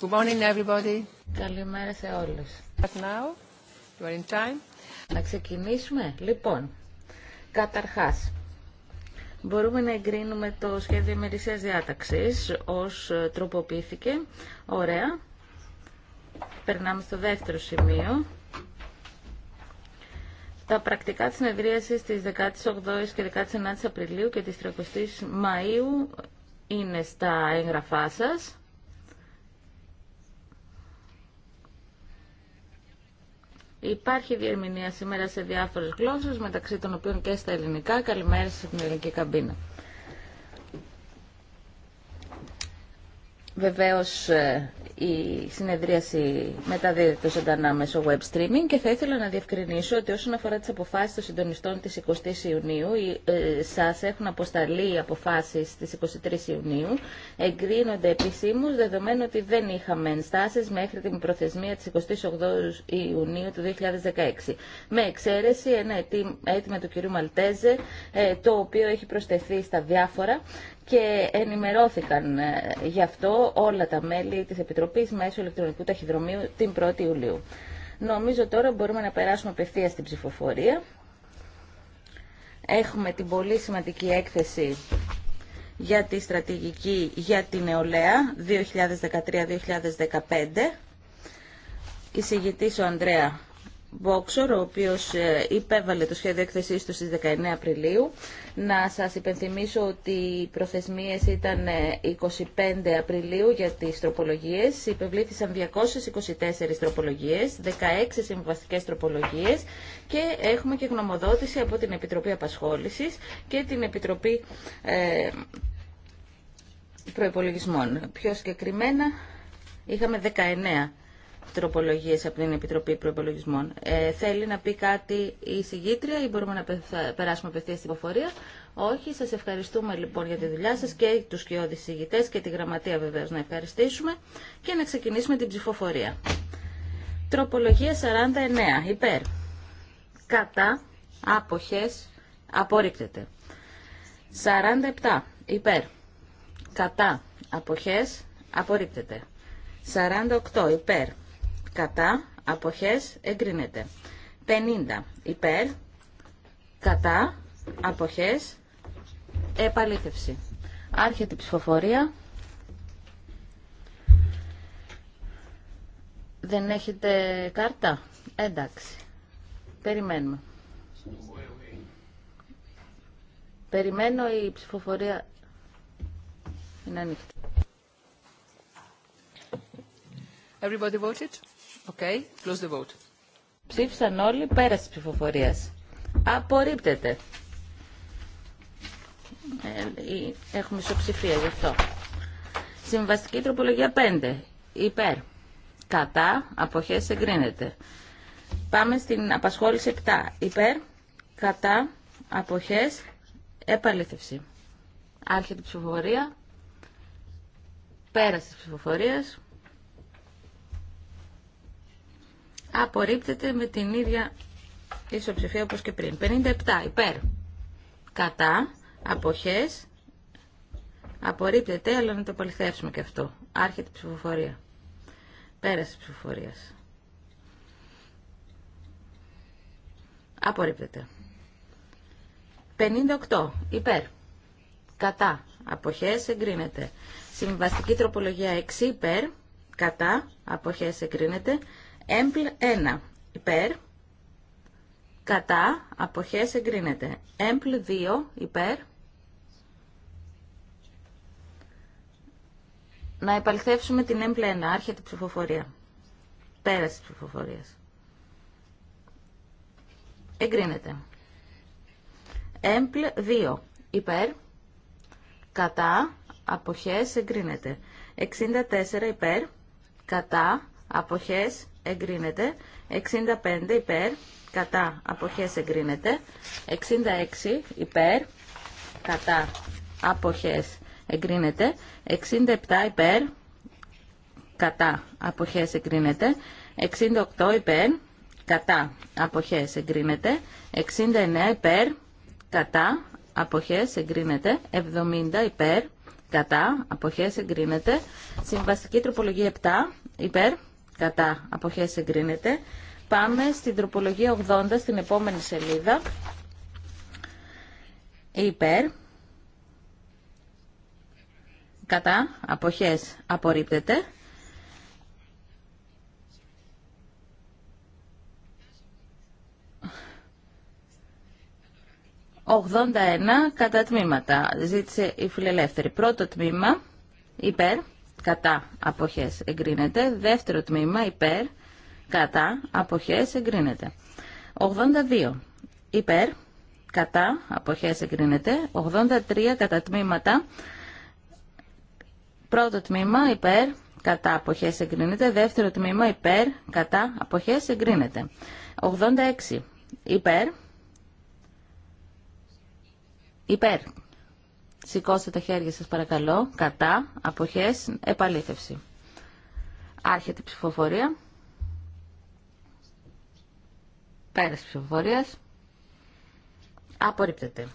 Good morning, everybody. Καλημέρα σε όλους. Now, in time. Να ξεκινήσουμε. Λοιπόν, καταρχάς, μπορούμε να εγκρίνουμε το σχέδιο ημερησίας διάταξης ως ε, τροποποιήθηκε. Ωραία. Περνάμε στο δεύτερο σημείο. Τα πρακτικά της συνεδρίασης της 18ης και 19ης Απριλίου και της 30ης Μαΐου είναι στα έγγραφά σας. Υπάρχει διερμηνία σήμερα σε διάφορες γλώσσες, μεταξύ των οποίων και στα ελληνικά. Καλημέρα την ελληνική καμπίνα. Βεβαίως ε, η συνεδρίαση μεταδίδεται ζωντανά μέσω web streaming και θα ήθελα να διευκρινίσω ότι όσον αφορά τις αποφάσεις των συντονιστών της 20 Ιουνίου, ε, σας έχουν αποσταλεί οι αποφάσεις της 23 Ιουνίου. Εγκρίνονται επισήμως, δεδομένου ότι δεν είχαμε ενστάσεις μέχρι την προθεσμία της 28 Ιουνίου του 2016. Με εξαίρεση ένα αίτημα του κυρίου Μαλτέζε, ε, το οποίο έχει προσθεθεί στα διάφορα και ενημερώθηκαν ε, γι' αυτό όλα τα μέλη της Επιτροπής μέσω ηλεκτρονικού ταχυδρομείου την 1η Ιουλίου. Νομίζω τώρα μπορούμε να περάσουμε απευθεία στην ψηφοφορία. Έχουμε την πολύ σημαντική έκθεση για τη στρατηγική για την νεολαία 2013-2015. Η Εισηγητής ο Ανδρέα Μπόξορ, ο οποίος ε, υπέβαλε το σχέδιο έκθεσής του στις 19 Απριλίου. Να σας υπενθυμίσω ότι οι προθεσμίες ήταν 25 ε, Απριλίου για τις τροπολογίες. Υπευλήθησαν 224 τροπολογίες, 16 συμβαστικές τροπολογίες και έχουμε και γνωμοδότηση από την Επιτροπή Απασχόλησης και την Επιτροπή ε, Προϋπολογισμών. Πιο συγκεκριμένα είχαμε 19 τροπολογίες από την Επιτροπή προπολογισμών. Ε, θέλει να πει κάτι η συγγήτρια ή μπορούμε να περάσουμε απευθεία στην υποφορία. Όχι, σας ευχαριστούμε λοιπόν για τη δουλειά σας και τους κοιόδης συγγητές και τη γραμματεία βεβαίως να ευχαριστήσουμε και να ξεκινήσουμε την ψηφοφορία. Τροπολογία 49. Υπέρ. Κατά. Άποχες. Απορρίπτεται. 47. Υπέρ. Κατά. Αποχές. Απορρίπτεται. 48. Υπέρ κατά, αποχές, εγκρίνεται. 50 υπέρ, κατά, αποχές, επαλήθευση. Άρχεται η ψηφοφορία. Δεν έχετε κάρτα. Εντάξει. Περιμένουμε. Περιμένω η ψηφοφορία είναι ανοιχτή. Everybody voted. Ψήφισαν όλοι πέρα τη ψηφοφορία. Απορρίπτεται. Ε, έχουμε ισοψηφία γι' αυτό. Συμβαστική τροπολογία 5. Υπέρ. Κατά. Αποχές εγκρίνεται. Πάμε στην απασχόληση 7. Υπέρ. Κατά. Αποχές. Επαλήθευση. Άρχεται η ψηφοφορία. πέρα τη ψηφοφορίας. απορρίπτεται με την ίδια ισοψηφία όπως και πριν. 57 υπέρ κατά αποχές απορρίπτεται αλλά να το πολιτεύσουμε και αυτό. Άρχεται η ψηφοφορία. Πέρασε ψηφοφορία. Απορρίπτεται. 58 υπέρ κατά αποχές εγκρίνεται. Συμβαστική τροπολογία 6 υπέρ κατά αποχές εγκρίνεται. Έμπλ 1 υπέρ, κατά, αποχές εγκρίνεται. Έμπλ 2 υπέρ. Να επαληθεύσουμε την έμπλ 1, άρχεται ψηφοφορία. Πέραση της ψηφοφορίας. Εγκρίνεται. Έμπλ 2 υπέρ, κατά, αποχές εγκρίνεται. 64 υπέρ, κατά, αποχές εγκρίνεται. 65 υπέρ, κατά αποχές εγκρίνεται. 66 υπέρ, κατά αποχές εγκρίνεται. 67 υπέρ, κατά αποχές εγκρίνεται. 68 υπέρ, κατά αποχές εγκρίνεται. 69 υπέρ, κατά αποχές εγκρίνεται. 70 υπέρ, κατά αποχές εγκρίνεται. Συμβαστική τροπολογία 7 υπέρ, κατά αποχές εγκρίνεται. Πάμε στην τροπολογία 80 στην επόμενη σελίδα. Υπέρ. Κατά αποχές απορρίπτεται. «81 κατά τμήματα» ζήτησε η φιλελεύθερη. Πρώτο τμήμα, υπέρ, κατά αποχές εγκρίνεται. Δεύτερο τμήμα υπέρ κατά αποχές εγκρίνεται. 82 υπέρ κατά αποχές εγκρίνεται. 83 κατά τμήματα. Πρώτο τμήμα υπέρ κατά αποχές εγκρίνεται. Δεύτερο τμήμα υπέρ κατά αποχές εγκρίνεται. 86 υπέρ υπέρ Σηκώστε τα χέρια σας παρακαλώ. Κατά, αποχές, επαλήθευση. Άρχεται η ψηφοφορία. Πέρας ψηφοφορίας. Απορρίπτεται.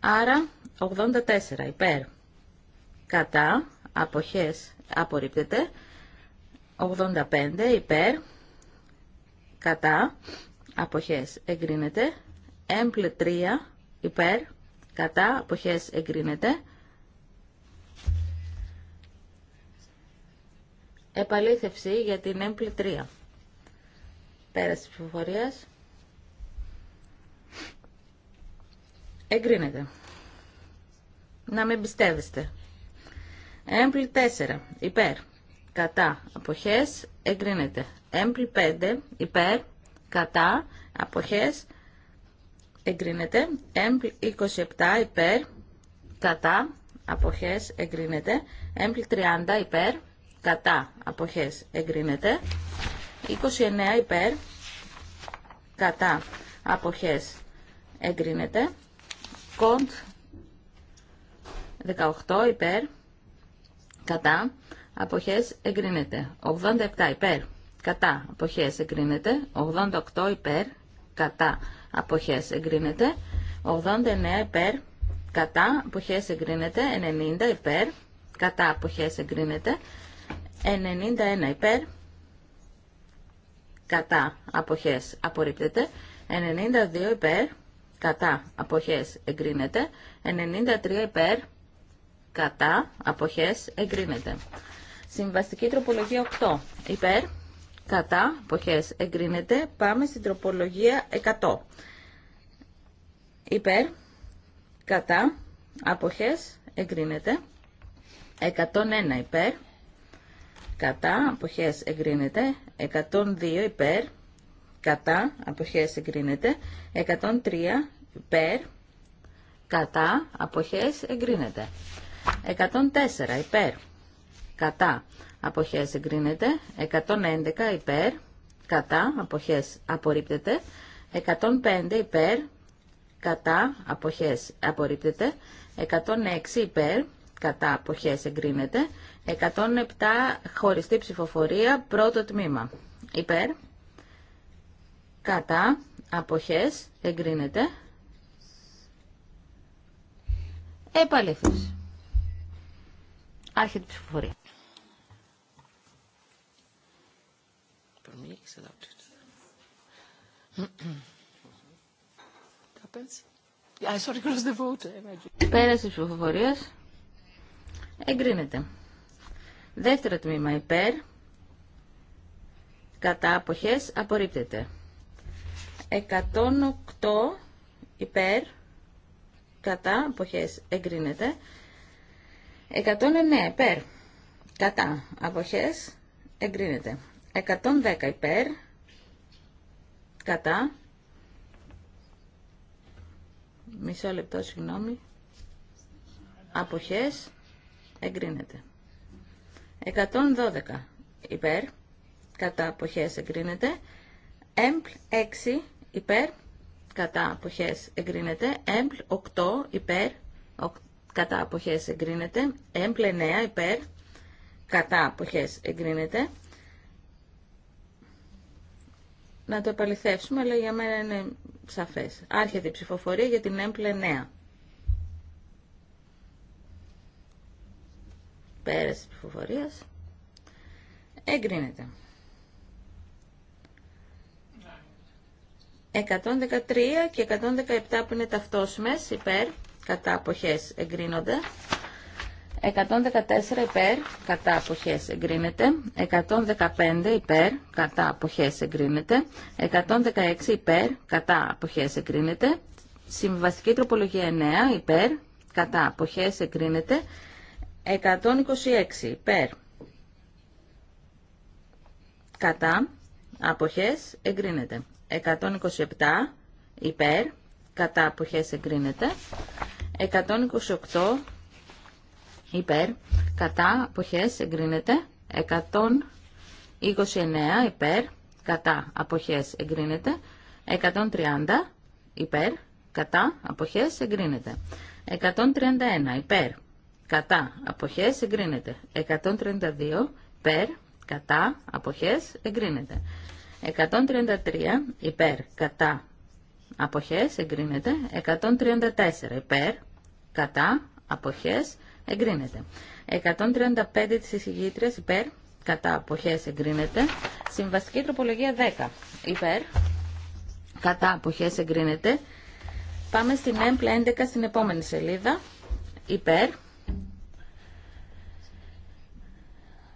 Άρα 84 υπέρ. Κατά, αποχές, απορρίπτεται. 85 υπέρ. Κατά, αποχές, εγκρίνεται. Έμπλε 3 υπέρ κατά, αποχές εγκρίνεται. Επαλήθευση για την έμπλη 3. Πέραση της ψηφοφορίας. Εγκρίνεται. Να με εμπιστεύεστε. Έμπλη 4. Υπέρ. Κατά. Αποχές. Εγκρίνεται. Έμπλη 5. Υπέρ. Κατά. Αποχές εγκρίνεται. Έμπλ 27 υπέρ, κατά, αποχές, εγκρίνεται. Έμπλ 30 υπέρ, κατά, αποχές, εγκρίνεται. 29 υπέρ, κατά, αποχές, εγκρίνεται. Κοντ 18 υπέρ, κατά, αποχές, εγκρίνεται. 87 υπέρ, κατά, αποχές, εγκρίνεται. 88 υπέρ, κατά, αποχές εγκρίνεται, 89 υπέρ, κατά αποχές εγκρίνεται, 90 υπέρ, κατά αποχές εγκρίνεται, 91 υπέρ, κατά αποχές απορρίπτεται, 92 υπέρ, κατά αποχές εγκρίνεται, 93 υπέρ, κατά αποχές εγκρίνεται. Συμβαστική τροπολογία 8 υπέρ, κατά, αποχές εγκρίνεται. Πάμε στην τροπολογία 100. Υπέρ, κατά, αποχές εγκρίνεται. 101 υπέρ, κατά, αποχές εγκρίνεται. 102 υπέρ, κατά, αποχές εγκρίνεται. 103 υπέρ, κατά, αποχές εγκρίνεται. 104 υπέρ, κατά, αποχές εγκρίνεται, 111 υπέρ, κατά, αποχές απορρίπτεται, 105 υπέρ, κατά, αποχές απορρίπτεται, 106 υπέρ, κατά, αποχές εγκρίνεται, 107 χωριστή ψηφοφορία, πρώτο τμήμα, υπέρ, κατά, αποχές εγκρίνεται, επαλήθευση. Άρχεται ψηφοφορία. Ε, Πέραση ψηφοφορία. Εγκρίνεται. Δεύτερο τμήμα υπέρ. Κατά αποχές απορρίπτεται. 108 υπέρ. Κατά αποχέ, εγκρίνεται. 109 υπέρ. Κατά απόχέ. εγκρίνεται. 110 υπέρ. Κατά. Μισό λεπτό, συγγνώμη. Αποχές. Εγκρίνεται. 112 υπέρ. Κατά αποχές εγκρίνεται. Έμπλ 6 υπέρ. Κατά αποχές εγκρίνεται. Έμπλ 8 υπέρ. Κατά αποχές εγκρίνεται. Έμπλ 9 υπέρ. Κατά αποχές εγκρίνεται να το επαληθεύσουμε, αλλά για μένα είναι σαφές. Άρχεται η ψηφοφορία για την έμπλε νέα. Πέραση της ψηφοφορίας. Εγκρίνεται. 113 και 117 που είναι ταυτόσιμες υπέρ, κατά αποχές εγκρίνονται. 114 υπέρ, κατά αποχές εγκρίνεται. 115 υπέρ, κατά αποχές εγκρίνεται. 116 υπέρ, κατά αποχές εγκρίνεται. Συμβαστική τροπολογία 9 υπέρ, κατά αποχές εγκρίνεται. 126 υπέρ, κατά αποχές εγκρίνεται. 127 υπέρ, κατά αποχές εγκρίνεται. 128 υπέρ, κατά, αποχές, εγκρίνεται. 129 υπέρ, κατά, αποχές, εγκρίνεται. 130 υπέρ, κατά, αποχές, εγκρίνεται. 131 υπέρ, κατά, αποχές, εγκρίνεται. 132 υπέρ, κατά, αποχές, εγκρίνεται. 133 υπέρ, κατά, αποχές, εγκρίνεται. 134 υπέρ, κατά, αποχές, εγκρίνεται. 135 της εισηγήτριας υπέρ, κατά αποχές εγκρίνεται. Συμβαστική τροπολογία 10 υπέρ, κατά αποχές εγκρίνεται. Πάμε στην έμπλα 11 στην επόμενη σελίδα, υπέρ,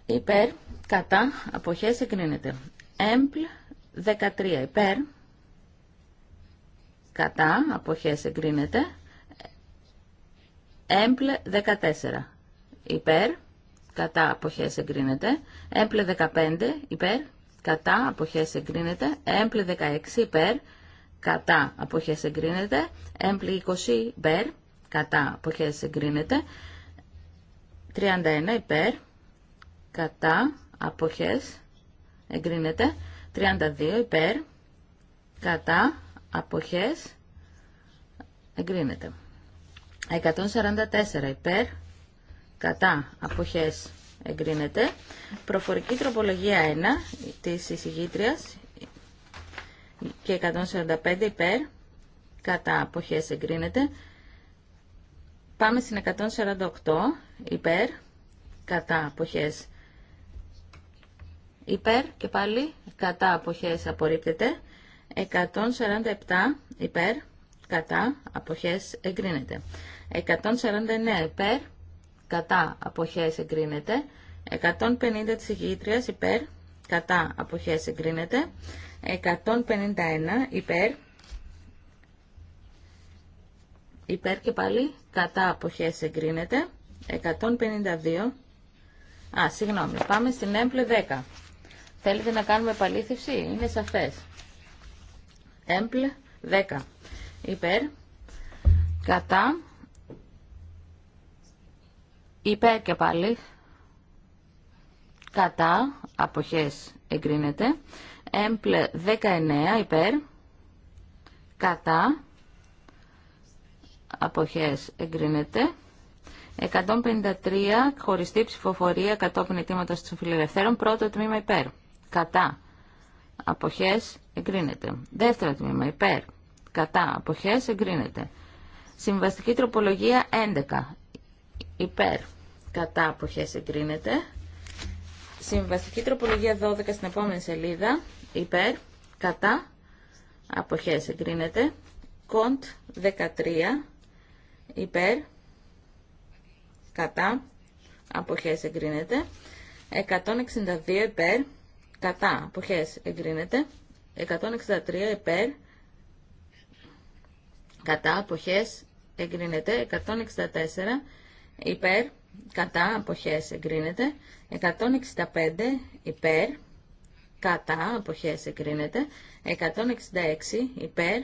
υπέρ, κατά, αποχές εγκρίνεται. Έμπλ 13 υπέρ, κατά, αποχές εγκρίνεται. Έμπλε 14. Υπέρ. Κατά αποχές εγκρίνεται. Έμπλε 15. Υπέρ. Κατά αποχές εγκρίνεται. Έμπλε 16. Υπέρ. Κατά αποχές εγκρίνεται. Έμπλε 20. Υπέρ. Κατά αποχές εγκρίνεται. 31. Υπέρ. Κατά αποχές εγκρίνεται. 32. Υπέρ. Κατά αποχές εγκρίνεται. 144 υπέρ, κατά αποχές εγκρίνεται. Προφορική τροπολογία 1 της εισηγήτριας και 145 υπέρ, κατά αποχές εγκρίνεται. Πάμε στην 148 υπέρ, κατά αποχές υπέρ και πάλι κατά αποχές απορρίπτεται. 147 υπέρ, κατά αποχές εγκρίνεται. 149 υπέρ, κατά αποχές εγκρίνεται. 150 της ηγήτριας υπέρ, κατά αποχές εγκρίνεται. 151 υπέρ, υπέρ και πάλι, κατά αποχές εγκρίνεται. 152, α, συγγνώμη, πάμε στην έμπλε 10. Θέλετε να κάνουμε επαλήθευση, είναι σαφές. Έμπλε 10 υπέρ, κατά Υπέρ και πάλι. Κατά. Αποχές εγκρίνεται. Έμπλε 19 υπέρ. Κατά. Αποχές εγκρίνεται. 153 χωριστή ψηφοφορία κατόπιν αιτήματος της φιλελευθέρων. Πρώτο τμήμα υπέρ. Κατά. Αποχές εγκρίνεται. Δεύτερο τμήμα υπέρ. Κατά. Αποχές εγκρίνεται. Συμβαστική τροπολογία 11 υπέρ κατά αποχές εγκρίνεται. Συμβαστική τροπολογία 12 στην επόμενη σελίδα υπέρ κατά αποχές εγκρίνεται. Κοντ 13 υπέρ κατά αποχές εγκρίνεται. 162 υπέρ κατά αποχές εγκρίνεται. 163 υπέρ κατά αποχές εγκρίνεται. 164 υπέρ, κατά, αποχές εγκρίνεται. 165 υπέρ, κατά, αποχές εγκρίνεται. 166 υπέρ,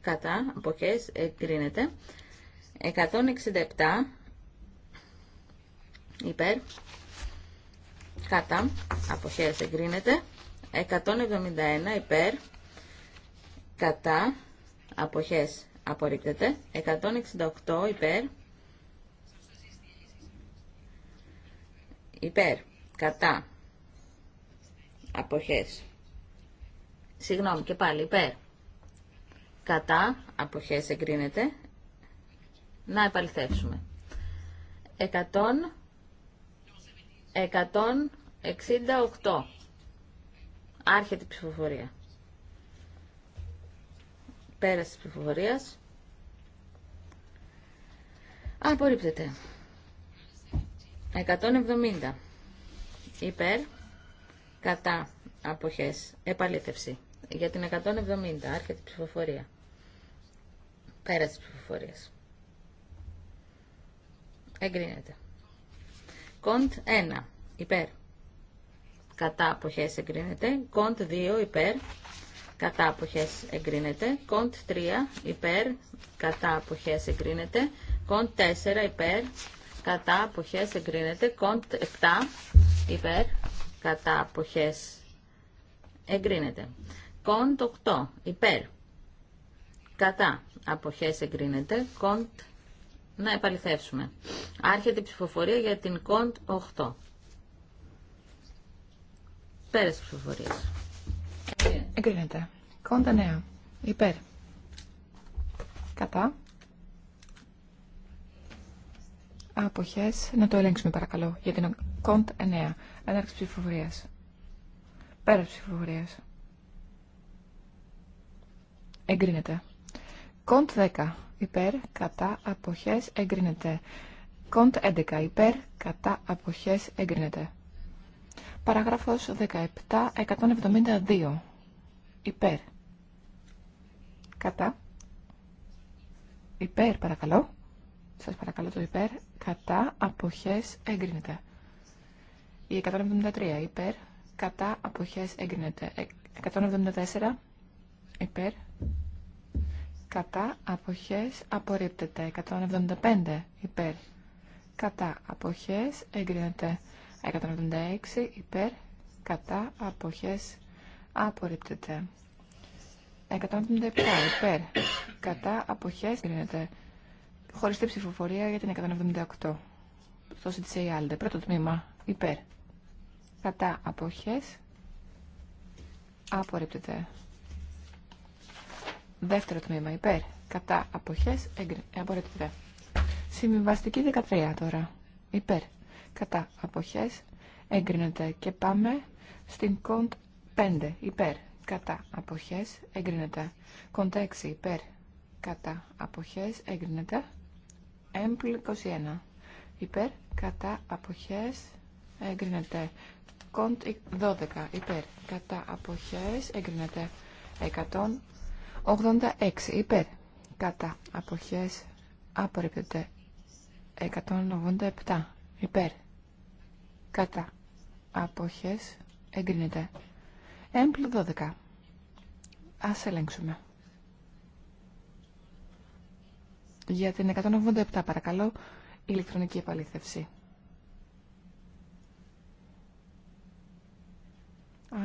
κατά, αποχές εγκρίνεται. 167 υπέρ, κατά, αποχές εγκρίνεται. 171 υπέρ, κατά, αποχές απορρίπτεται. 168 υπέρ, υπέρ, κατά, αποχές. Συγγνώμη και πάλι, υπέρ, κατά, αποχές εγκρίνεται. Να επαληθεύσουμε. 100, 168. Άρχεται η ψηφοφορία. Πέραση της ψηφοφορίας. Απορρίπτεται. 170 υπέρ κατά αποχές επαλήθευση για την 170 άρχεται η ψηφοφορία πέρα της ψηφοφορίας εγκρίνεται κοντ 1 υπέρ κατά αποχές εγκρίνεται κοντ 2 υπέρ κατά αποχές εγκρίνεται κοντ 3 υπέρ κατά αποχές εγκρίνεται κοντ 4 υπέρ κατά αποχές εγκρίνεται. Κοντ 7 υπέρ κατά αποχές εγκρίνεται. Κοντ 8 υπέρ κατά αποχές εγκρίνεται. Κοντ να επαληθεύσουμε. Άρχεται η ψηφοφορία για την κοντ 8. Πέρασε ψηφοφορία. Εγκρίνεται. Κόντ 9 Υπέρ. Κατά. αποχές. Να το ελέγξουμε παρακαλώ για την κοντ 9. Έναρξη ψηφοφορίας. Πέρα ψηφοφορίας. Εγκρίνεται. Κοντ 10. Υπέρ, κατά, αποχές, εγκρίνεται. Κοντ 11. Υπέρ, κατά, αποχές, εγκρίνεται. Παράγραφος 17. 172. Υπέρ. Κατά. Υπέρ, παρακαλώ. Σας παρακαλώ το υπέρ. Κατά αποχές εγκρίνεται. Η 173 υπέρ. Κατά αποχές εγκρίνεται. 174 ε, υπέρ. Κατά αποχές απορρίπτεται. 175 υπέρ. Κατά αποχές εγκρίνεται. 176 υπέρ. Κατά αποχές απορρίπτεται. 177 υπέρ. Κατά αποχές εγκρίνεται. Χωριστή ψηφοφορία για την 178. Στο CTC Alde, Πρώτο τμήμα. Υπέρ. Κατά αποχές. Απορρίπτεται. Δεύτερο τμήμα. Υπέρ. Κατά αποχές. Απορρίπτεται. Συμβιβαστική 13 τώρα. Υπέρ. Κατά αποχές. Έγκρινεται. Και πάμε στην κοντ 5. Υπέρ. Κατά αποχές. Έγκρινεται. Κοντ 6. Υπέρ. Κατά αποχές. Έγκρινεται. Έμπλ 21. Υπέρ, κατά, αποχές, εγκρίνεται. Κοντ 12. Υπέρ, κατά, αποχές, εγκρίνεται. 186. Υπέρ, κατά, αποχές, απορρίπτεται. 187. Υπέρ, κατά, αποχές, εγκρίνεται. Έμπλ 12. Ας ελέγξουμε. Για την 187 παρακαλώ, ηλεκτρονική επαλήθευση.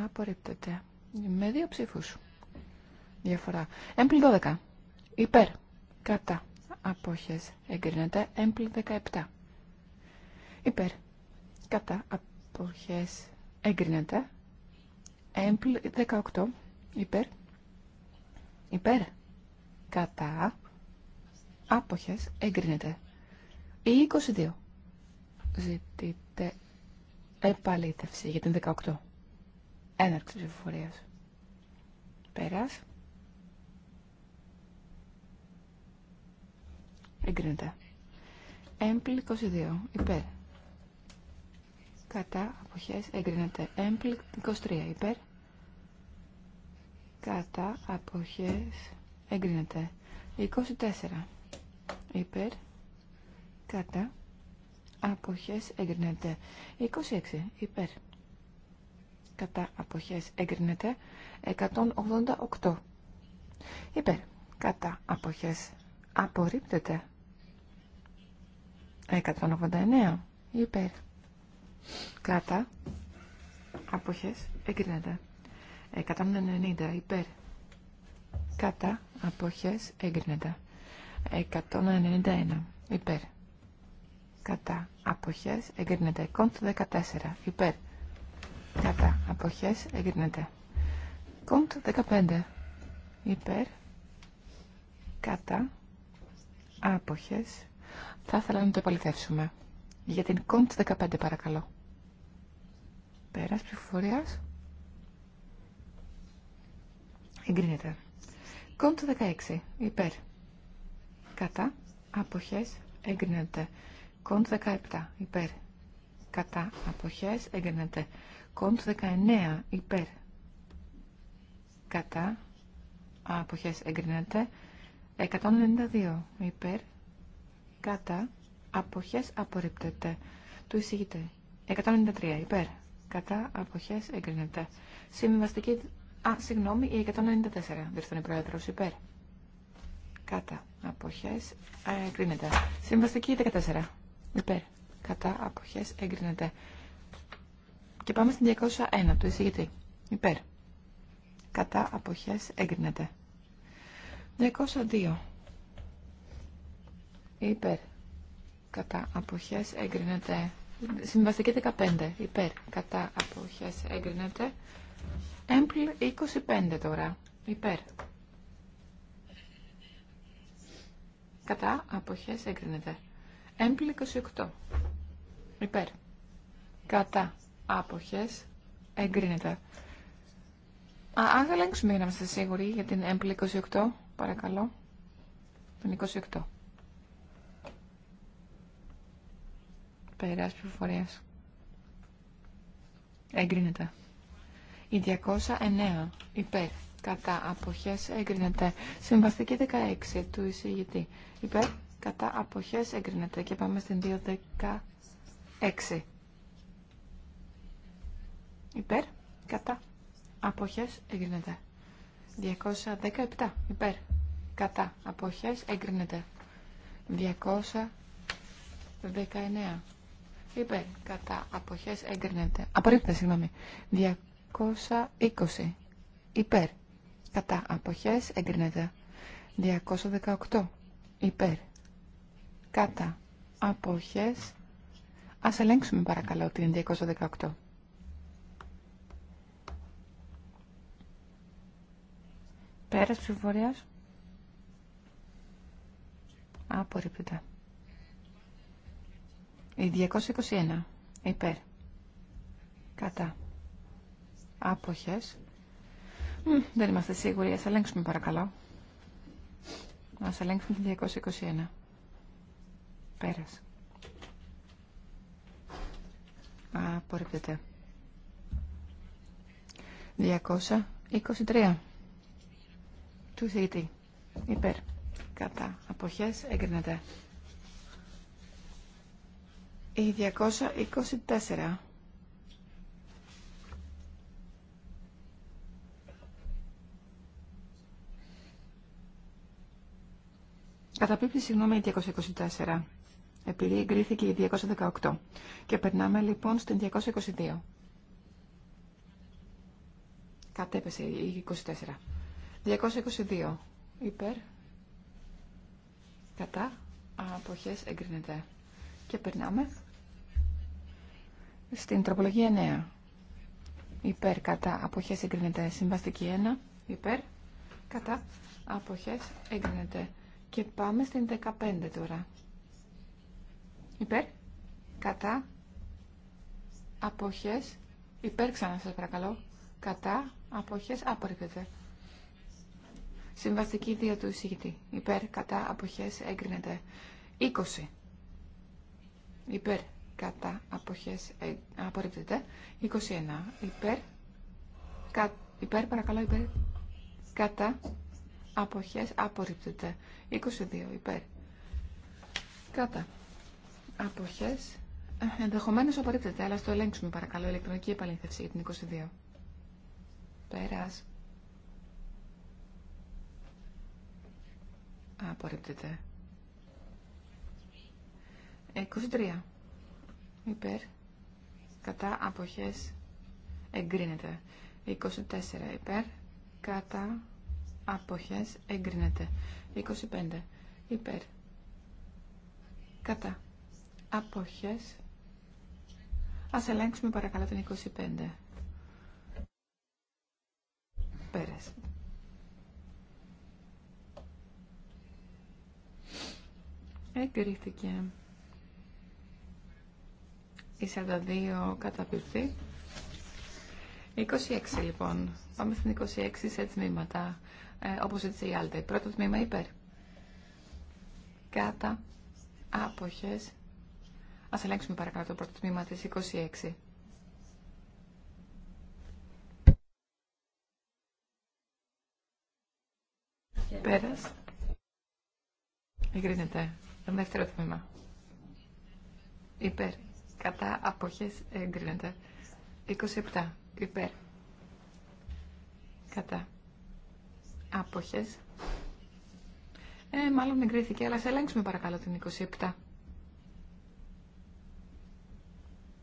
Απορρίπτεται. Με δύο ψήφους. Διαφορά. Έμπλη 12. Υπέρ. Κατά. Απόχες. Εγκρίνεται. Έμπλη 17. Υπέρ. Κατά. Απόχες. Εγκρίνεται. Έμπλη 18. Υπέρ. Υπέρ. Κατά. Άποχες. Εγκρίνεται. Η 22. Ζητείτε επαλήθευση για την 18. Έναρξη ψηφοφορία. Πέρας. Εγκρίνεται. Έμπλη 22. Υπέρ. Κατά αποχές εγκρίνεται. Έμπλη 23. Υπέρ. Κατά αποχές εγκρίνεται. 24 υπέρ, κατά, αποχές εγκρίνεται. 26 υπέρ, κατά, αποχές εγκρίνεται. 188 υπέρ, κατά, αποχές απορρίπτεται. 189 υπέρ, κατά, αποχές εγκρίνεται. 190 υπέρ, κατά, αποχές εγκρίνεται. 191 υπέρ. Κατά αποχές εγκρίνεται. Κοντ 14 υπέρ. Κατά αποχές εγκρίνεται. Κοντ 15 υπέρ. Κατά άποχες. Θα ήθελα να το επαληθεύσουμε. Για την κόντ 15 παρακαλώ. Πέρας ψηφοφορίας. Εγκρίνεται. Κόντ 16. Υπέρ κατά, αποχές, εγκρίνεται. Κοντ 17, υπέρ, κατά, αποχές, εγκρίνεται. Κοντ 19, υπέρ, κατά, αποχές, εγκρίνεται. 192, υπέρ, κατά, αποχές, απορρίπτεται. Του εισηγείται. 193, υπέρ, κατά, αποχές, εγκρίνεται. Συμβαστική α, συγγνώμη, η 194, η πρόεδρος, υπέρ Κατά αποχές ε, εγκρίνεται. Συμβαστική 14. Υπέρ. Κατά αποχές εγκρίνεται. Και πάμε στην 201 του εισηγητή. Υπέρ. Κατά αποχές εγκρίνεται. 202. Υπέρ. Κατά αποχές εγκρίνεται. Συμβαστική 15. Υπέρ. Κατά αποχές εγκρίνεται. Έμπλ 25 τώρα. Υπέρ. Κατά αποχές εγκρίνεται. Έμπλη 28. Υπέρ. Κατά αποχές εγκρίνεται. Α, θα ελέγξουμε για να είμαστε σίγουροι για την έμπλη 28. Παρακαλώ. Τον 28. Περάς πληροφορίας. Εγκρίνεται. Η 209. Υπέρ κατά αποχές εγκρίνεται. Συμβαστική 16 του εισηγητή. Υπέρ, κατά αποχές εγκρίνεται. Και πάμε στην 2.16. Υπέρ, κατά αποχές εγκρίνεται. 217. Υπέρ, κατά αποχές εγκρίνεται. 219. Υπέρ, κατά αποχές εγκρίνεται. Απορρίπτεται, συγγνώμη. 220. Υπέρ, κατά αποχές εγκρίνεται 218 υπέρ κατά αποχές ας ελέγξουμε παρακαλώ την 218 Πέρας ψηφοφορίας απορρίπτεται η 221 υπέρ κατά άποχες δεν είμαστε σίγουροι. Ας ελέγξουμε παρακαλώ. Ας ελέγξουμε τη 221. Πέρασε. Απορρίπτεται. 223. Του θήτη. Υπέρ. Κατά. Αποχές εγκρίνεται. Η 224 Καταπίπτει, συγγνώμη, η 224. Επειδή εγκρίθηκε η 218. Και περνάμε λοιπόν στην 222. Κατέπεσε η 24. 222. Υπέρ. Κατά. Αποχές εγκρίνεται. Και περνάμε στην τροπολογία 9. Υπέρ. Κατά. Αποχές εγκρίνεται. Συμβαστική 1. Υπέρ. Κατά. Αποχές εγκρίνεται. Και πάμε στην 15 τώρα. Υπέρ, κατά, αποχές, υπέρ ξανά σας παρακαλώ, κατά, αποχές, απορρίπτεται. Συμβαστική δια του εισηγητή. Υπέρ, κατά, αποχές, έγκρινεται. 20. Υπέρ, κατά, αποχές, ε, απορρίπτεται. 21. Υπέρ, κα, υπέρ, παρακαλώ, υπέρ, κατά, αποχές απορρίπτεται 22 υπέρ κατά αποχές ε, ενδεχομένως απορρίπτεται αλλά στο ελέγξουμε παρακαλώ ηλεκτρονική επαλήθευση για την 22 πέρας απορρίπτεται 23 υπέρ κατά αποχές εγκρίνεται 24 υπέρ κατά αποχές εγκρίνεται 25 υπέρ κατά αποχές ας ελέγξουμε παρακαλώ την 25 Εγκρίνεται εγκρίθηκε η 42 καταπληκτή 26 λοιπόν. Πάμε στην 26 σε τμήματα. Όπω ε, όπως έτσι η Άλτε. Πρώτο τμήμα υπέρ. Κάτα. Άποχες. Ας ελέγξουμε παρακάτω το πρώτο τμήμα της 26. Πέρας. Εγκρίνεται. Το δεύτερο τμήμα. Υπέρ. Κατά αποχές εγκρίνεται. 27. Υπέρ. Κατά Απόχε. Ε, μάλλον εγκρίθηκε, αλλά σε ελέγξουμε παρακαλώ την 27.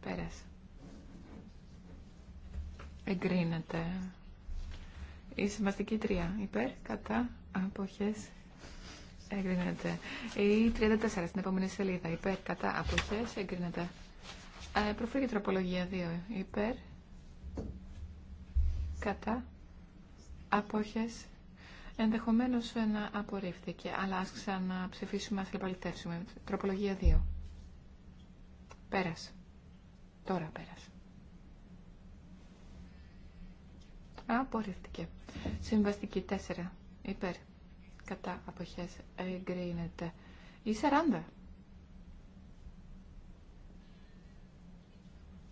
Πέρασε. Εγκρίνεται. Η συμβαστική 3. Υπέρ, κατά, αποχέ. εγκρίνεται. Η 34 στην επόμενη σελίδα. Υπέρ, κατά, αποχέ. εγκρίνεται. Ε, Προφύγει τροπολογία 2. Υπέρ, κατά, αποχέ. Ενδεχομένω να απορρίφθηκε, αλλά ας ξαναψηφίσουμε, ας λεπαληθεύσουμε. Τροπολογία 2. Πέρασε. Τώρα πέρασε. Απορρίφθηκε. Συμβαστική 4. Υπέρ. Κατά αποχές εγκρίνεται. Ή 40.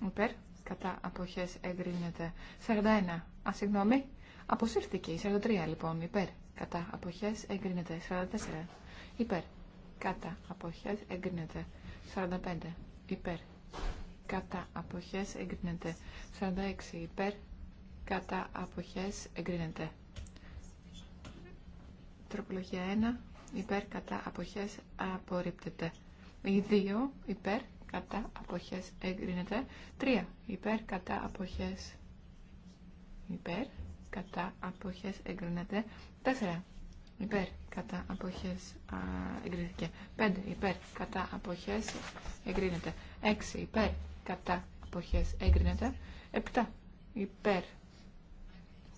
Υπέρ. Κατά αποχές εγκρίνεται. 41. Α, Αποσύρθηκε η 43 λοιπόν υπέρ. Κατά αποχές εγκρίνεται. 44 υπέρ. Κατά αποχές εγκρίνεται. 45 υπέρ. Κατά αποχές εγκρίνεται. 46 υπέρ. Κατά αποχές εγκρίνεται. Τροπολογία 1 υπέρ. Κατά αποχές απορρίπτεται. Η 2 υπέρ. Κατά αποχε εγκρίνεται. 3 υπέρ. Κατά αποχές υπέρ κατά αποχές εγκρίνεται. 4 υπέρ κατά αποχές α, εγκρίθηκε. 5 υπέρ κατά αποχές εγκρίνεται. 6 υπέρ κατά αποχές εγκρίνεται. 7 υπέρ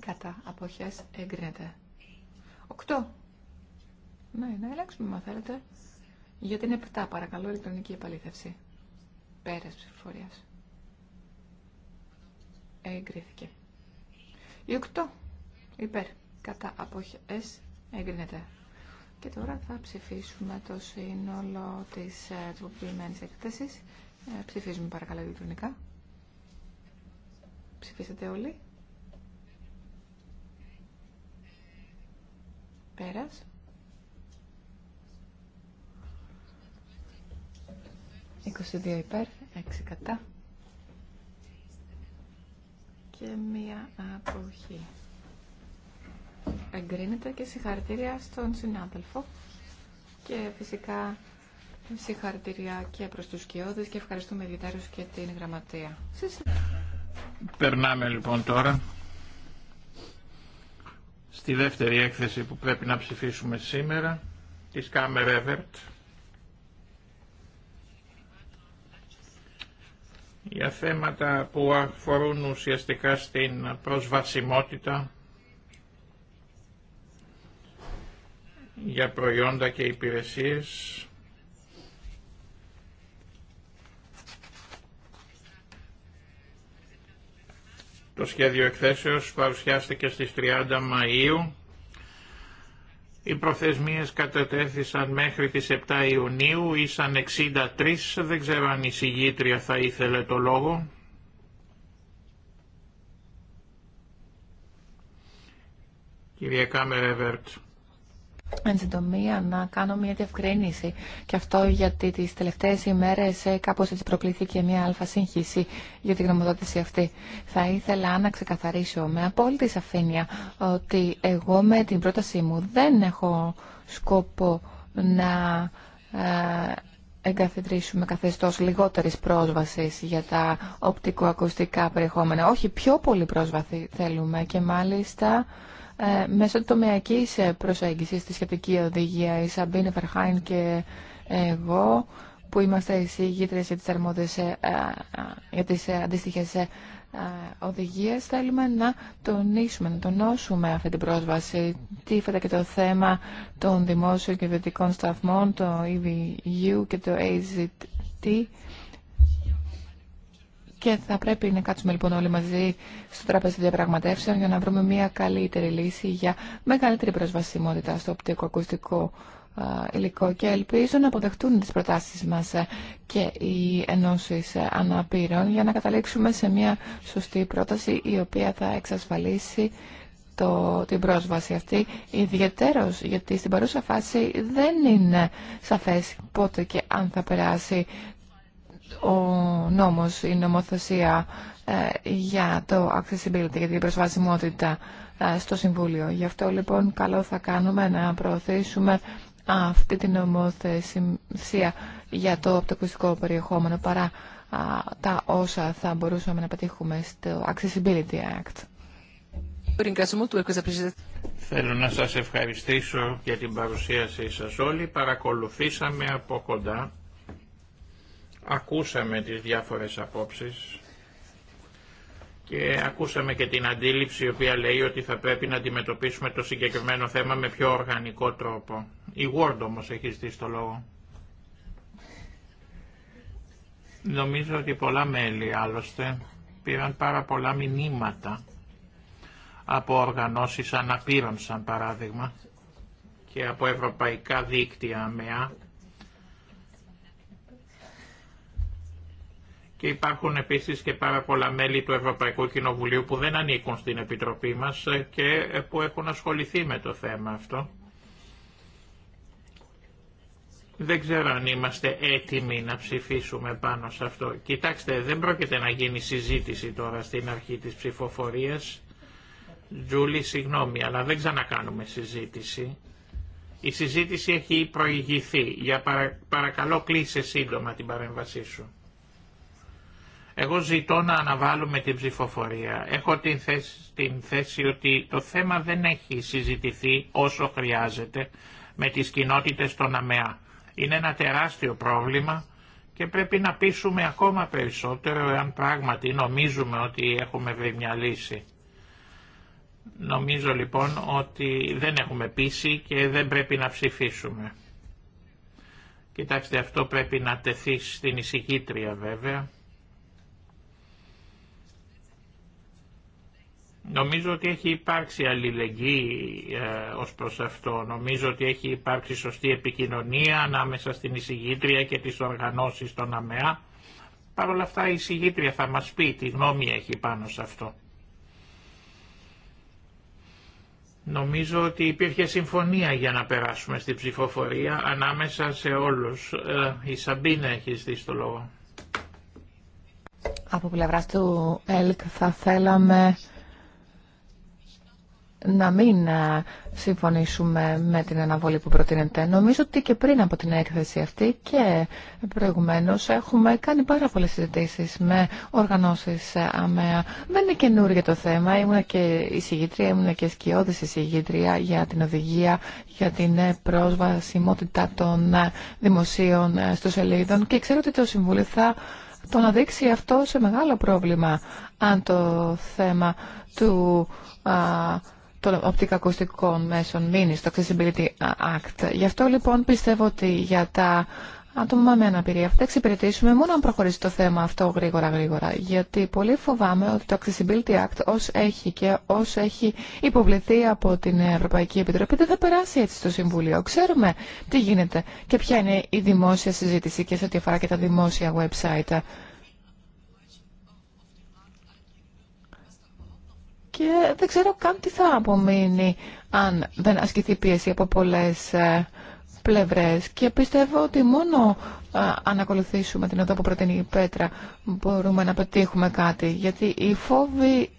κατά αποχές εγκρίνεται. 8 ναι, να ελέγξουμε, μα θέλετε. Για την 7, παρακαλώ, ηλεκτρονική επαλήθευση. Πέρας ψηφοφορίας. Εγκρίθηκε. Οι 8 υπέρ κατά αποχές εγκρίνεται. Και τώρα θα ψηφίσουμε το σύνολο της ε, τροποποιημένης έκθεσης. Ε, ψηφίζουμε παρακαλώ ηλεκτρονικά. Ψηφίσατε όλοι. Πέρας. 22 υπέρ, 6 κατά και μία αποχή. Εγκρίνεται και συγχαρητήρια στον συνάδελφο και φυσικά συγχαρητήρια και προς τους κοιόδες και ευχαριστούμε ιδιαίτερως και την γραμματεία. Περνάμε λοιπόν τώρα στη δεύτερη έκθεση που πρέπει να ψηφίσουμε σήμερα, της Κάμερ Εβερτ. για θέματα που αφορούν ουσιαστικά στην προσβασιμότητα για προϊόντα και υπηρεσίες Το σχέδιο εκθέσεως παρουσιάστηκε στις 30 Μαΐου οι προθεσμίες κατατέθησαν μέχρι τις 7 Ιουνίου, ήσαν 63, δεν ξέρω αν η συγγήτρια θα ήθελε το λόγο. Κυρία Κάμερε Βέρτ. Εν συντομία, να κάνω μια διευκρίνηση. Και αυτό γιατί τις τελευταίες ημέρες ε, κάπως έτσι προκλήθηκε μια αλφα σύγχυση για την γνωμοδότηση αυτή. Θα ήθελα να ξεκαθαρίσω με απόλυτη σαφήνεια ότι εγώ με την πρότασή μου δεν έχω σκόπο να ε, εγκαθιδρύσουμε καθεστώς λιγότερης πρόσβασης για τα οπτικοακουστικά περιεχόμενα. Όχι, πιο πολύ πρόσβαση θέλουμε και μάλιστα ε, μέσω τομεακής ε, προσέγγισης στη σχετική οδηγία. Η Σαμπίνε Φερχάιν και εγώ που είμαστε εισηγήτρες για τις αρμόδιες, ε, ε, για αντίστοιχες οδηγίες θέλουμε να τονίσουμε, να τονώσουμε αυτή την πρόσβαση. Τίθεται και το θέμα των δημόσιων και ιδιωτικών σταθμών, το EVU και το AZT και θα πρέπει να κάτσουμε λοιπόν όλοι μαζί στο τραπέζι διαπραγματεύσεων για να βρούμε μια καλύτερη λύση για μεγαλύτερη προσβασιμότητα στο οπτικοακουστικό υλικό και ελπίζω να αποδεχτούν τις προτάσεις μας ε, και οι ενώσεις ε, αναπήρων για να καταλήξουμε σε μια σωστή πρόταση η οποία θα εξασφαλίσει το, την πρόσβαση αυτή ιδιαιτέρως γιατί στην παρούσα φάση δεν είναι σαφές πότε και αν θα περάσει ο νόμος, η νομοθεσία ε, για το accessibility, για την προσβασιμότητα ε, στο Συμβούλιο. Γι' αυτό λοιπόν καλό θα κάνουμε να προωθήσουμε αυτή την νομοθεσία για το οπτικοστικό περιεχόμενο παρά τα όσα θα μπορούσαμε να πετύχουμε στο Accessibility Act. Θέλω να σας ευχαριστήσω για την παρουσίασή σας όλοι. Παρακολουθήσαμε από κοντά Ακούσαμε τις διάφορες απόψεις και ακούσαμε και την αντίληψη η οποία λέει ότι θα πρέπει να αντιμετωπίσουμε το συγκεκριμένο θέμα με πιο οργανικό τρόπο. Η Word όμως έχει ζητήσει το λόγο. Νομίζω ότι πολλά μέλη άλλωστε πήραν πάρα πολλά μηνύματα από οργανώσεις αναπήρων σαν παράδειγμα και από ευρωπαϊκά δίκτυα ΑΜΕΑ και υπάρχουν επίσης και πάρα πολλά μέλη του Ευρωπαϊκού Κοινοβουλίου που δεν ανήκουν στην Επιτροπή μας ε, και ε, που έχουν ασχοληθεί με το θέμα αυτό. Δεν ξέρω αν είμαστε έτοιμοι να ψηφίσουμε πάνω σε αυτό. Κοιτάξτε, δεν πρόκειται να γίνει συζήτηση τώρα στην αρχή της ψηφοφορίας. Τζούλη, συγγνώμη, αλλά δεν ξανακάνουμε συζήτηση. Η συζήτηση έχει προηγηθεί. Για παρακαλώ κλείσε σύντομα την παρέμβασή σου. Εγώ ζητώ να αναβάλουμε την ψηφοφορία. Έχω την θέση, την θέση ότι το θέμα δεν έχει συζητηθεί όσο χρειάζεται με τις κοινότητες των ΑΜΕΑ. Είναι ένα τεράστιο πρόβλημα και πρέπει να πείσουμε ακόμα περισσότερο εάν πράγματι νομίζουμε ότι έχουμε βρει μια λύση. Νομίζω λοιπόν ότι δεν έχουμε πείσει και δεν πρέπει να ψηφίσουμε. Κοιτάξτε αυτό πρέπει να τεθεί στην ησυχήτρια βέβαια Νομίζω ότι έχει υπάρξει αλληλεγγύη ε, ως προς αυτό. Νομίζω ότι έχει υπάρξει σωστή επικοινωνία ανάμεσα στην εισηγήτρια και τις οργανώσεις των ΑΜΕΑ. Παρ' όλα αυτά η εισηγήτρια θα μας πει τι γνώμη έχει πάνω σε αυτό. Νομίζω ότι υπήρχε συμφωνία για να περάσουμε στην ψηφοφορία ανάμεσα σε όλους. Ε, η Σαμπίνα έχει στήσει το λόγο. Από πλευράς του ΕΛΚ θα θέλαμε να μην ε, συμφωνήσουμε με την αναβολή που προτείνεται. Νομίζω ότι και πριν από την έκθεση αυτή και προηγουμένως έχουμε κάνει πάρα πολλές συζητήσεις με οργανώσεις ε, ΑΜΕΑ. Δεν είναι καινούργιο το θέμα. Ήμουν και εισηγήτρια, ήμουν και σκιώδης εισηγήτρια για την οδηγία, για την ε, πρόσβασιμότητα των δημοσίων στους σελίδων και ξέρω ότι το Συμβούλιο θα το να δείξει αυτό σε μεγάλο πρόβλημα αν το θέμα του των οπτικακουστικών μέσων μήνυς, το Accessibility Act. Γι' αυτό λοιπόν πιστεύω ότι για τα άτομα με αναπηρία θα εξυπηρετήσουμε μόνο αν προχωρήσει το θέμα αυτό γρήγορα γρήγορα. Γιατί πολύ φοβάμαι ότι το Accessibility Act ως έχει και ως έχει υποβληθεί από την Ευρωπαϊκή Επιτροπή δεν θα περάσει έτσι στο Συμβούλιο. Ξέρουμε τι γίνεται και ποια είναι η δημόσια συζήτηση και σε ό,τι αφορά και τα δημόσια website. και δεν ξέρω καν τι θα απομείνει αν δεν ασκηθεί πίεση από πολλές ε, πλευρές και πιστεύω ότι μόνο ε, αν ακολουθήσουμε την οδό που προτείνει η Πέτρα μπορούμε να πετύχουμε κάτι γιατί οι φόβοι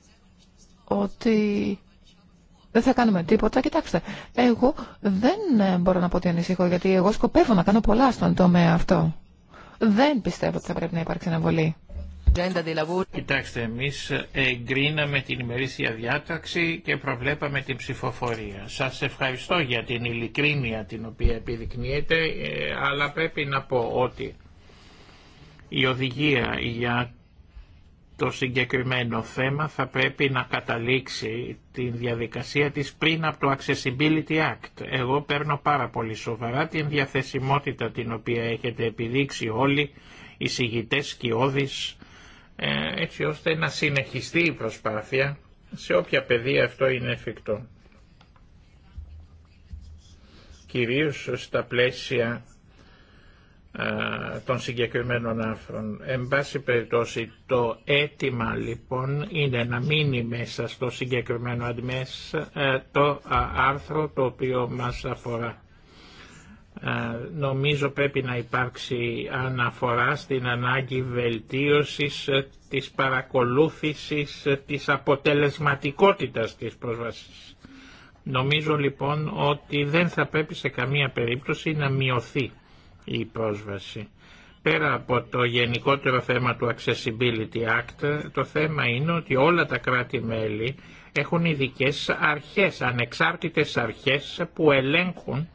ότι δεν θα κάνουμε τίποτα. Κοιτάξτε, εγώ δεν ε, μπορώ να πω ότι ανησυχώ, γιατί εγώ σκοπεύω να κάνω πολλά στον τομέα αυτό. Δεν πιστεύω ότι θα πρέπει να υπάρξει αναβολή. Κοιτάξτε, εμεί εγκρίναμε την ημερήσια διάταξη και προβλέπαμε την ψηφοφορία. Σα ευχαριστώ για την ειλικρίνεια την οποία επιδεικνύεται, ε, αλλά πρέπει να πω ότι η οδηγία για το συγκεκριμένο θέμα θα πρέπει να καταλήξει την διαδικασία της πριν από το Accessibility Act. Εγώ παίρνω πάρα πολύ σοβαρά την διαθεσιμότητα την οποία έχετε επιδείξει όλοι οι συγητές και όδης ε, έτσι ώστε να συνεχιστεί η προσπάθεια σε όποια πεδία αυτό είναι εφικτό. Κυρίως στα πλαίσια των συγκεκριμένων άρθρων. Εν πάση περιπτώσει το αίτημα λοιπόν είναι να μείνει μέσα στο συγκεκριμένο αντιμές ε, το άρθρο το οποίο μας αφορά. Ε, νομίζω πρέπει να υπάρξει αναφορά στην ανάγκη βελτίωσης ε, της παρακολούθησης ε, της αποτελεσματικότητας της πρόσβασης. Νομίζω λοιπόν ότι δεν θα πρέπει σε καμία περίπτωση να μειωθεί η πρόσβαση. Πέρα από το γενικότερο θέμα του Accessibility Act, το θέμα είναι ότι όλα τα κράτη-μέλη έχουν ειδικές αρχές, ανεξάρτητες αρχές που ελέγχουν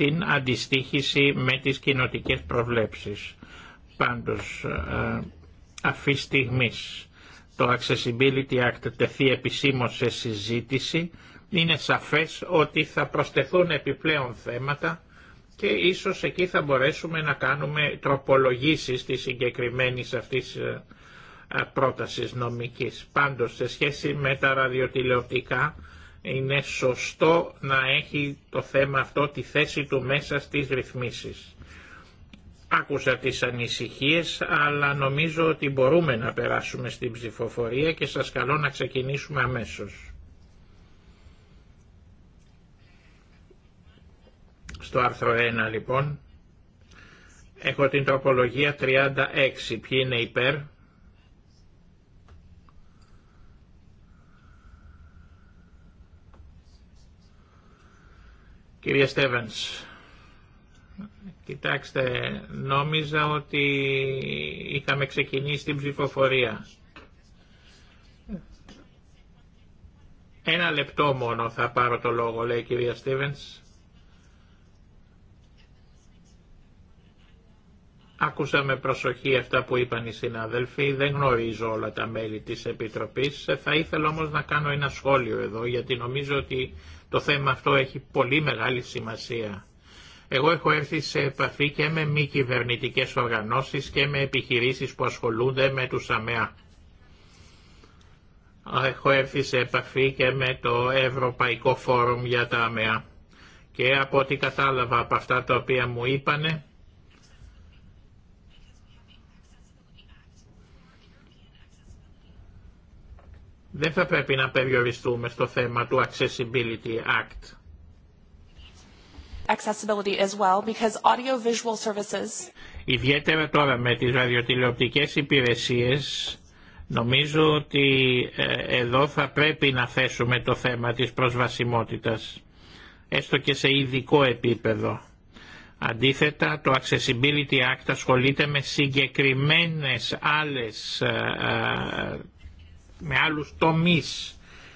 την αντιστοίχηση με τις κοινοτικέ προβλέψεις. Πάντως, ε, αυτή στιγμή το Accessibility Act τεθεί επισήμως σε συζήτηση, είναι σαφές ότι θα προσθεθούν επιπλέον θέματα και ίσως εκεί θα μπορέσουμε να κάνουμε τροπολογήσεις της συγκεκριμένης αυτής ε, πρότασης νομικής. Πάντως, σε σχέση με τα ραδιοτηλεοπτικά, είναι σωστό να έχει το θέμα αυτό τη θέση του μέσα στις ρυθμίσεις. Άκουσα τις ανησυχίες, αλλά νομίζω ότι μπορούμε να περάσουμε στην ψηφοφορία και σας καλώ να ξεκινήσουμε αμέσως. Στο άρθρο 1 λοιπόν, έχω την τροπολογία 36. Ποιοι είναι υπέρ, Κυρία Στέβενς, κοιτάξτε, νόμιζα ότι είχαμε ξεκινήσει την ψηφοφορία. Ένα λεπτό μόνο θα πάρω το λόγο, λέει η κυρία Στίβενς. Άκουσα με προσοχή αυτά που είπαν οι συνάδελφοι, δεν γνωρίζω όλα τα μέλη της Επιτροπής. Θα ήθελα όμως να κάνω ένα σχόλιο εδώ, γιατί νομίζω ότι το θέμα αυτό έχει πολύ μεγάλη σημασία. Εγώ έχω έρθει σε επαφή και με μη κυβερνητικέ οργανώσεις και με επιχειρήσεις που ασχολούνται με τους ΑΜΕΑ. Έχω έρθει σε επαφή και με το Ευρωπαϊκό Φόρουμ για τα ΑΜΕΑ. Και από ό,τι κατάλαβα από αυτά τα οποία μου είπανε, Δεν θα πρέπει να περιοριστούμε στο θέμα του Accessibility Act. Accessibility as well, because audio-visual services... Ιδιαίτερα τώρα με τις ραδιοτηλεοπτικές υπηρεσίες νομίζω ότι ε, εδώ θα πρέπει να θέσουμε το θέμα της προσβασιμότητας έστω και σε ειδικό επίπεδο. Αντίθετα, το Accessibility Act ασχολείται με συγκεκριμένες άλλες ε, ε, με άλλους τομείς.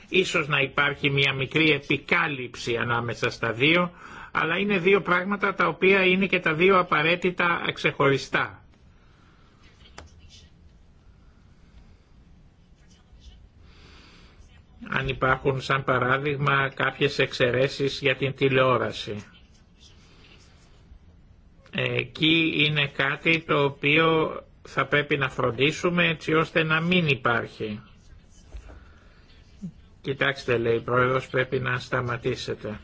Ίσως να υπάρχει μια μικρή επικάλυψη ανάμεσα στα δύο, αλλά είναι δύο πράγματα τα οποία είναι και τα δύο απαραίτητα ξεχωριστά. αν υπάρχουν σαν παράδειγμα κάποιες εξαιρέσεις για την τηλεόραση. Εκεί είναι κάτι το οποίο θα πρέπει να φροντίσουμε έτσι ώστε να μην υπάρχει. Κοιτάξτε, λέει η πρόεδρος, πρέπει να σταματήσετε.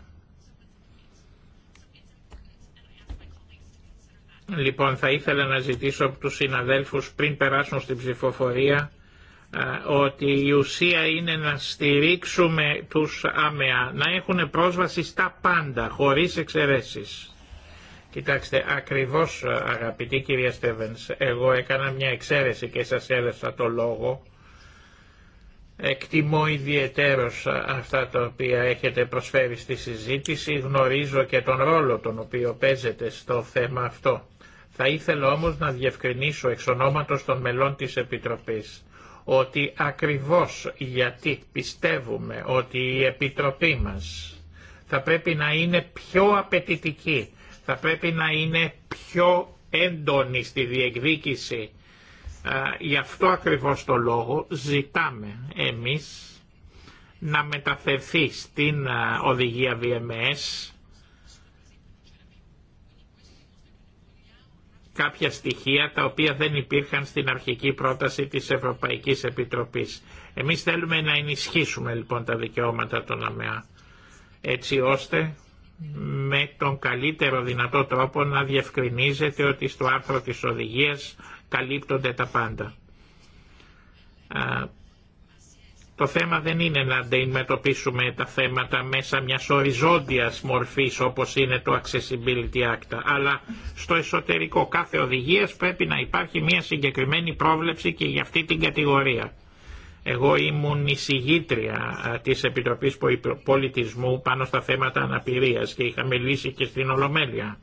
Λοιπόν, θα ήθελα να ζητήσω από τους συναδέλφους πριν περάσουν στην ψηφοφορία ότι η ουσία είναι να στηρίξουμε τους άμεα, να έχουν πρόσβαση στα πάντα, χωρίς εξαιρέσεις. Κοιτάξτε, ακριβώς αγαπητοί κυρία Στέβενς, εγώ έκανα μια εξαίρεση και σας έδεσα το λόγο Εκτιμώ ιδιαιτέρως αυτά τα οποία έχετε προσφέρει στη συζήτηση, γνωρίζω και τον ρόλο τον οποίο παίζετε στο θέμα αυτό. Θα ήθελα όμως να διευκρινίσω εξ ονόματος των μελών της Επιτροπής ότι ακριβώς γιατί πιστεύουμε ότι η Επιτροπή μας θα πρέπει να είναι πιο απαιτητική, θα πρέπει να είναι πιο έντονη στη διεκδίκηση ε, γι' αυτό ακριβώς το λόγο ζητάμε εμείς να μεταφερθεί στην ε, οδηγία VMS κάποια στοιχεία τα οποία δεν υπήρχαν στην αρχική πρόταση της Ευρωπαϊκής Επιτροπής. Εμείς θέλουμε να ενισχύσουμε λοιπόν τα δικαιώματα των ΑΜΕΑ έτσι ώστε με τον καλύτερο δυνατό τρόπο να διευκρινίζεται ότι στο άρθρο της οδηγίας καλύπτονται τα πάντα. Το θέμα δεν είναι να αντιμετωπίσουμε τα θέματα μέσα μιας οριζόντιας μορφής όπως είναι το Accessibility Act, αλλά στο εσωτερικό κάθε οδηγίας πρέπει να υπάρχει μια συγκεκριμένη πρόβλεψη και για αυτή την κατηγορία. Εγώ ήμουν εισηγήτρια της Επιτροπής Πολιτισμού πάνω στα θέματα αναπηρίας και είχα μιλήσει και στην Ολομέλεια.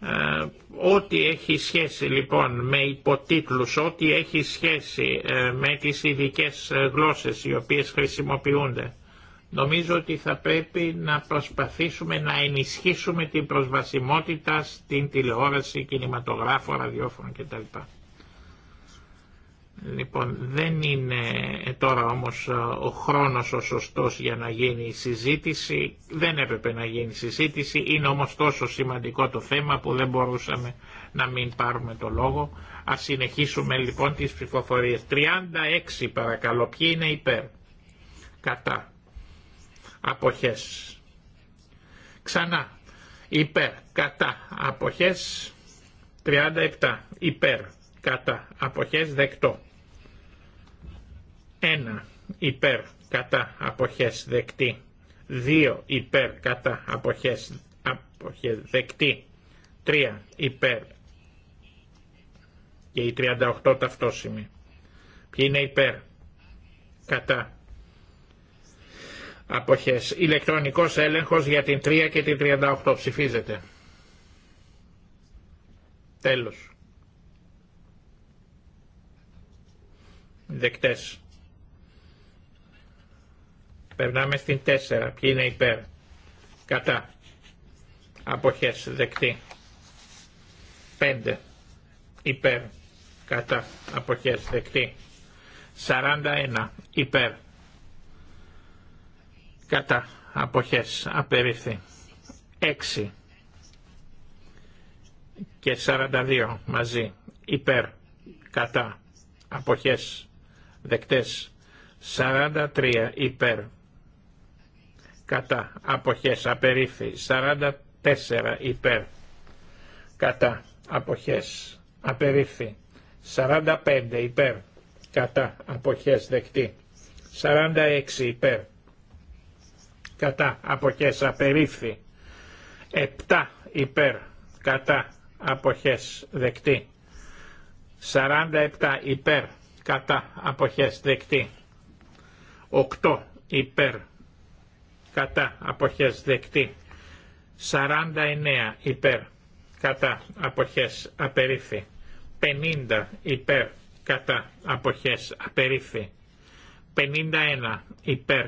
Ε, ό,τι έχει σχέση λοιπόν με υποτίτλους, ό,τι έχει σχέση ε, με τις ειδικέ ε, γλώσσες οι οποίες χρησιμοποιούνται, νομίζω ότι θα πρέπει να προσπαθήσουμε να ενισχύσουμε την προσβασιμότητα στην τηλεόραση, κινηματογράφο, ραδιόφωνο κτλ. Λοιπόν, δεν είναι ε, τώρα όμως ε, ο χρόνος ο σωστός για να γίνει η συζήτηση. Δεν έπρεπε να γίνει η συζήτηση. Είναι όμως τόσο σημαντικό το θέμα που δεν μπορούσαμε να μην πάρουμε το λόγο. Ας συνεχίσουμε λοιπόν τις ψηφοφορίες. 36 παρακαλώ. Ποιοι είναι υπέρ. Κατά. Αποχές. Ξανά. Υπέρ. Κατά. Αποχές. 37. Υπέρ. Κατά. Αποχές δεκτό. 1 υπέρ κατά αποχές δεκτή. 2 υπέρ κατά αποχές, δεκτή. 3 υπέρ και η 38 ταυτόσημη. Ποιοι είναι υπέρ κατά αποχές. Ηλεκτρονικός έλεγχος για την 3 και την 38 ψηφίζεται. Τέλος. Δεκτές. Περνάμε στην 4. Ποιοι είναι υπέρ. Κατά. Αποχές. Δεκτή. 5. Υπέρ. Κατά. Αποχές. Δεκτή. 41. Υπέρ. Κατά. Αποχές. Απερίφθη. 6 και 42 μαζί. Υπέρ. Κατά. Αποχές. Δεκτές. 43 υπέρ κατά αποχές απερίφθη 44 υπέρ κατά αποχές απερίφθη 45 υπέρ κατά αποχές δεκτή 46 υπέρ κατά αποχές απερίφθη 7 υπέρ κατά αποχές δεκτή 47 υπέρ κατά αποχές δεκτή 8 υπέρ κατά αποχές δεκτή 49 υπέρ κατά αποχές απερίφη 50 υπέρ κατά αποχές απερίφη 51 υπέρ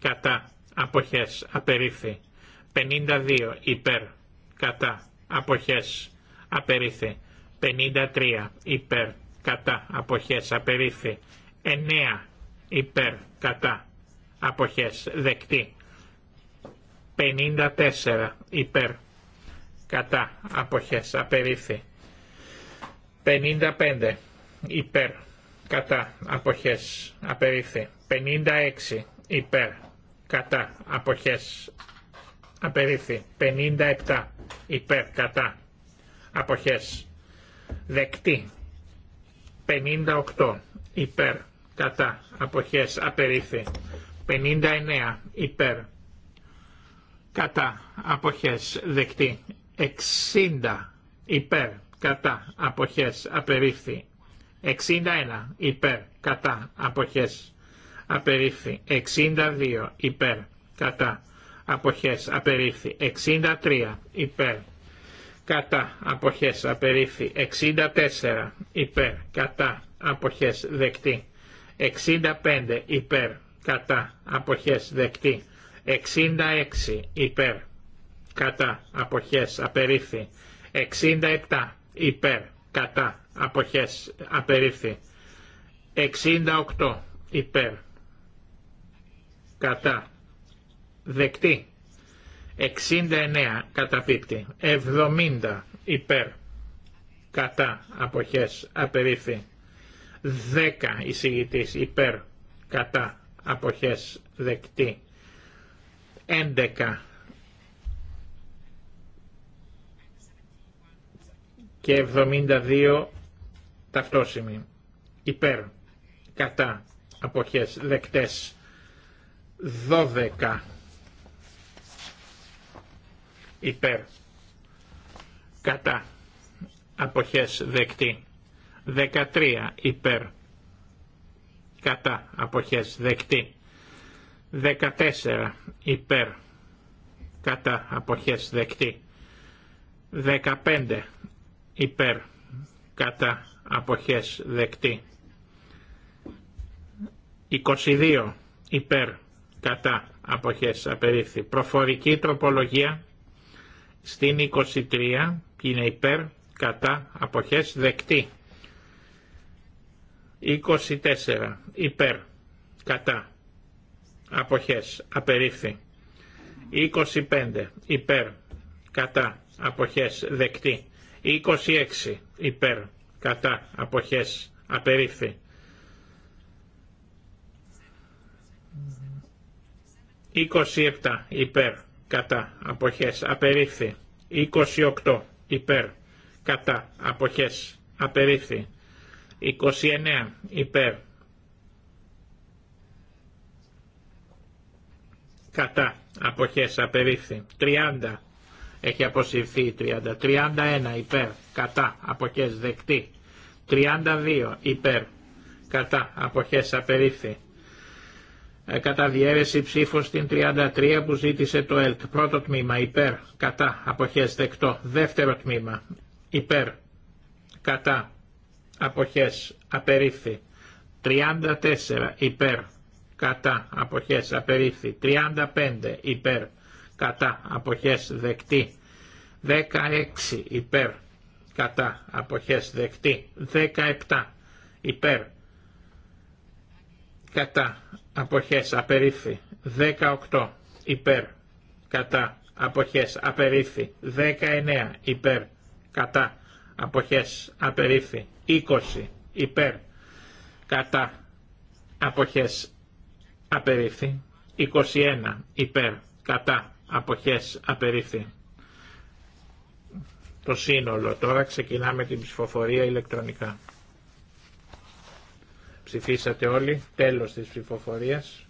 κατά αποχές απερίφη 52 υπέρ κατά αποχές απερίφη 53 υπέρ κατά αποχές απερίφη 9 υπέρ κατά αποχές δεκτή 54 υπέρ κατά αποχές απερίφθη 55 υπέρ κατά αποχές απερίφθη 56 υπέρ κατά αποχές απερίφθη 57 υπέρ κατά αποχές δεκτή 58 υπέρ κατά αποχές απερίφθη 59 υπέρ κατά αποχές δεκτή 60 υπέρ κατά αποχές απερίφθη 61 υπέρ κατά αποχές απερίφθη 62 υπέρ κατά αποχές απερίφθη 63 υπέρ κατά αποχές απερίφθη 64 υπέρ κατά αποχές δεκτή 65 υπέρ κατά αποχές δεκτή 66 υπέρ κατά αποχές απερίφθη 67 υπέρ κατά αποχές απερίφθη 68 υπέρ κατά δεκτή 69 καταπίπτει 70 υπέρ κατά αποχές απερίφθη 10 εισηγητής υπέρ κατά αποχές δεκτή 11 και 72 ταυτόσημοι. Υπέρ, κατά, αποχές, δεκτές. 12 υπέρ, κατά, αποχές, δεκτή. 13 υπέρ, κατά, αποχές, δεκτή. 14 υπέρ κατά αποχές δεκτή 15 υπέρ κατά αποχές δεκτή 22 υπέρ κατά αποχές απερίφθη προφορική τροπολογία στην 23 που είναι υπέρ κατά αποχές δεκτή 24 υπέρ κατά αποχές, απερίφθη. 25 υπέρ, κατά, αποχές, δεκτή. 26 υπέρ, κατά, αποχές, απερίφθη. 27 υπέρ, κατά, αποχές, απερίφθη. 28 υπέρ, κατά, αποχές, απερίφθη. 29 υπέρ, κατά αποχές απερίφθη 30 έχει αποσυρθεί 30 31 υπέρ κατά αποχές δεκτή 32 υπέρ κατά αποχές απερίφθη ε, κατά διέρεση ψήφο στην 33 που ζήτησε το ΕΛΤ. Πρώτο τμήμα υπέρ, κατά, αποχές δεκτό. Δεύτερο τμήμα υπέρ, κατά, αποχές απερίφθη. 34 υπέρ, κατά αποχές απερίφθη 35 υπέρ κατά αποχές δεκτή 16 υπέρ κατά αποχές δεκτή 17 υπέρ κατά αποχές απερίφθη 18 υπέρ κατά αποχές απερίφθη 19 υπέρ κατά αποχές απερίφθη 20 υπέρ κατά αποχές απερίφθη. 21 υπέρ κατά αποχές απερίφθη. Το σύνολο. Τώρα ξεκινάμε την ψηφοφορία ηλεκτρονικά. Ψηφίσατε όλοι. Τέλος της ψηφοφορίας.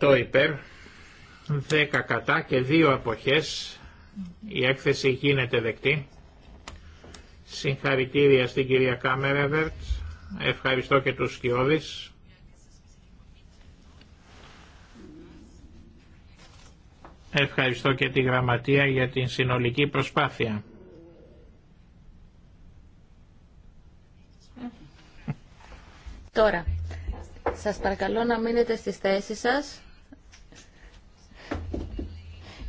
18 υπέρ, 10 κατά και 2 αποχές. Η έκθεση γίνεται δεκτή. Συγχαρητήρια στην κυρία Κάμερεβερτ. Ευχαριστώ και τους σκιώδεις. Ευχαριστώ και τη Γραμματεία για την συνολική προσπάθεια. Τώρα, σας παρακαλώ να μείνετε στις θέσεις σας,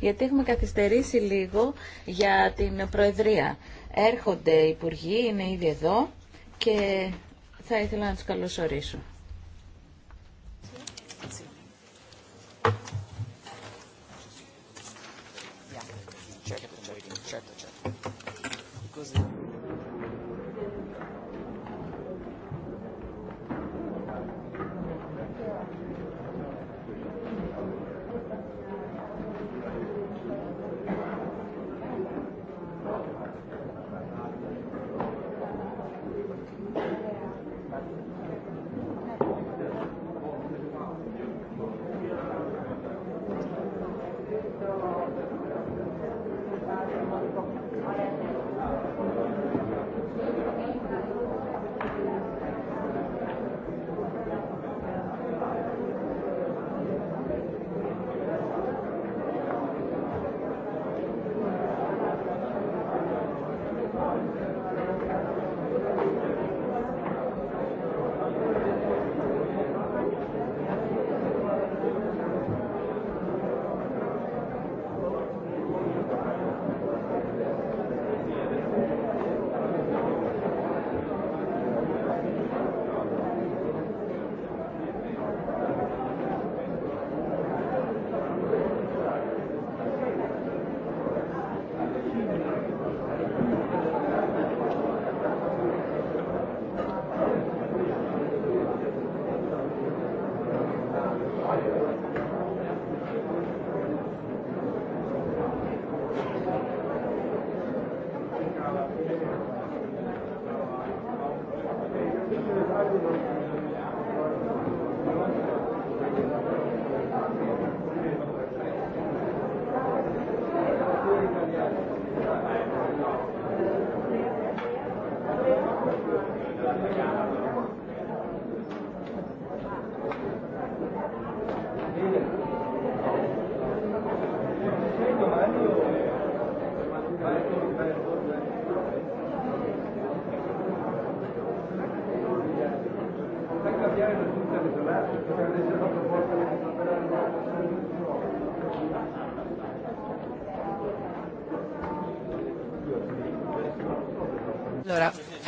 γιατί έχουμε καθυστερήσει λίγο για την Προεδρία. Έρχονται οι Υπουργοί, είναι ήδη εδώ και θα ήθελα να τους καλωσορίσω.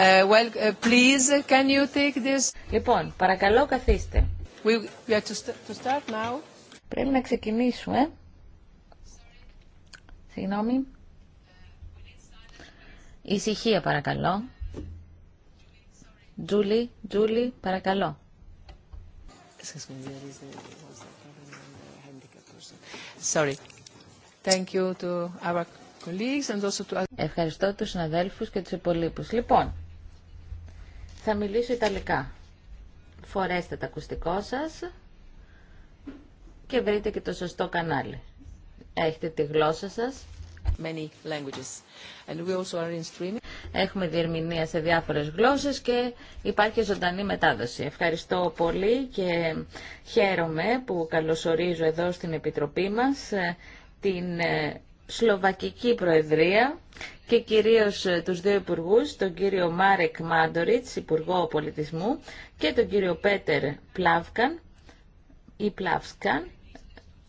Ε, well, ε, please, can you take this? Λοιπόν, παρακαλώ καθίστε. We, we are to start now. Πρέπει να ξεκινήσουμε. Συγγνώμη. Ησυχία παρακαλώ. Τζούλι, Τζούλι, παρακαλώ. Sorry. Thank you to our colleagues and also to... Ευχαριστώ τους συναδέλφους και τους υπολείπους. Λοιπόν, θα μιλήσω Ιταλικά. Φορέστε τα ακουστικό σας και βρείτε και το σωστό κανάλι. Έχετε τη γλώσσα σας. Many languages. And we also are in streaming. Έχουμε διερμηνία σε διάφορες γλώσσες και υπάρχει ζωντανή μετάδοση. Ευχαριστώ πολύ και χαίρομαι που καλωσορίζω εδώ στην Επιτροπή μας ε, την ε, Σλοβακική Προεδρία και κυρίως ε, τους δύο υπουργούς, τον κύριο Μάρεκ Μάντοριτς, Υπουργό Πολιτισμού και τον κύριο Πέτερ Πλάβκαν, ή Πλάβσκαν,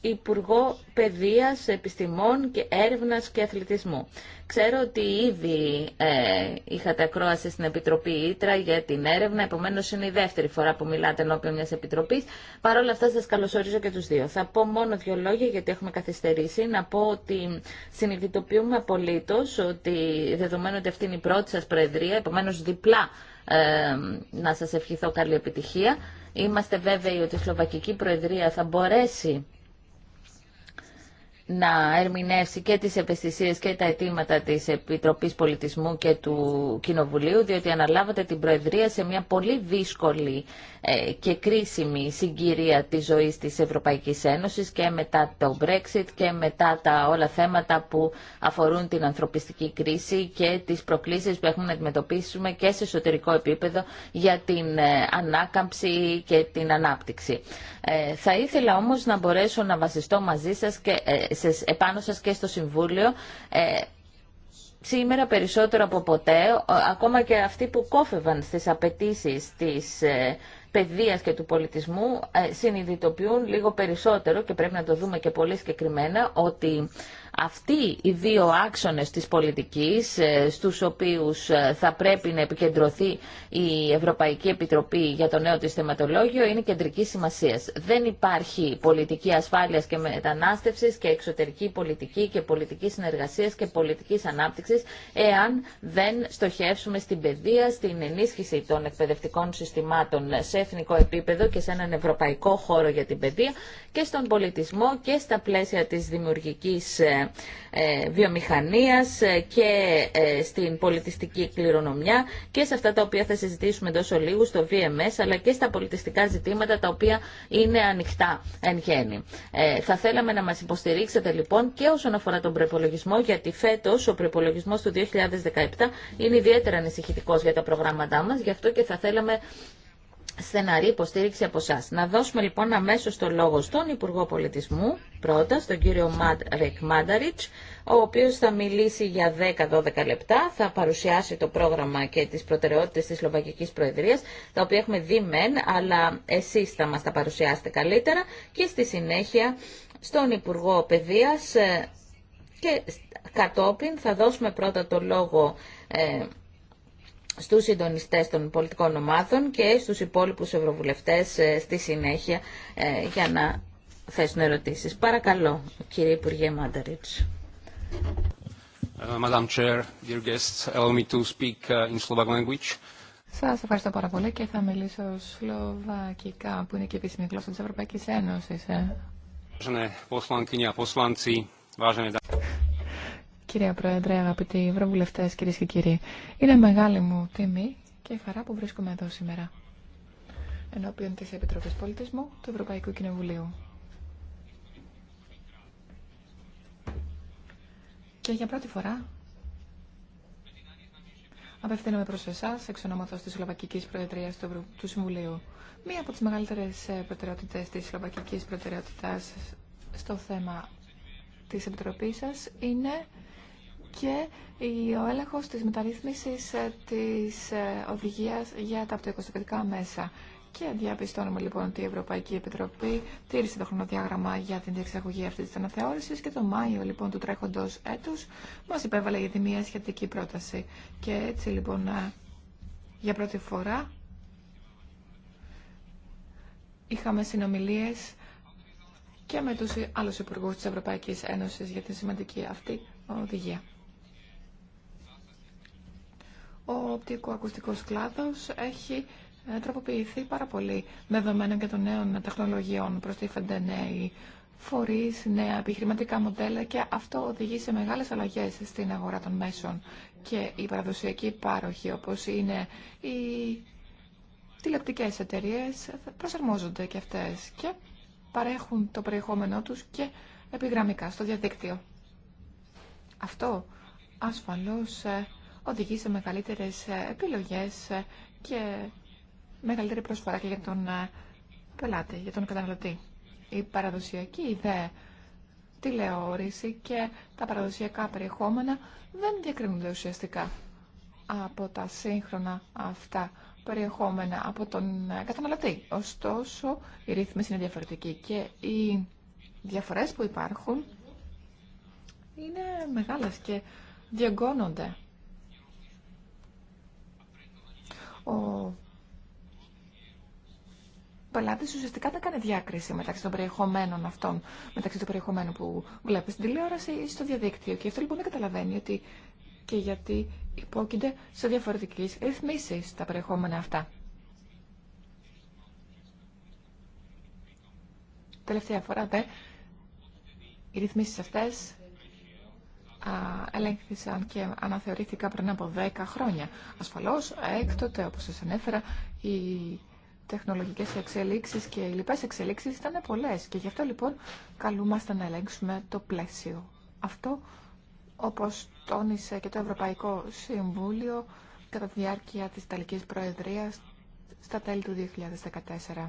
Υπουργό Παιδείας, Επιστημών και Έρευνας και Αθλητισμού. Ξέρω ότι ήδη ε, είχατε ακρόαση στην Επιτροπή Ήτρα για την έρευνα, επομένω είναι η δεύτερη φορά που μιλάτε ενώπιον μια επιτροπής. Παρ' όλα αυτά, σας καλωσορίζω και του δύο. Θα πω μόνο δύο λόγια, γιατί έχουμε καθυστερήσει. Να πω ότι συνειδητοποιούμε απολύτω ότι δεδομένου ότι αυτή είναι η πρώτη σας Προεδρία, επομένω διπλά ε, να σα ευχηθώ καλή επιτυχία. Είμαστε βέβαιοι ότι η Σλοβακική Προεδρία θα μπορέσει να ερμηνεύσει και τις ευαισθησίες και τα αιτήματα της Επιτροπής Πολιτισμού και του Κοινοβουλίου, διότι αναλάβατε την Προεδρία σε μια πολύ δύσκολη ε, και κρίσιμη συγκυρία της ζωής της Ευρωπαϊκής Ένωσης και μετά το Brexit και μετά τα όλα θέματα που αφορούν την ανθρωπιστική κρίση και τις προκλήσεις που έχουμε να αντιμετωπίσουμε και σε εσωτερικό επίπεδο για την ε, ανάκαμψη και την ανάπτυξη. Ε, θα ήθελα όμως να μπορέσω να βασιστώ μαζί σας σε επάνω σας και στο Συμβούλιο ε, σήμερα περισσότερο από ποτέ, ακόμα και αυτοί που κόφευαν στις απαιτήσει της ε, παιδείας και του πολιτισμού ε, συνειδητοποιούν λίγο περισσότερο και πρέπει να το δούμε και πολύ συγκεκριμένα ότι αυτοί οι δύο άξονες της πολιτικής, ε, στους οποίους ε, θα πρέπει να επικεντρωθεί η Ευρωπαϊκή Επιτροπή για το νέο της θεματολόγιο, είναι κεντρική σημασία. Δεν υπάρχει πολιτική ασφάλειας και μετανάστευσης και εξωτερική πολιτική και πολιτική συνεργασίας και πολιτικής ανάπτυξης, εάν δεν στοχεύσουμε στην παιδεία, στην ενίσχυση των εκπαιδευτικών συστημάτων σε εθνικό επίπεδο και σε έναν ευρωπαϊκό χώρο για την παιδεία και στον πολιτισμό και στα πλαίσια της δημιουργικής ε, ε, βιομηχανίας ε, και ε, στην πολιτιστική κληρονομιά και σε αυτά τα οποία θα συζητήσουμε τόσο λίγου στο VMS αλλά και στα πολιτιστικά ζητήματα τα οποία είναι ανοιχτά εν γέννη. Θα θέλαμε να μας υποστηρίξετε λοιπόν και όσον αφορά τον προπολογισμό γιατί φέτος ο προπολογισμό του 2017 είναι ιδιαίτερα ανησυχητικός για τα προγράμματά μας γι' αυτό και θα θέλαμε στεναρή υποστήριξη από εσά. Να δώσουμε λοιπόν αμέσω το λόγο στον Υπουργό Πολιτισμού, πρώτα στον κύριο Ρεκ Μάνταριτ, ο οποίο θα μιλήσει για 10-12 λεπτά, θα παρουσιάσει το πρόγραμμα και τι προτεραιότητε τη Σλοβακική Προεδρία, τα οποία έχουμε δει μεν, αλλά εσεί θα μα τα παρουσιάσετε καλύτερα, και στη συνέχεια στον Υπουργό Παιδεία ε, και κατόπιν θα δώσουμε πρώτα το λόγο. Ε, στους συντονιστές των πολιτικών ομάδων και στους υπόλοιπους ευρωβουλευτές ε, στη συνέχεια ε, για να θέσουν ερωτήσεις. Παρακαλώ, κύριε Υπουργέ Μάνταριτς. Ε, Madam Chair, dear guests, allow me to speak uh, in Slovak language. Σας ευχαριστώ πάρα πολύ και θα μιλήσω σλοβακικά, που είναι και επίσημη γλώσσα της Ευρωπαϊκής Ένωσης. Ε. Κυρία Πρόεδρε, αγαπητοί ευρωβουλευτέ, κυρίε και κύριοι, είναι μεγάλη μου τιμή και χαρά που βρίσκομαι εδώ σήμερα ενώπιον τη Επιτροπή Πολιτισμού του Ευρωπαϊκού Κοινοβουλίου. Και για πρώτη φορά απευθύνομαι προς εσάς εξ ονοματό τη Σλοβακική Προεδρία του, του Συμβουλίου. Μία από τι μεγαλύτερε προτεραιότητε τη Σλοβακική προτεραιότητα στο θέμα τη επιτροπή σα είναι και ο έλεγχο τη μεταρρύθμιση ε, τη ε, οδηγία για τα οπτικοστατικά μέσα. Και διαπιστώνουμε λοιπόν ότι η Ευρωπαϊκή Επιτροπή τήρησε το χρονοδιάγραμμα για την διεξαγωγή αυτή τη αναθεώρηση και το Μάιο λοιπόν του τρέχοντο έτου μα υπέβαλε τη μια σχετική πρόταση. Και έτσι λοιπόν ε, για πρώτη φορά είχαμε συνομιλίε και με τους άλλους υπουργούς της Ευρωπαϊκής Ένωσης για τη σημαντική αυτή οδηγία ο οπτικοακουστικός κλάδος έχει ε, τροποποιηθεί πάρα πολύ με δεδομένα και των νέων τεχνολογιών. τη ΦΕΝΤΕΝΕΗ φορείς, νέα επιχειρηματικά μοντέλα και αυτό οδηγεί σε μεγάλες αλλαγές στην αγορά των μέσων και οι παραδοσιακοί πάροχοι όπως είναι οι τηλεοπτικές εταιρείες προσαρμόζονται και αυτές και παρέχουν το περιεχόμενό τους και επιγραμμικά στο διαδίκτυο. Αυτό ασφαλώς ε, οδηγεί σε μεγαλύτερες ε, επιλογές ε, και μεγαλύτερη προσφορά και για τον ε, πελάτη, για τον καταναλωτή. Η παραδοσιακή ιδέα τηλεόριση και τα παραδοσιακά περιεχόμενα δεν διακρίνονται ουσιαστικά από τα σύγχρονα αυτά περιεχόμενα από τον καταναλωτή. Ωστόσο, η ρύθμιση είναι διαφορετικοί και οι διαφορές που υπάρχουν είναι μεγάλες και διαγκώνονται. Ο πελάτη ουσιαστικά δεν κάνει διάκριση μεταξύ των περιεχομένων αυτών, μεταξύ του περιεχομένου που βλέπει στην τηλεόραση ή στο διαδίκτυο. Και αυτό λοιπόν δεν καταλαβαίνει ότι και γιατί υπόκεινται σε διαφορετικέ ρυθμίσει τα περιεχόμενα αυτά. Τελευταία φορά, δε, οι ρυθμίσεις αυτές ελέγχθησαν και αναθεωρήθηκαν πριν από 10 χρόνια. Ασφαλώς, έκτοτε, όπως σας ανέφερα, οι τεχνολογικές εξελίξεις και οι λοιπές εξελίξεις ήταν πολλές και γι' αυτό λοιπόν καλούμαστε να ελέγξουμε το πλαίσιο. Αυτό, όπως τόνισε και το Ευρωπαϊκό Συμβούλιο κατά τη διάρκεια της Ιταλικής Προεδρίας στα τέλη του 2014.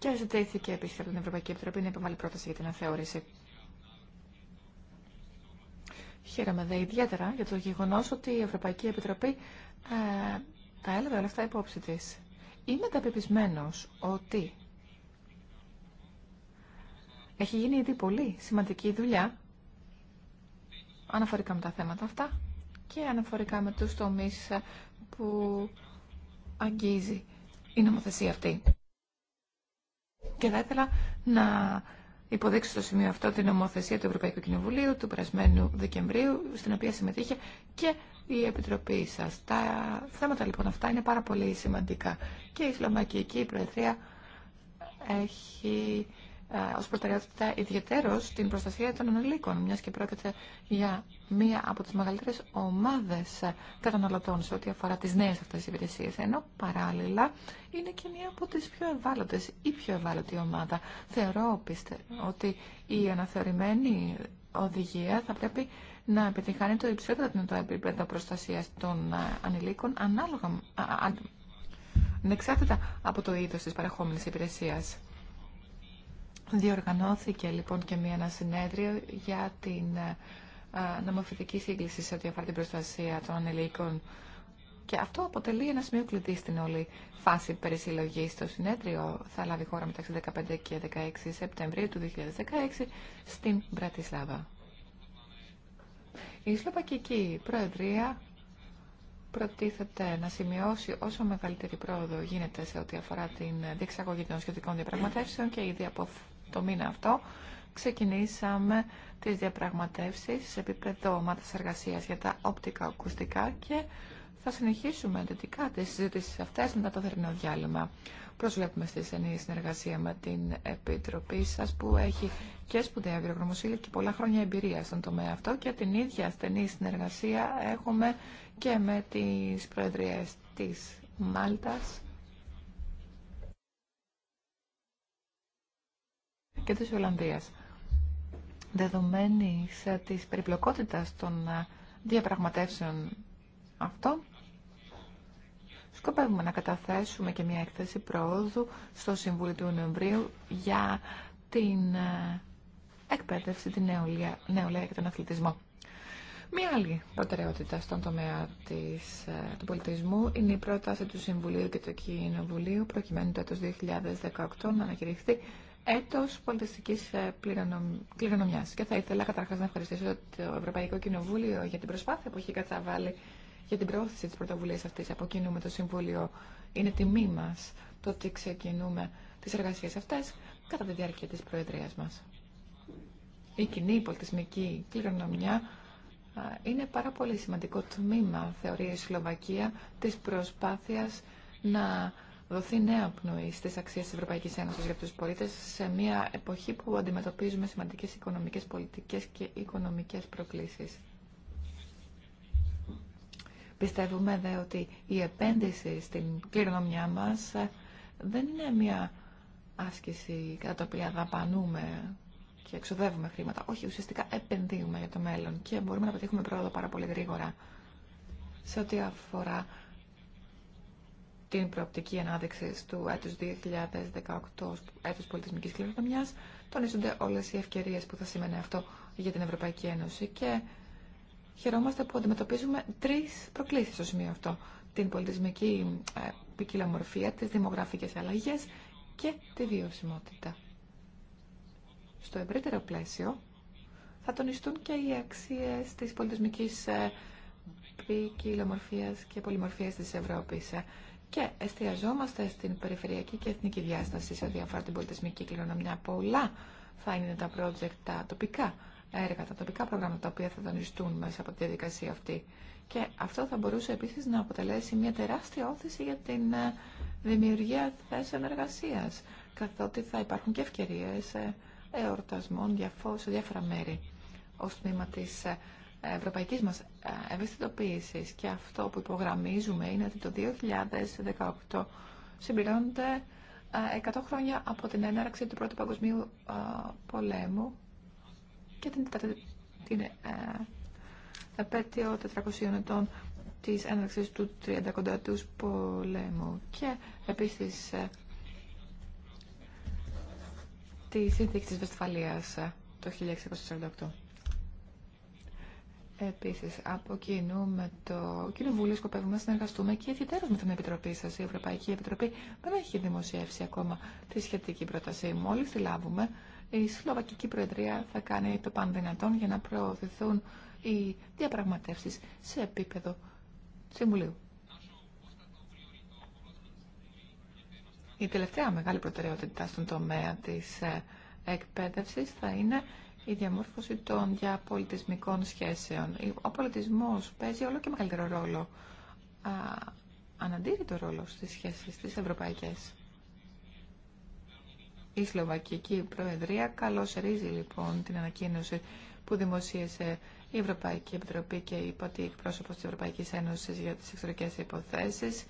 Και ζητήθηκε επίση από την Ευρωπαϊκή Επιτροπή να υποβάλει πρόταση για την αθεώρηση. Χαίρομαι δε ιδιαίτερα για το γεγονό ότι η Ευρωπαϊκή Επιτροπή ε, τα έλαβε όλα αυτά υπόψη τη. Είμαι ταπεπισμένος ότι έχει γίνει ήδη πολύ σημαντική δουλειά αναφορικά με τα θέματα αυτά και αναφορικά με τους τομεί που αγγίζει η νομοθεσία αυτή. Και θα ήθελα να υποδείξω στο σημείο αυτό την νομοθεσία του Ευρωπαϊκού Κοινοβουλίου του περασμένου Δεκεμβρίου, στην οποία συμμετείχε και η Επιτροπή σα. Τα θέματα λοιπόν αυτά είναι πάρα πολύ σημαντικά. Και η Σλοβακική Προεδρία έχει ε, ως προτεραιότητα ιδιαίτερος την προστασία των ανηλίκων, μιας και πρόκειται για μία από τις μεγαλύτερες ομάδες καταναλωτών σε ό,τι αφορά τις νέες αυτές υπηρεσίες, ενώ παράλληλα είναι και μία από τις πιο ευάλωτες ή πιο ευάλωτη ομάδα. Θεωρώ πιστε, ότι η αναθεωρημένη οδηγία θα πρέπει να επιτυχάνει το υψηλότερο δυνατό επίπεδο προστασίας των ε, ανηλίκων ανάλογα, ανεξάρτητα από το είδος της παρεχόμενης υπηρεσίας. Διοργανώθηκε λοιπόν και μία ένα συνέδριο για την ε, νομοθετική σύγκληση σε ό,τι αφορά την προστασία των ανηλίκων. Και αυτό αποτελεί ένα σημείο κλειδί στην όλη φάση περισυλλογή. Στο συνέδριο θα λάβει χώρα μεταξύ 15 και 16 Σεπτεμβρίου του 2016 στην Μπρατισλάβα. Η σλοπακική Προεδρία προτίθεται να σημειώσει όσο μεγαλύτερη πρόοδο γίνεται σε ό,τι αφορά την διεξαγωγή των σχετικών διαπραγματεύσεων και ήδη το μήνα αυτό ξεκινήσαμε τις διαπραγματεύσεις σε επίπεδο ομάδας εργασίας για τα όπτικα ακουστικά και θα συνεχίσουμε εντετικά τις συζήτησεις αυτές μετά το θερινό διάλειμμα. Προσβλέπουμε στη στενή συνεργασία με την Επιτροπή σας που έχει και σπουδαία βιογνωμοσύνη και πολλά χρόνια εμπειρία στον τομέα αυτό και την ίδια στενή συνεργασία έχουμε και με τις Προεδρίες της Μάλτας και της Ολλανδίας. Δεδομένης ε, της περιπλοκότητας των ε, διαπραγματεύσεων αυτών, σκοπεύουμε να καταθέσουμε και μια έκθεση προόδου στο Συμβούλιο του Νοεμβρίου για την ε, εκπαίδευση, την νεολαία, νεολαία και τον αθλητισμό. Μία άλλη προτεραιότητα στον τομέα της, του πολιτισμού είναι η πρόταση του Συμβουλίου και του Κοινοβουλίου προκειμένου το έτος 2018 να ανακηρυχθεί έτος πολιτιστικής ε, κληρονομιάς. Και θα ήθελα καταρχάς να ευχαριστήσω το Ευρωπαϊκό Κοινοβούλιο για την προσπάθεια που έχει καταβάλει για την προώθηση της πρωτοβουλίας αυτής από κοινού με το Συμβούλιο. Είναι τιμή μας το ότι ξεκινούμε τις εργασίες αυτές κατά τη διάρκεια της Προεδρίας μας. Η κοινή πολιτισμική κληρονομιά είναι πάρα πολύ σημαντικό τμήμα, θεωρεί η Σλοβακία, της προσπάθειας να δοθεί νέα πνοή στι αξίες τη Ευρωπαϊκή Ένωσης για τους πολίτες σε μια εποχή που αντιμετωπίζουμε σημαντικές οικονομικές πολιτικές και οικονομικές προκλήσεις. Πιστεύουμε δε ότι η επένδυση στην κληρονομιά μα δεν είναι μια άσκηση κατά την οποία δαπανούμε και εξοδεύουμε χρήματα. Όχι, ουσιαστικά επενδύουμε για το μέλλον και μπορούμε να πετύχουμε πρόοδο πάρα πολύ γρήγορα. Σε ό,τι αφορά την προοπτική ανάδειξη του έτου 2018 έτους πολιτισμικής κληρονομιάς, τονίζονται όλες οι ευκαιρίες που θα σημαίνει αυτό για την Ευρωπαϊκή Ένωση και χαιρόμαστε που αντιμετωπίζουμε τρεις προκλήσεις στο σημείο αυτό. Την πολιτισμική ε, ποικιλομορφία, τις δημογραφικές αλλαγές και τη βιωσιμότητα. Στο ευρύτερο πλαίσιο θα τονιστούν και οι αξίες της πολιτισμικής ε, ποικιλομορφία και πολυμορφίας της Ευρώπης. Ε και εστιαζόμαστε στην περιφερειακή και εθνική διάσταση σε διάφορα την πολιτισμική κληρονομιά. Πολλά θα είναι τα project, τα τοπικά έργα, τα τοπικά προγράμματα τα οποία θα δανειστούν μέσα από τη διαδικασία αυτή. Και αυτό θα μπορούσε επίση να αποτελέσει μια τεράστια όθηση για την ε, δημιουργία θέσεων εργασία, καθότι θα υπάρχουν και ευκαιρίε ε, εορτασμών για σε διάφορα μέρη ω τμήμα τη. Ε, Ευρωπαϊκή μα ε, ευαισθητοποίηση και αυτό που υπογραμμίζουμε είναι ότι το 2018 συμπληρώνονται 100 χρόνια από την έναρξη του Πρώτου Παγκοσμίου ε, Πολέμου και την, την ε, επέτειο 400 ετών της έναρξης του 30ου πολέμου και επίσης τη σύνθηκη της βεσφαλία το 1648. Επίση, από κοινού με το Κοινοβούλιο σκοπεύουμε να συνεργαστούμε και ιδιαίτερω με την Επιτροπή σα. Η Ευρωπαϊκή Επιτροπή δεν έχει δημοσιεύσει ακόμα τη σχετική πρόταση. Μόλι τη λάβουμε, η Σλοβακική Προεδρία θα κάνει το παν δυνατόν για να προωθηθούν οι διαπραγματεύσει σε επίπεδο Συμβουλίου. Η τελευταία μεγάλη προτεραιότητα στον τομέα της ε, εκπαίδευσης θα είναι η διαμόρφωση των διαπολιτισμικών σχέσεων. Ο πολιτισμός παίζει όλο και μεγαλύτερο ρόλο, α, αναντήρητο ρόλο στις σχέσεις τις ευρωπαϊκές. Η Σλοβακική Προεδρία καλωσορίζει λοιπόν την ανακοίνωση που δημοσίευσε η Ευρωπαϊκή Επιτροπή και είπε ότι εκπρόσωπος της Ευρωπαϊκής Ένωσης για τις εξωτερικές υποθέσεις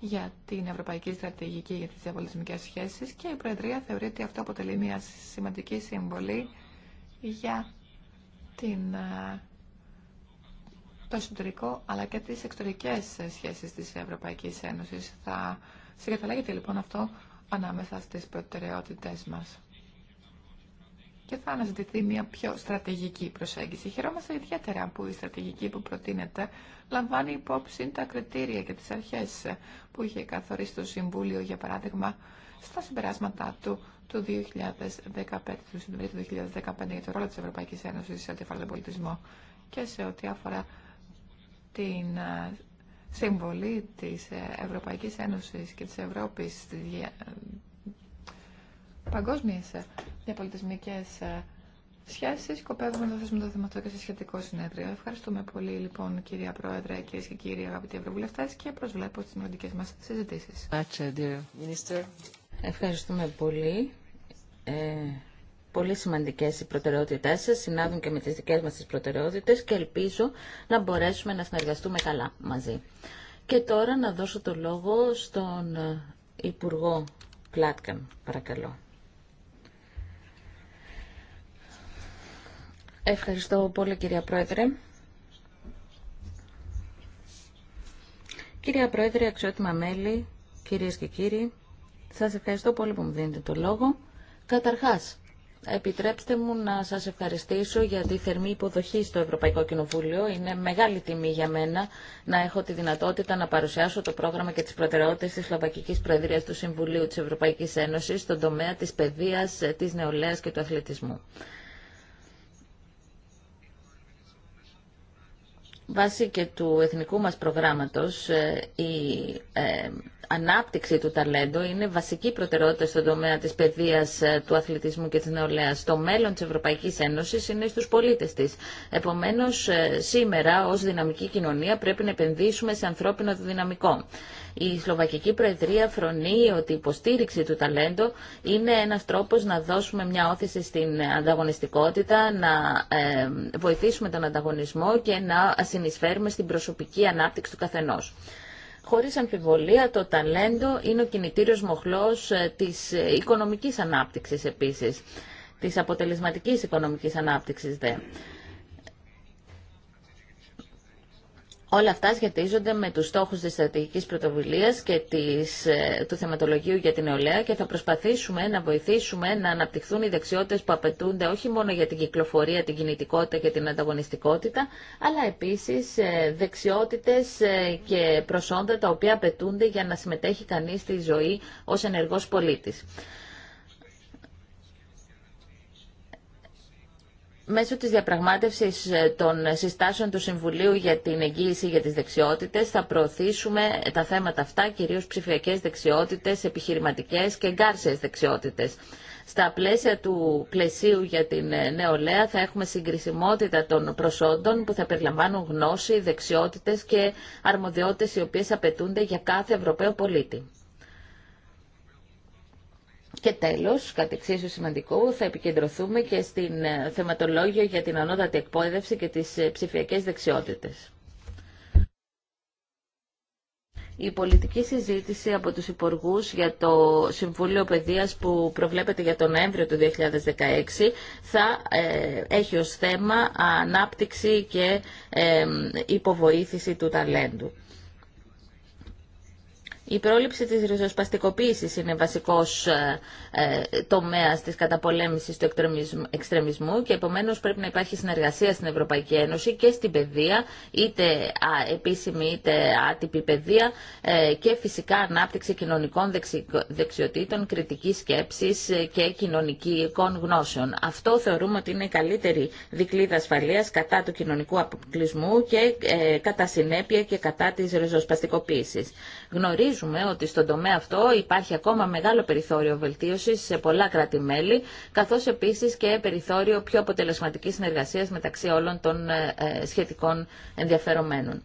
για την Ευρωπαϊκή Στρατηγική για τις Διαπολιτισμικές Σχέσεις και η Προεδρία θεωρεί ότι αυτό αποτελεί μια σημαντική συμβολή για την, ε, το εσωτερικό αλλά και τις εξωτερικές σχέσεις της Ευρωπαϊκής Ένωσης. Θα συγκαταλέγεται λοιπόν αυτό ανάμεσα στις προτεραιότητες μας και θα αναζητηθεί μια πιο στρατηγική προσέγγιση. Χαιρόμαστε ιδιαίτερα που η στρατηγική που προτείνεται λαμβάνει υπόψη τα κριτήρια και τις αρχές που είχε καθορίσει το Συμβούλιο, για παράδειγμα, στα συμπεράσματά του του 2015, του Συμβουλίου του 2015 για το ρόλο της Ευρωπαϊκής Ένωσης σε ό,τι αφορά τον πολιτισμό και σε ό,τι αφορά την ε, συμβολή της ε, Ευρωπαϊκής Ένωσης και της Ευρώπη στι ε, παγκόσμιες διαπολιτισμικέ σχέσει. Σκοπεύουμε να θέσουμε το θέμα αυτό και σε σχετικό συνέδριο. Ευχαριστούμε πολύ, λοιπόν, κυρία Πρόεδρε, κυρίε και κύριοι αγαπητοί ευρωβουλευτέ, και προσβλέπω στι μελλοντικέ μα συζητήσει. Uh, Ευχαριστούμε πολύ. Ε, πολύ σημαντικές οι προτεραιότητές σας, συνάδουν και με τις δικές μας τις προτεραιότητες και ελπίζω να μπορέσουμε να συνεργαστούμε καλά μαζί. Και τώρα να δώσω το λόγο στον Υπουργό Πλάτκαν, παρακαλώ. Ευχαριστώ πολύ κυρία Πρόεδρε. Κυρία Πρόεδρε, αξιότιμα μέλη, κυρίες και κύριοι, σας ευχαριστώ πολύ που μου δίνετε το λόγο. Καταρχάς, επιτρέψτε μου να σας ευχαριστήσω για τη θερμή υποδοχή στο Ευρωπαϊκό Κοινοβούλιο. Είναι μεγάλη τιμή για μένα να έχω τη δυνατότητα να παρουσιάσω το πρόγραμμα και τις προτεραιότητες της Σλοβακικής Προεδρίας του Συμβουλίου της Ευρωπαϊκής Ένωσης στον τομέα της παιδείας, της νεολαίας και του αθλητισμού. Βάσει και του εθνικού μας προγράμματος, ε, η ε, ανάπτυξη του ταλέντου είναι βασική προτεραιότητα στον τομέα της παιδείας, ε, του αθλητισμού και της νεολαίας. Το μέλλον της Ευρωπαϊκής Ένωσης είναι στους πολίτες της. Επομένως, ε, σήμερα ως δυναμική κοινωνία πρέπει να επενδύσουμε σε ανθρώπινο δυναμικό. Η Σλοβακική Προεδρία φρονεί ότι η υποστήριξη του ταλέντο είναι ένας τρόπος να δώσουμε μια όθηση στην ανταγωνιστικότητα, να ε, βοηθήσουμε τον ανταγωνισμό και να συνεισφέρουμε στην προσωπική ανάπτυξη του καθενός. Χωρίς αμφιβολία το ταλέντο είναι ο κινητήριος μοχλός ε, της ε, οικονομικής ανάπτυξης επίσης, της αποτελεσματικής οικονομικής ανάπτυξης δε. Όλα αυτά σχετίζονται με τους στόχους της στρατηγικής πρωτοβουλίας και της, ε, του θεματολογίου για την νεολαία και θα προσπαθήσουμε να βοηθήσουμε να αναπτυχθούν οι δεξιότητες που απαιτούνται όχι μόνο για την κυκλοφορία, την κινητικότητα και την ανταγωνιστικότητα, αλλά επίσης ε, δεξιότητες ε, και προσόντα τα οποία απαιτούνται για να συμμετέχει κανείς στη ζωή ως ενεργός πολίτης. μέσω της διαπραγμάτευσης ε, των συστάσεων του Συμβουλίου για την εγγύηση για τις δεξιότητες θα προωθήσουμε τα θέματα αυτά, κυρίως ψηφιακές δεξιότητες, επιχειρηματικές και εγκάρσιες δεξιότητες. Στα πλαίσια του πλαισίου για την ε, νεολαία θα έχουμε συγκρισιμότητα των προσόντων που θα περιλαμβάνουν γνώση, δεξιότητες και αρμοδιότητες οι οποίες απαιτούνται για κάθε Ευρωπαίο πολίτη. Και τέλος, κάτι εξίσου σημαντικό, θα επικεντρωθούμε και στην ε, θεματολόγιο για την ανώτατη εκπόδευση και τις ε, ψηφιακές δεξιότητες. Η πολιτική συζήτηση από τους υπουργού για το Συμβούλιο Παιδείας που προβλέπεται για τον Νοέμβριο του 2016 θα ε, έχει ως θέμα ανάπτυξη και υποβοήθηση του ταλέντου. Η πρόληψη της ριζοσπαστικοποίησης είναι βασικός ε, ε τομέας της καταπολέμησης του εξτρεμισμού και επομένως πρέπει να υπάρχει συνεργασία στην Ευρωπαϊκή Ένωση και στην παιδεία, είτε επίσημη είτε άτυπη παιδεία ε, και φυσικά ανάπτυξη κοινωνικών δεξιοτήτων, κριτικής σκέψης ε, και κοινωνικών γνώσεων. Αυτό θεωρούμε ότι είναι η καλύτερη δικλίδα ασφαλείας κατά του κοινωνικού αποκλεισμού και κατά συνέπεια και κατά της ριζοσπαστικοποίησης. Γνωρίζουμε ότι στον τομέα αυτό υπάρχει ακόμα μεγάλο περιθώριο βελτίωση σε πολλά κράτη-μέλη, καθώ επίση και περιθώριο πιο αποτελεσματική συνεργασία μεταξύ όλων των ε, ε, σχετικών ενδιαφερομένων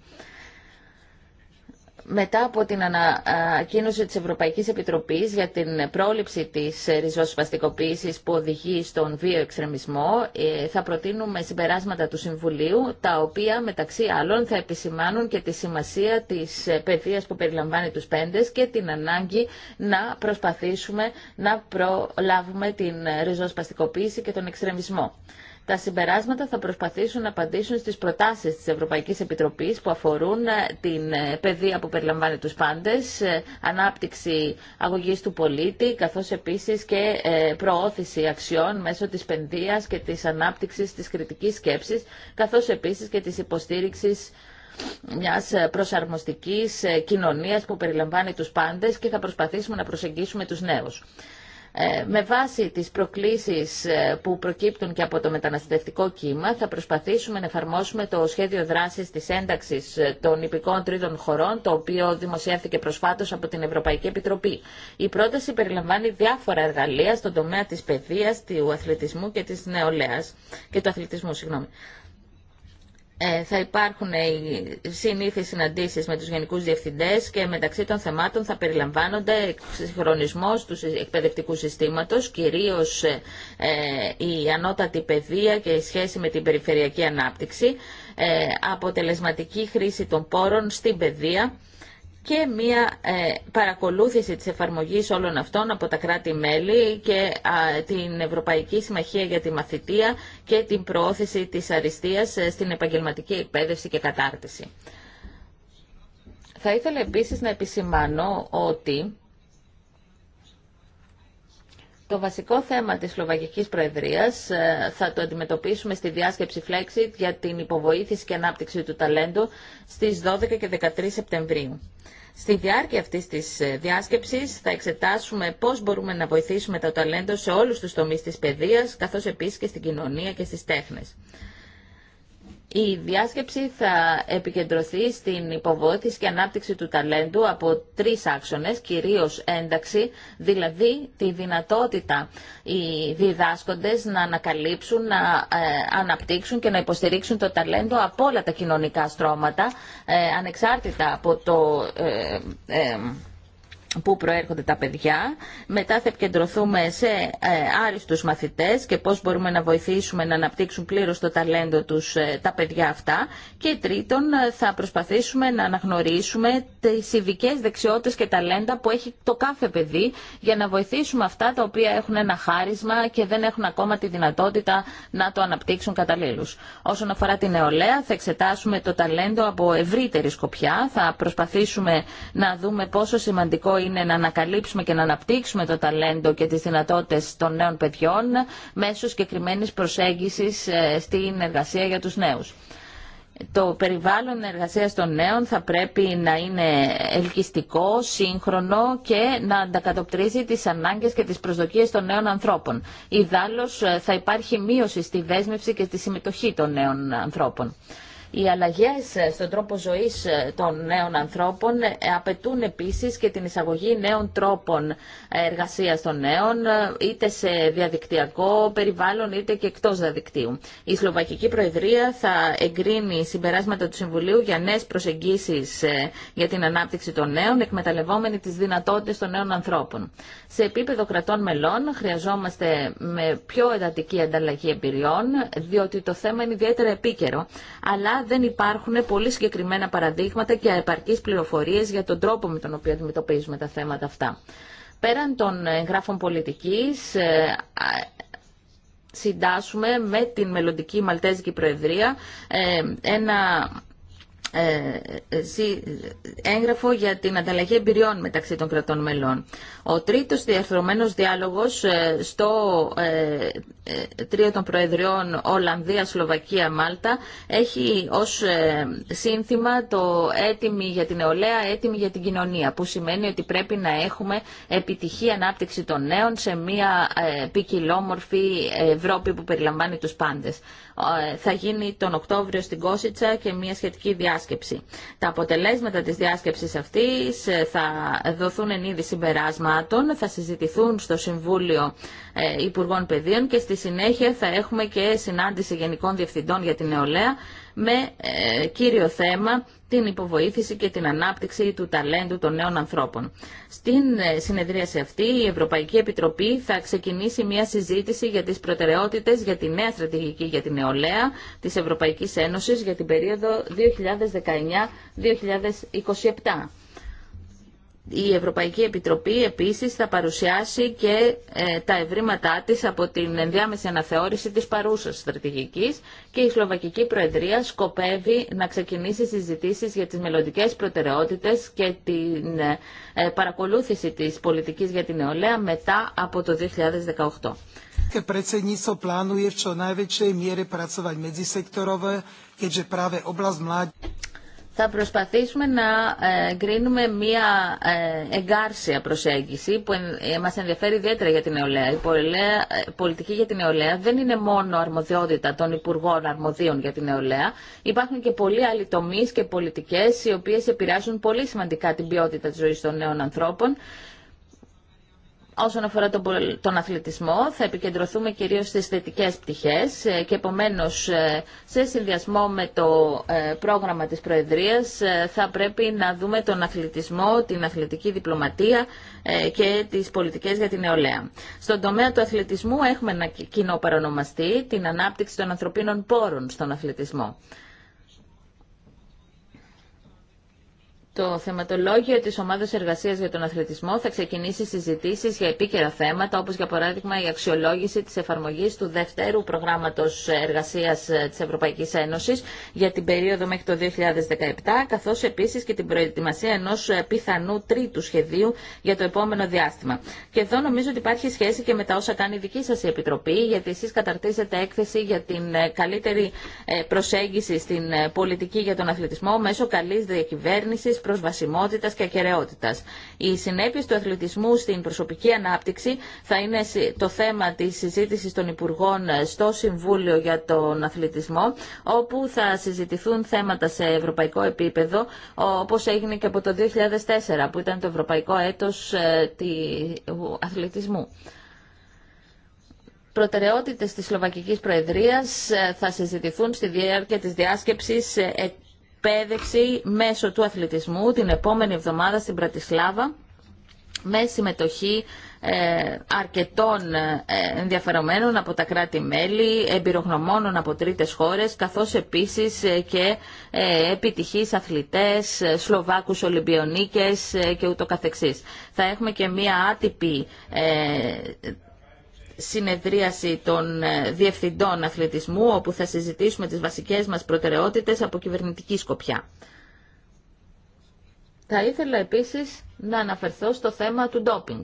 μετά από την ανακοίνωση της Ευρωπαϊκής Επιτροπής για την πρόληψη της ριζοσπαστικοποίησης που οδηγεί στον βίο εξτρεμισμό, ε, θα προτείνουμε συμπεράσματα του Συμβουλίου, τα οποία μεταξύ άλλων θα επισημάνουν και τη σημασία της παιδείας που περιλαμβάνει τους πέντες και την ανάγκη να προσπαθήσουμε να προλάβουμε την ριζοσπαστικοποίηση και τον εξτρεμισμό. Τα συμπεράσματα θα προσπαθήσουν να απαντήσουν στις προτάσεις της Ευρωπαϊκής Επιτροπής που αφορούν ε, την ε, παιδεία που περιλαμβάνει τους πάντες, ε, ανάπτυξη αγωγής του πολίτη, καθώς επίσης και προώθηση αξιών μέσω της παιδείας και της ανάπτυξης της κριτικής σκέψης, καθώς επίσης και της υποστήριξης μιας προσαρμοστικής κοινωνίας που περιλαμβάνει τους πάντες και θα προσπαθήσουμε να προσεγγίσουμε τους νέους. Ε, με βάση τις προκλήσεις ε, που προκύπτουν και από το μεταναστευτικό κύμα θα προσπαθήσουμε να εφαρμόσουμε το σχέδιο δράσης της ένταξης ε, των υπηκών τρίτων χωρών το οποίο δημοσιεύθηκε προσφάτως από την Ευρωπαϊκή Επιτροπή. Η πρόταση περιλαμβάνει διάφορα εργαλεία στον τομέα της παιδείας, του αθλητισμού και της νεολαίας και του αθλητισμού, συγγνώμη. Ε, θα υπάρχουν ε, οι συνήθεις συναντήσεις με τους γενικούς διευθυντές και μεταξύ των θεμάτων θα περιλαμβάνονται συγχρονισμός του εκπαιδευτικού συστήματος, κυρίως ε, η ανώτατη παιδεία και η σχέση με την περιφερειακή ανάπτυξη, αποτελεσματική χρήση των πόρων στην παιδεία, και μία ε, παρακολούθηση της εφαρμογής όλων αυτών από τα κράτη-μέλη και την Ευρωπαϊκή Συμμαχία για τη Μαθητεία και την προώθηση της αριστείας ε, στην επαγγελματική εκπαίδευση και κατάρτιση. Θα ήθελα επίσης να επισημάνω ότι το βασικό θέμα της Σλοβακικής Προεδρίας ε, θα το αντιμετωπίσουμε στη διάσκεψη Flexit για την υποβοήθηση και ανάπτυξη του ταλέντου στις 12 και 13 Σεπτεμβρίου. Στη διάρκεια αυτής της ε, διάσκεψης θα εξετάσουμε πώς μπορούμε να βοηθήσουμε το ταλέντο σε όλους τους τομείς της παιδείας, καθώς επίσης και στην κοινωνία και στις τέχνες. Η διάσκεψη θα επικεντρωθεί στην υποβόθηση και ανάπτυξη του ταλέντου από τρεις άξονες, κυρίως ένταξη, δηλαδή τη δυνατότητα οι διδάσκοντες να ανακαλύψουν, να ε, αναπτύξουν και να υποστηρίξουν το ταλέντο από όλα τα κοινωνικά στρώματα, ε, ανεξάρτητα από το ε, πού προέρχονται τα παιδιά. Μετά θα επικεντρωθούμε σε ε, άριστους μαθητές και πώς μπορούμε να βοηθήσουμε να αναπτύξουν πλήρως το ταλέντο τους ε, τα παιδιά αυτά. Και τρίτον, ε, θα προσπαθήσουμε να αναγνωρίσουμε τις ειδικέ δεξιότητες και ταλέντα που έχει το κάθε παιδί για να βοηθήσουμε αυτά τα οποία έχουν ένα χάρισμα και δεν έχουν ακόμα τη δυνατότητα να το αναπτύξουν καταλήλους. Όσον αφορά την νεολαία, θα εξετάσουμε το ταλέντο από ευρύτερη σκοπιά. Θα προσπαθήσουμε να δούμε πόσο σημαντικό είναι να ανακαλύψουμε και να αναπτύξουμε το ταλέντο και τις δυνατότητες των νέων παιδιών μέσω συγκεκριμένη προσέγγισης ε, στην εργασία για τους νέους. Το περιβάλλον εργασίας των νέων θα πρέπει να είναι ελκυστικό, σύγχρονο και να αντακατοπτρίζει τις ανάγκες και τις προσδοκίες των νέων ανθρώπων. Ιδάλλως ε, θα υπάρχει μείωση στη δέσμευση και στη συμμετοχή των νέων ανθρώπων. Οι αλλαγές ε, στον τρόπο ζωής ε, των νέων ανθρώπων ε, απαιτούν επίσης και την εισαγωγή νέων τρόπων εργασίας των νέων, είτε σε διαδικτυακό περιβάλλον, είτε και εκτός διαδικτύου. Η Σλοβακική Προεδρία θα εγκρίνει συμπεράσματα του Συμβουλίου για νέες προσεγγίσεις για την ανάπτυξη των νέων, εκμεταλλευόμενοι τις δυνατότητες των νέων ανθρώπων. Σε επίπεδο κρατών μελών χρειαζόμαστε με πιο εντατική ανταλλαγή εμπειριών, διότι το θέμα είναι ιδιαίτερα επίκαιρο, αλλά δεν υπάρχουν πολύ συγκεκριμένα παραδείγματα και επαρκείς πληροφορίες για τον τρόπο με τον οποίο αντιμετωπίζουμε τα θέματα αυτά. Πέραν των εγγράφων πολιτικής, ε, συντάσσουμε με την μελλοντική Μαλτέζικη Προεδρία ε, ένα ε, ε, έγγραφο για την ανταλλαγή εμπειριών μεταξύ των κρατών μελών. Ο τρίτος διαρθρωμένος διάλογος ε, στο τρίο των Προεδριών Ολλανδία, Σλοβακία, Μάλτα έχει ως σύνθημα το έτοιμη για την νεολαία, έτοιμη για την κοινωνία που σημαίνει ότι πρέπει να έχουμε επιτυχή ανάπτυξη των νέων σε μια ποικιλόμορφη Ευρώπη που περιλαμβάνει τους πάντες. Ε, θα γίνει τον Οκτώβριο στην Κόσιτσα και μια σχετική διάσκεψη. Τα αποτελέσματα της διάσκεψης αυτής ε, θα δοθούν εν είδη συμπεράσματων, θα συζητηθούν στο Συμβούλιο ε, Υπουργών Παιδείων και στη συνέχεια θα έχουμε και συνάντηση Γενικών Διευθυντών για την Νεολαία με ε, κύριο θέμα την υποβοήθηση και την ανάπτυξη του ταλέντου των νέων ανθρώπων. Στην ε, συνεδρίαση αυτή η Ευρωπαϊκή Επιτροπή θα ξεκινήσει μια συζήτηση για τις προτεραιότητες για τη νέα στρατηγική για την νεολαία της Ευρωπαϊκής Ένωσης για την περίοδο 2019-2027. Η Ευρωπαϊκή Επιτροπή επίσης θα παρουσιάσει και ε, τα ευρήματά της από την ενδιάμεση αναθεώρηση της παρούσας στρατηγικής και η Σλοβακική Προεδρία σκοπεύει να ξεκινήσει συζητήσεις για τις μελλοντικέ προτεραιότητες και την ε, ε, παρακολούθηση της πολιτικής για την νεολαία μετά από το 2018 θα προσπαθήσουμε να ε, γκρίνουμε μία ε, εγκάρσια προσέγγιση που ε, μας ενδιαφέρει ιδιαίτερα για την νεολαία. Η πολιτική για την νεολαία δεν είναι μόνο αρμοδιότητα των Υπουργών Αρμοδίων για την νεολαία. Υπάρχουν και πολλοί άλλοι τομείς και πολιτικές οι οποίες επηρεάζουν πολύ σημαντικά την ποιότητα της ζωής των νέων ανθρώπων Όσον αφορά τον αθλητισμό, θα επικεντρωθούμε κυρίως στις θετικές πτυχές ε, και επομένως ε, σε συνδυασμό με το ε, πρόγραμμα της Προεδρίας θα πρέπει να δούμε τον αθλητισμό, την αθλητική διπλωματία και τις πολιτικές για την νεολαία. Στον τομέα του αθλητισμού έχουμε ένα κοινό παρονομαστή, την ανάπτυξη των ανθρωπίνων πόρων στον αθλητισμό. το θεματολόγιο της Ομάδας Εργασίας για τον Αθλητισμό θα ξεκινήσει συζητήσεις για επίκαιρα θέματα, όπως για παράδειγμα η αξιολόγηση της εφαρμογής του Δευτέρου Προγράμματος Εργασίας ε, της Ευρωπαϊκής Ένωσης για την περίοδο μέχρι το 2017, καθώς επίσης και την προετοιμασία ενός ε, πιθανού τρίτου σχεδίου για το επόμενο διάστημα. Και εδώ νομίζω ότι υπάρχει σχέση και με τα όσα κάνει η δική σας η Επιτροπή, γιατί εσείς καταρτίζετε έκθεση για την ε, καλύτερη προσέγγιση στην πολιτική για τον αθλητισμό μέσω καλής διακυβέρνησης, Προσβασιμότητα και ακεραιότητας. Οι συνέπειε του αθλητισμού στην προσωπική ανάπτυξη θα είναι το θέμα τη συζήτηση των Υπουργών στο Συμβούλιο για τον Αθλητισμό, όπου θα συζητηθούν θέματα σε ευρωπαϊκό επίπεδο, όπω έγινε και από το 2004, που ήταν το ευρωπαϊκό Έτο ε, του αθλητισμού. Προτεραιότητες της Σλοβακικής Προεδρίας ε, θα συζητηθούν στη διάρκεια της διάσκεψης ε, εκπαίδευση μέσω του αθλητισμού την επόμενη εβδομάδα στην Πρατισλάβα με συμμετοχή ε, αρκετών ε, ενδιαφερομένων από τα κράτη-μέλη, εμπειρογνωμόνων από τρίτες χώρες, καθώς επίσης ε, και επιτυχείς αθλητές, Σλοβάκους Ολυμπιονίκες και ούτω καθεξής. Θα έχουμε και μία άτυπη συνεδρίαση των ε, διευθυντών αθλητισμού, όπου θα συζητήσουμε τις βασικές μας προτεραιότητες από κυβερνητική σκοπιά. Θα ήθελα επίσης να αναφερθώ στο θέμα του ντόπινγκ.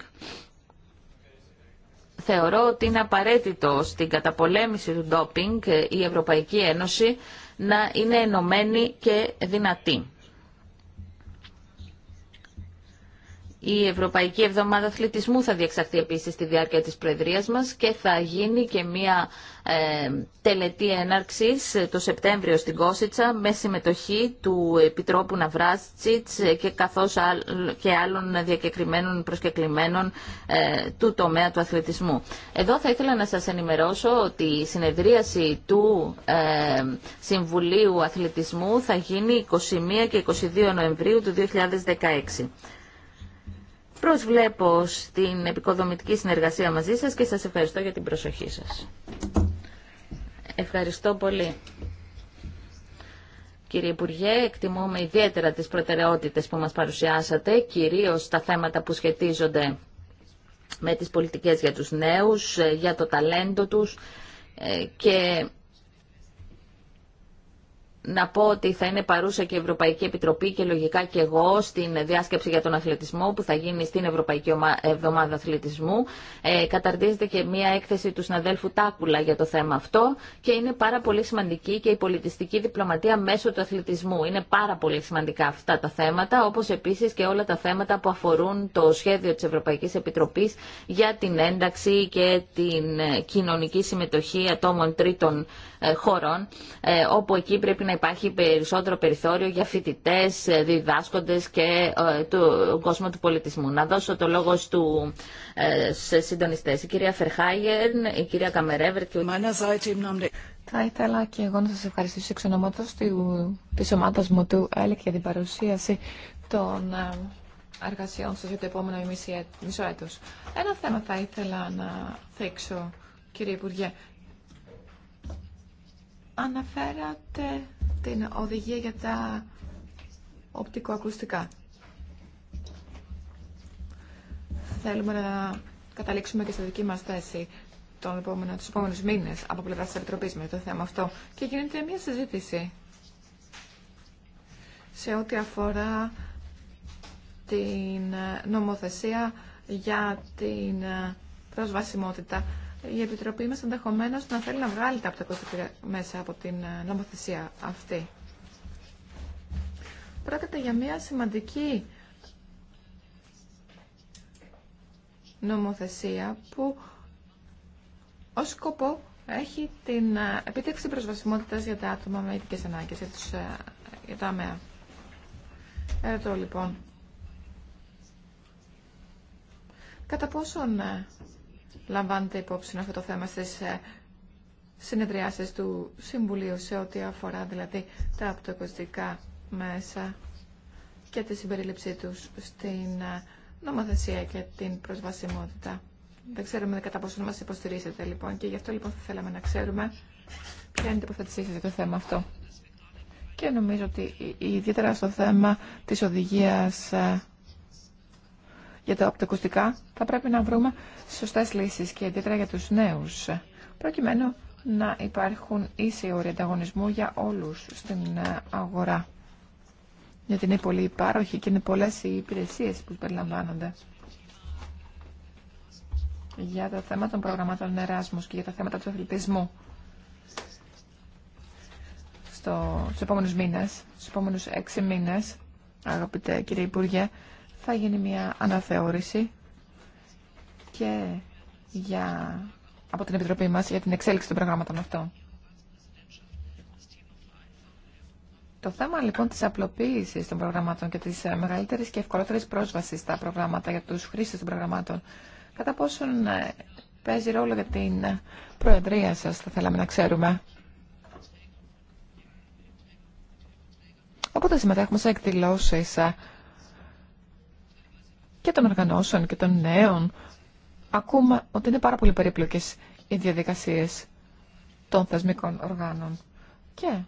Θεωρώ ότι είναι απαραίτητο στην καταπολέμηση του ντόπινγκ η Ευρωπαϊκή Ένωση να είναι ενωμένη και δυνατή. Η Ευρωπαϊκή Εβδομάδα Αθλητισμού θα διεξαχθεί επίσης στη διάρκεια της Προεδρίας μας και θα γίνει και μία ε, τελετή έναρξης ε, το Σεπτέμβριο στην Κόσιτσα με συμμετοχή του Επιτρόπου Ναυράστσιτς ε, και καθώς και άλλων διακεκριμένων προσκεκλημένων του τομέα του αθλητισμού. Εδώ θα ήθελα να σας ενημερώσω ότι η συνεδρίαση του ε, Συμβουλίου Αθλητισμού θα γίνει 21 και 22 Νοεμβρίου του 2016. Προσβλέπω στην επικοδομητική συνεργασία μαζί σας και σας ευχαριστώ για την προσοχή σας. Ευχαριστώ πολύ. Κύριε Υπουργέ, εκτιμούμε ιδιαίτερα τις προτεραιότητες που μας παρουσιάσατε, κυρίως τα θέματα που σχετίζονται με τις πολιτικές για τους νέους, ε, για το ταλέντο τους ε, και να πω ότι θα είναι παρούσα και η Ευρωπαϊκή Επιτροπή και λογικά και εγώ στην διάσκεψη για τον αθλητισμό που θα γίνει στην Ευρωπαϊκή Εβδομάδα Αθλητισμού. Ε, καταρτίζεται και μία έκθεση του συναδέλφου Τάκουλα για το θέμα αυτό και είναι πάρα πολύ σημαντική και η πολιτιστική διπλωματία μέσω του αθλητισμού. Είναι πάρα πολύ σημαντικά αυτά τα θέματα, όπω επίση και όλα τα θέματα που αφορούν το σχέδιο τη Ευρωπαϊκή Επιτροπή για την ένταξη και την ε, κοινωνική συμμετοχή ατόμων τρίτων ε, χωρών, ε, όπου εκεί πρέπει να υπάρχει περισσότερο περιθώριο για φοιτητέ, ε, διδάσκοντε και του κόσμο του πολιτισμού. Να δώσω το λόγο στου σε Η κυρία Φερχάγεν, η κυρία Καμερέβερ και ο... Θα ήθελα και εγώ να σας ευχαριστήσω εξ τη της ομάδας μου του ΕΛΚ για την παρουσίαση των εργασιών σας για το επόμενο μισό έτος. Ένα θέμα θα ήθελα να θέξω, κύριε Υπουργέ. Αναφέρατε την οδηγία για τα οπτικοακουστικά. Θέλουμε να καταλήξουμε και στη δική μας θέση τον επόμενο, τους επόμενους μήνες από πλευρά της Επιτροπής με το θέμα αυτό και γίνεται μια συζήτηση σε ό,τι αφορά την νομοθεσία για την προσβασιμότητα η Επιτροπή μας ενδεχομένω να θέλει να βγάλει τα το μέσα από την ε, νομοθεσία αυτή. Πρόκειται για μια σημαντική νομοθεσία που ως σκοπό έχει την ε, επίτευξη προσβασιμότητας για τα άτομα με ειδικές ανάγκες, για, τους, ε, για τα αμαία. Ερωτώ λοιπόν, κατά πόσον λαμβάνεται υπόψη αυτό το θέμα στις ε, συνεδριάσεις του Συμβουλίου σε ό,τι αφορά δηλαδή τα απτοκοστικά μέσα και τη συμπερίληψή τους στην ε, νομοθεσία και την προσβασιμότητα. Δεν ξέρουμε κατά πόσο μας υποστηρίζετε λοιπόν και γι' αυτό λοιπόν θα θέλαμε να ξέρουμε ποια είναι η τοποθετησή για το θέμα αυτό. Και νομίζω ότι ε, ιδιαίτερα στο θέμα της οδηγίας για τα οπτοκουστικά θα πρέπει να βρούμε σωστές λύσεις και ιδιαίτερα για τους νέους, προκειμένου να υπάρχουν ίσοι όροι ανταγωνισμού για όλους στην αγορά. Γιατί είναι πολύ υπάροχοι και είναι πολλές οι υπηρεσίες που περιλαμβάνονται. Για τα θέματα των προγραμμάτων Εράσμους και για τα θέματα του αθλητισμού στο, στους επόμενους μήνες, στους επόμενους έξι μήνες, αγαπητέ κύριε Υπουργέ, θα γίνει μια αναθεώρηση και για, από την Επιτροπή μας για την εξέλιξη των προγράμματων αυτών. Το θέμα λοιπόν της απλοποίησης των προγραμμάτων και της ε, μεγαλύτερης και ευκολότερης πρόσβασης στα προγράμματα για τους χρήστες των προγραμμάτων, κατά πόσον ε, παίζει ρόλο για την ε, Προεδρία σας, θα θέλαμε να ξέρουμε. Οπότε συμμετέχουμε σε εκδηλώσεις και των οργανώσεων και των νέων. Ακούμε ότι είναι πάρα πολύ περίπλοκες οι διαδικασίες των θεσμικών οργάνων. Και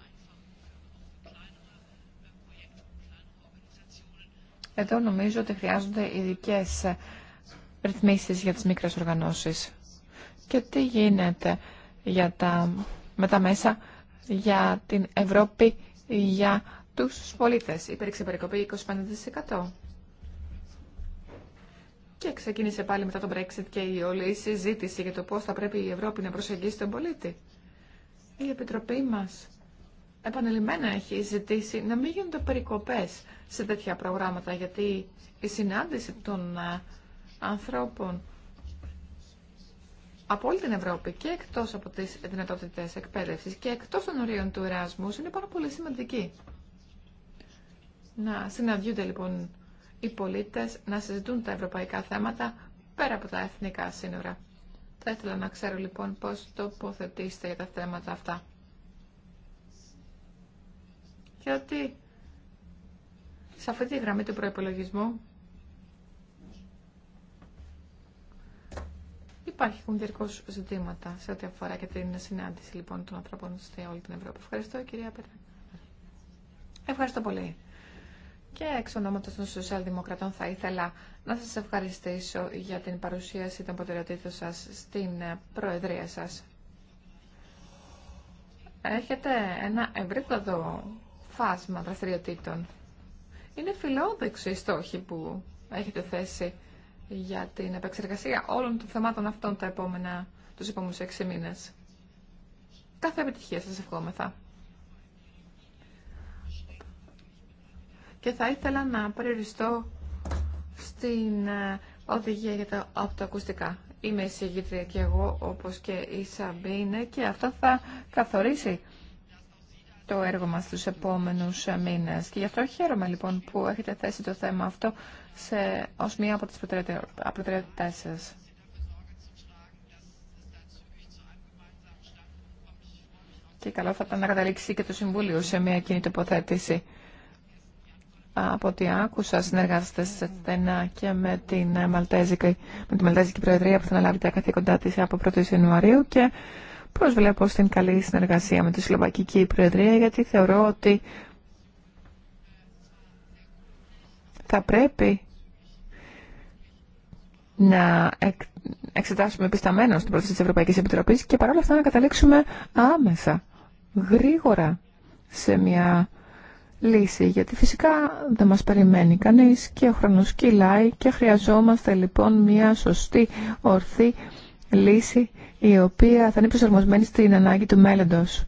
εδώ νομίζω ότι χρειάζονται ειδικέ ρυθμίσεις για τις μικρές οργανώσεις. Και τι γίνεται για τα, με τα μέσα για την Ευρώπη, για τους πολίτες. Υπήρξε περικοπή 25%. Και ξεκίνησε πάλι μετά τον Brexit και η όλη η συζήτηση για το πώς θα πρέπει η Ευρώπη να προσεγγίσει τον πολίτη. Η Επιτροπή μας επανελειμμένα έχει ζητήσει να μην γίνονται περικοπές σε τέτοια προγράμματα, γιατί η συνάντηση των ε, ανθρώπων από όλη την Ευρώπη και εκτός από τις δυνατότητες εκπαίδευση και εκτός των ορίων του ερασμού είναι πάρα πολύ σημαντική. Να συναντιούνται λοιπόν οι πολίτες να συζητούν τα ευρωπαϊκά θέματα πέρα από τα εθνικά σύνορα. Θα ήθελα να ξέρω λοιπόν πώς τοποθετήσετε για τα θέματα αυτά. Γιατί σε αυτή τη γραμμή του προϋπολογισμού υπάρχουν διαρκώ ζητήματα σε ό,τι αφορά και την συνάντηση λοιπόν των ανθρώπων σε όλη την Ευρώπη. Ευχαριστώ κυρία Πέτρα. Ευχαριστώ πολύ. Και εξ ονόματο των Σοσιαλδημοκρατών θα ήθελα να σας ευχαριστήσω για την παρουσίαση των προτεραιοτήτων σας στην ε, Προεδρία σας. Έχετε ένα ευρύτατο φάσμα δραστηριοτήτων. Είναι φιλόδοξη η στόχη που έχετε θέσει για την επεξεργασία όλων των θεμάτων αυτών τα επόμενα, τους επόμενους έξι μήνες. Κάθε επιτυχία σας ευχόμεθα. Και θα ήθελα να περιοριστώ στην ε, οδηγία για τα οπτοακουστικά. Είμαι εισηγήτρια και εγώ, όπως και η Σαμπίνε, και αυτό θα καθορίσει το έργο μας τους επόμενους ε, μήνες. Και γι' αυτό χαίρομαι λοιπόν που έχετε θέσει το θέμα αυτό σε, ως μία από τις προτεραιότητές σας. Και καλό θα ήταν να καταλήξει και το Συμβούλιο σε μία κοινή τοποθέτηση από ό,τι άκουσα συνεργάζεστε στενά και με, την Μαλτέζικη, με τη Μαλτέζικη Προεδρία που θα αναλάβει τα καθήκοντά τη από 1η Ιανουαρίου και προσβλέπω στην καλή συνεργασία με τη Σλοβακική Προεδρία γιατί θεωρώ ότι θα πρέπει να εξετάσουμε επισταμένο την πρόταση της Ευρωπαϊκής Επιτροπής και παρόλα αυτά να καταλήξουμε άμεσα, γρήγορα σε μια λύση, γιατί φυσικά δεν μας περιμένει κανείς και ο χρόνος κυλάει και χρειαζόμαστε λοιπόν μια σωστή, ορθή λύση η οποία θα είναι προσαρμοσμένη στην ανάγκη του μέλλοντος.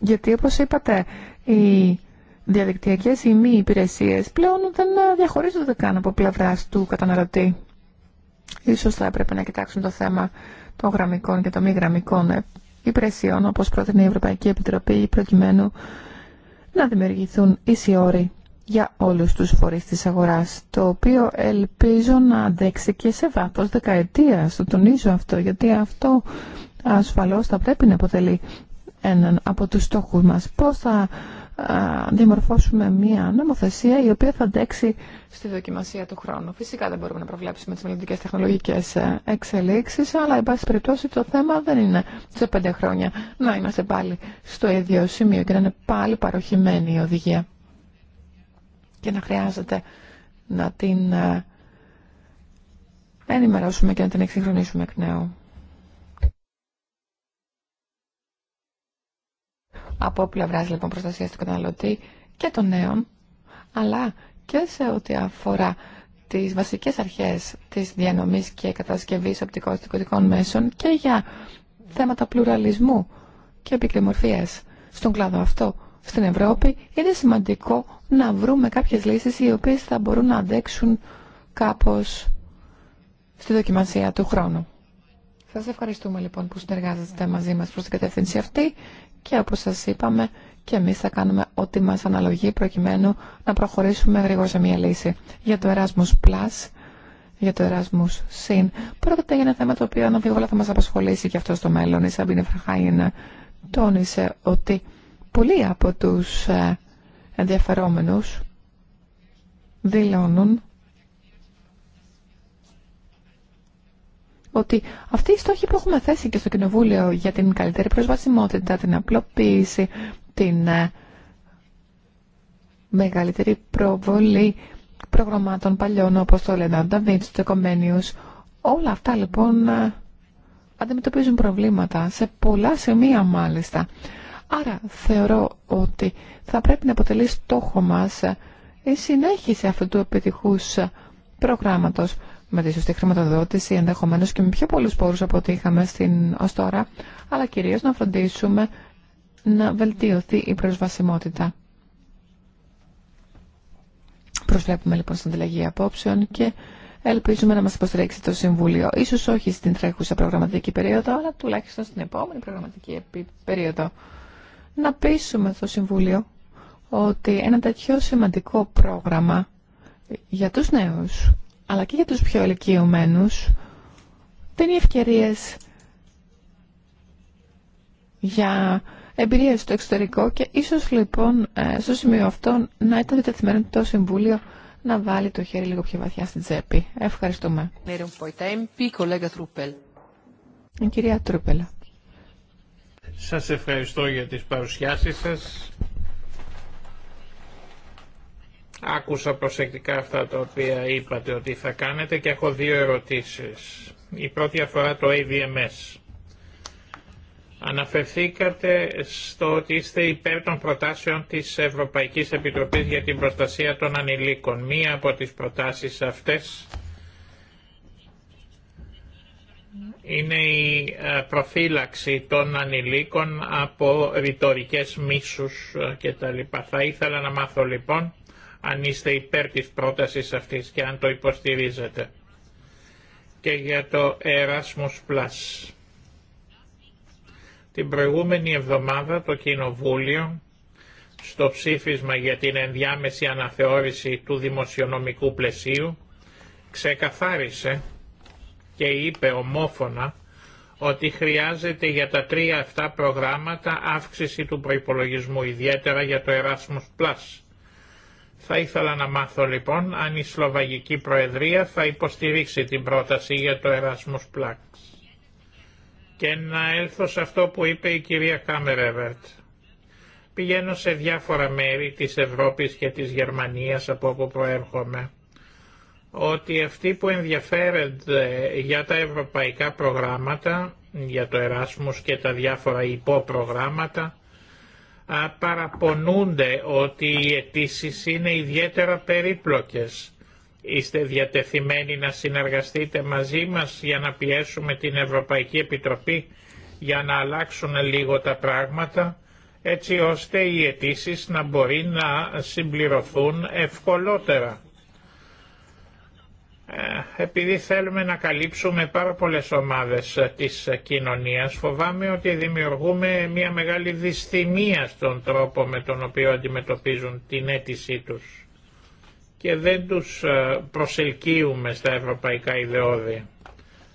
Γιατί όπως είπατε, οι διαδικτυακές ή μη υπηρεσίες πλέον δεν διαχωρίζονται καν από πλευρά του καταναλωτή. Ίσως θα έπρεπε να κοιτάξουν το θέμα των γραμμικών και των μη γραμμικών ε, υπηρεσιών όπως πρότεινε η Ευρωπαϊκή Επιτροπή προκειμένου να δημιουργηθούν ίσοι όροι για όλους τους φορείς της αγοράς, το οποίο ελπίζω να αντέξει και σε βάθος δεκαετίας. Το τονίζω αυτό, γιατί αυτό ασφαλώς θα πρέπει να αποτελεί έναν από τους στόχους μας. Πώς θα διαμορφώσουμε μία νομοθεσία η οποία θα αντέξει στη δοκιμασία του χρόνου. Φυσικά δεν μπορούμε να προβλέψουμε τις μελλοντικές τεχνολογικέ ε, εξελίξει, αλλά εν πάση περιπτώσει το θέμα δεν είναι σε πέντε χρόνια να είμαστε πάλι στο ίδιο σημείο και να είναι πάλι παροχημένη η οδηγία και να χρειάζεται να την ε, ενημερώσουμε και να την εξυγχρονίσουμε εκ νέου. από πλευράς λοιπόν προστασίας του καταναλωτή και των νέων, αλλά και σε ό,τι αφορά τις βασικές αρχές της διανομή και κατασκευής οπτικοστικοτικών μέσων και για θέματα πλουραλισμού και επικοινωνία στον κλάδο αυτό στην Ευρώπη, είναι σημαντικό να βρούμε κάποιες λύσεις οι οποίες θα μπορούν να αντέξουν κάπω στη δοκιμασία του χρόνου. Σας ευχαριστούμε λοιπόν που συνεργάζεστε μαζί μας προς την κατεύθυνση αυτή και όπως σας είπαμε και εμείς θα κάνουμε ό,τι μας αναλογεί προκειμένου να προχωρήσουμε γρήγορα σε μια λύση. Για το Erasmus Plus, για το Erasmus Sin. πρόκειται για ένα θέμα το οποίο αναμφίβολα θα μας απασχολήσει και αυτό στο μέλλον. Η Σαμπίνε Φραχάιν τόνισε ότι πολλοί από τους ε, ενδιαφερόμενους δηλώνουν ότι αυτοί οι στόχοι που έχουμε θέσει και στο Κοινοβούλιο για την καλύτερη προσβασιμότητα, την απλοποίηση, την ε, μεγαλύτερη προβολή προγραμμάτων παλιών όπως το τα Νταβίντς, το Κομένιους, όλα αυτά λοιπόν ε, αντιμετωπίζουν προβλήματα σε πολλά σημεία μάλιστα. Άρα θεωρώ ότι θα πρέπει να αποτελεί στόχο μας ε, η συνέχιση αυτού του επιτυχούς προγράμματος με τη σωστή χρηματοδότηση, ενδεχομένως και με πιο πολλούς πόρους από ό,τι είχαμε στην ως τώρα, αλλά κυρίως να φροντίσουμε να βελτιωθεί η προσβασιμότητα. Προσβλέπουμε λοιπόν στην ανταλλαγή απόψεων και ελπίζουμε να μας υποστηρίξει το Συμβούλιο. Ίσως όχι στην τρέχουσα προγραμματική περίοδο, αλλά τουλάχιστον στην επόμενη προγραμματική περίοδο. Να πείσουμε το Συμβούλιο ότι ένα τέτοιο σημαντικό πρόγραμμα για τους νέους αλλά και για τους πιο ηλικιωμένους είναι ευκαιρίες για εμπειρίες στο εξωτερικό και ίσως λοιπόν ε, στο σημείο αυτό να ήταν διτεθειμένο το Συμβούλιο να βάλει το χέρι λίγο πιο βαθιά στην τσέπη. Ευχαριστούμε. κυρία Τρούπελα. Σας ευχαριστώ για τις παρουσιάσεις σας. Άκουσα προσεκτικά αυτά τα οποία είπατε ότι θα κάνετε και έχω δύο ερωτήσεις. Η πρώτη αφορά το AVMS. Αναφερθήκατε στο ότι είστε υπέρ των προτάσεων της Ευρωπαϊκής Επιτροπής για την προστασία των ανηλίκων. Μία από τις προτάσεις αυτές είναι η ε, προφύλαξη των ανηλίκων από ρητορικές μίσους ε, κτλ. Θα ήθελα να μάθω λοιπόν αν είστε υπέρ της πρότασης αυτής και αν το υποστηρίζετε. Και για το Erasmus Plus. Την προηγούμενη εβδομάδα το Κοινοβούλιο στο ψήφισμα για την ενδιάμεση αναθεώρηση του δημοσιονομικού πλαισίου ξεκαθάρισε και είπε ομόφωνα ότι χρειάζεται για τα τρία αυτά προγράμματα αύξηση του προϋπολογισμού, ιδιαίτερα για το Erasmus θα ήθελα να μάθω λοιπόν αν η Σλοβαγική Προεδρία θα υποστηρίξει την πρόταση για το Erasmus Plus. Και να έλθω σε αυτό που είπε η κυρία Κάμερεβερτ. Πηγαίνω σε διάφορα μέρη της Ευρώπης και της Γερμανίας από όπου προέρχομαι ότι αυτοί που ενδιαφέρονται για τα ευρωπαϊκά προγράμματα, για το Erasmus και τα διάφορα υποπρογράμματα, παραπονούνται ότι οι αιτήσει είναι ιδιαίτερα περίπλοκες. Είστε διατεθειμένοι να συνεργαστείτε μαζί μας για να πιέσουμε την Ευρωπαϊκή Επιτροπή για να αλλάξουν λίγο τα πράγματα έτσι ώστε οι αιτήσει να μπορεί να συμπληρωθούν ευκολότερα. Ε, επειδή θέλουμε να καλύψουμε πάρα πολλές ομάδες ε, της ε, κοινωνίας, φοβάμαι ότι δημιουργούμε μια μεγάλη δυσθυμία στον τρόπο με τον οποίο αντιμετωπίζουν την αίτησή τους και δεν τους προσελκύουμε στα ευρωπαϊκά ιδεώδη.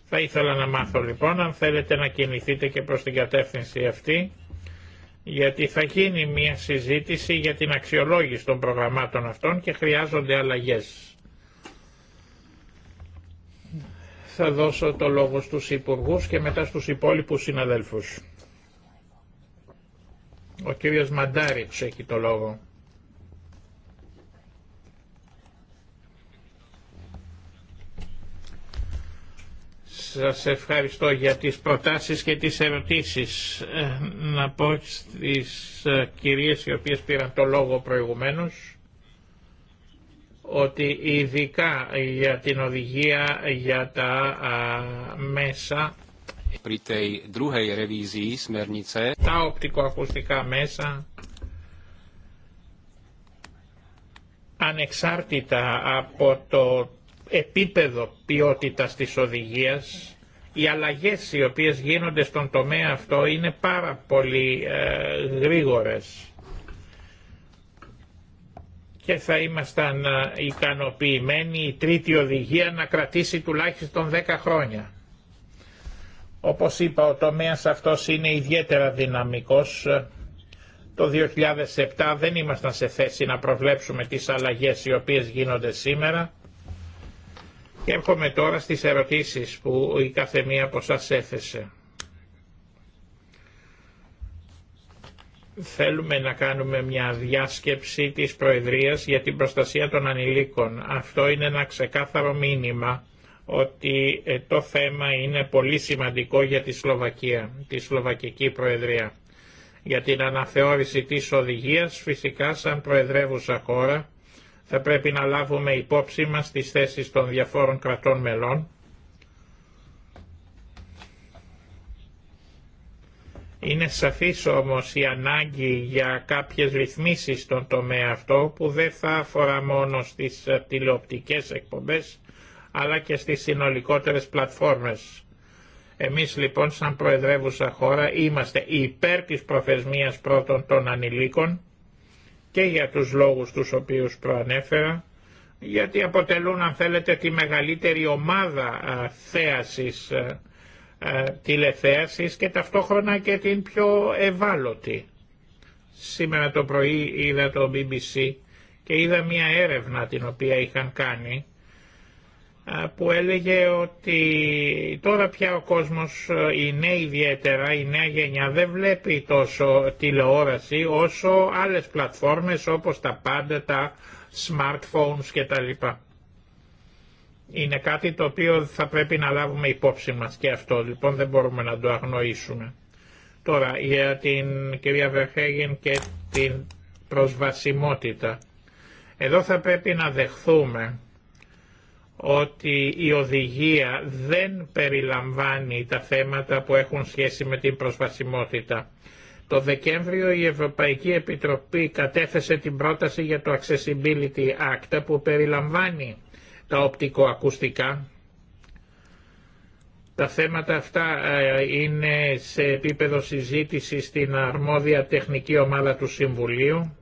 Θα ήθελα να μάθω λοιπόν αν θέλετε να κινηθείτε και προς την κατεύθυνση αυτή, γιατί θα γίνει μια συζήτηση για την αξιολόγηση των προγραμμάτων αυτών και χρειάζονται αλλαγές. θα δώσω το λόγο στους υπουργούς και μετά στους υπόλοιπους συναδέλφους. Ο κύριος Μαντάριτς έχει το λόγο. Σας ευχαριστώ για τις προτάσεις και τις ερωτήσεις. Ε, να πω στις ε, κυρίες οι οποίες πήραν το λόγο προηγουμένως ότι ειδικά για την οδηγία για τα α, μέσα τα οπτικοακουστικά μέσα ανεξάρτητα από το επίπεδο ποιότητας της οδηγίας οι αλλαγές οι οποίες γίνονται στον τομέα αυτό είναι πάρα πολύ ε, γρήγορες και θα ήμασταν ε, ικανοποιημένοι η τρίτη οδηγία να κρατήσει τουλάχιστον 10 χρόνια. Όπως είπα ο τομέας αυτός είναι ιδιαίτερα δυναμικός. Το 2007 δεν ήμασταν σε θέση να προβλέψουμε τις αλλαγές οι οποίες γίνονται σήμερα. Και έρχομαι τώρα στις ερωτήσεις που η καθεμία από σας έθεσε. θέλουμε να κάνουμε μια διάσκεψη της Προεδρίας για την προστασία των ανηλίκων. Αυτό είναι ένα ξεκάθαρο μήνυμα ότι ε, το θέμα είναι πολύ σημαντικό για τη Σλοβακία, τη Σλοβακική Προεδρία. Για την αναθεώρηση της οδηγίας φυσικά σαν προεδρεύουσα χώρα θα πρέπει να λάβουμε υπόψη μας τις θέσεις των διαφόρων κρατών μελών Είναι σαφής όμως η ανάγκη για κάποιες ρυθμίσεις στον τομέα αυτό που δεν θα αφορά μόνο στις ε, τηλεοπτικές εκπομπές αλλά και στις συνολικότερες πλατφόρμες. Εμείς λοιπόν σαν Προεδρεύουσα χώρα είμαστε υπέρ της προθεσμίας πρώτων των ανηλίκων και για τους λόγους τους οποίους προανέφερα γιατί αποτελούν αν θέλετε τη μεγαλύτερη ομάδα θέασης ε, ε, τηλεθέασης και ταυτόχρονα και την πιο ευάλωτη. Σήμερα το πρωί είδα το BBC και είδα μια έρευνα την οποία είχαν κάνει που έλεγε ότι τώρα πια ο κόσμος, είναι ιδιαίτερα, η νέα γενιά δεν βλέπει τόσο τηλεόραση όσο άλλες πλατφόρμες όπως τα πάντα, τα smartphones κτλ. Είναι κάτι το οποίο θα πρέπει να λάβουμε υπόψη μας και αυτό, λοιπόν δεν μπορούμε να το αγνοήσουμε. Τώρα για την κυρία Βερχέγεν και την προσβασιμότητα. Εδώ θα πρέπει να δεχθούμε ότι η οδηγία δεν περιλαμβάνει τα θέματα που έχουν σχέση με την προσβασιμότητα. Το Δεκέμβριο η Ευρωπαϊκή Επιτροπή κατέθεσε την πρόταση για το Accessibility Act που περιλαμβάνει τα οπτικοακουστικά. Τα θέματα αυτά ε, είναι σε επίπεδο συζήτηση στην αρμόδια τεχνική ομάδα του Συμβουλίου.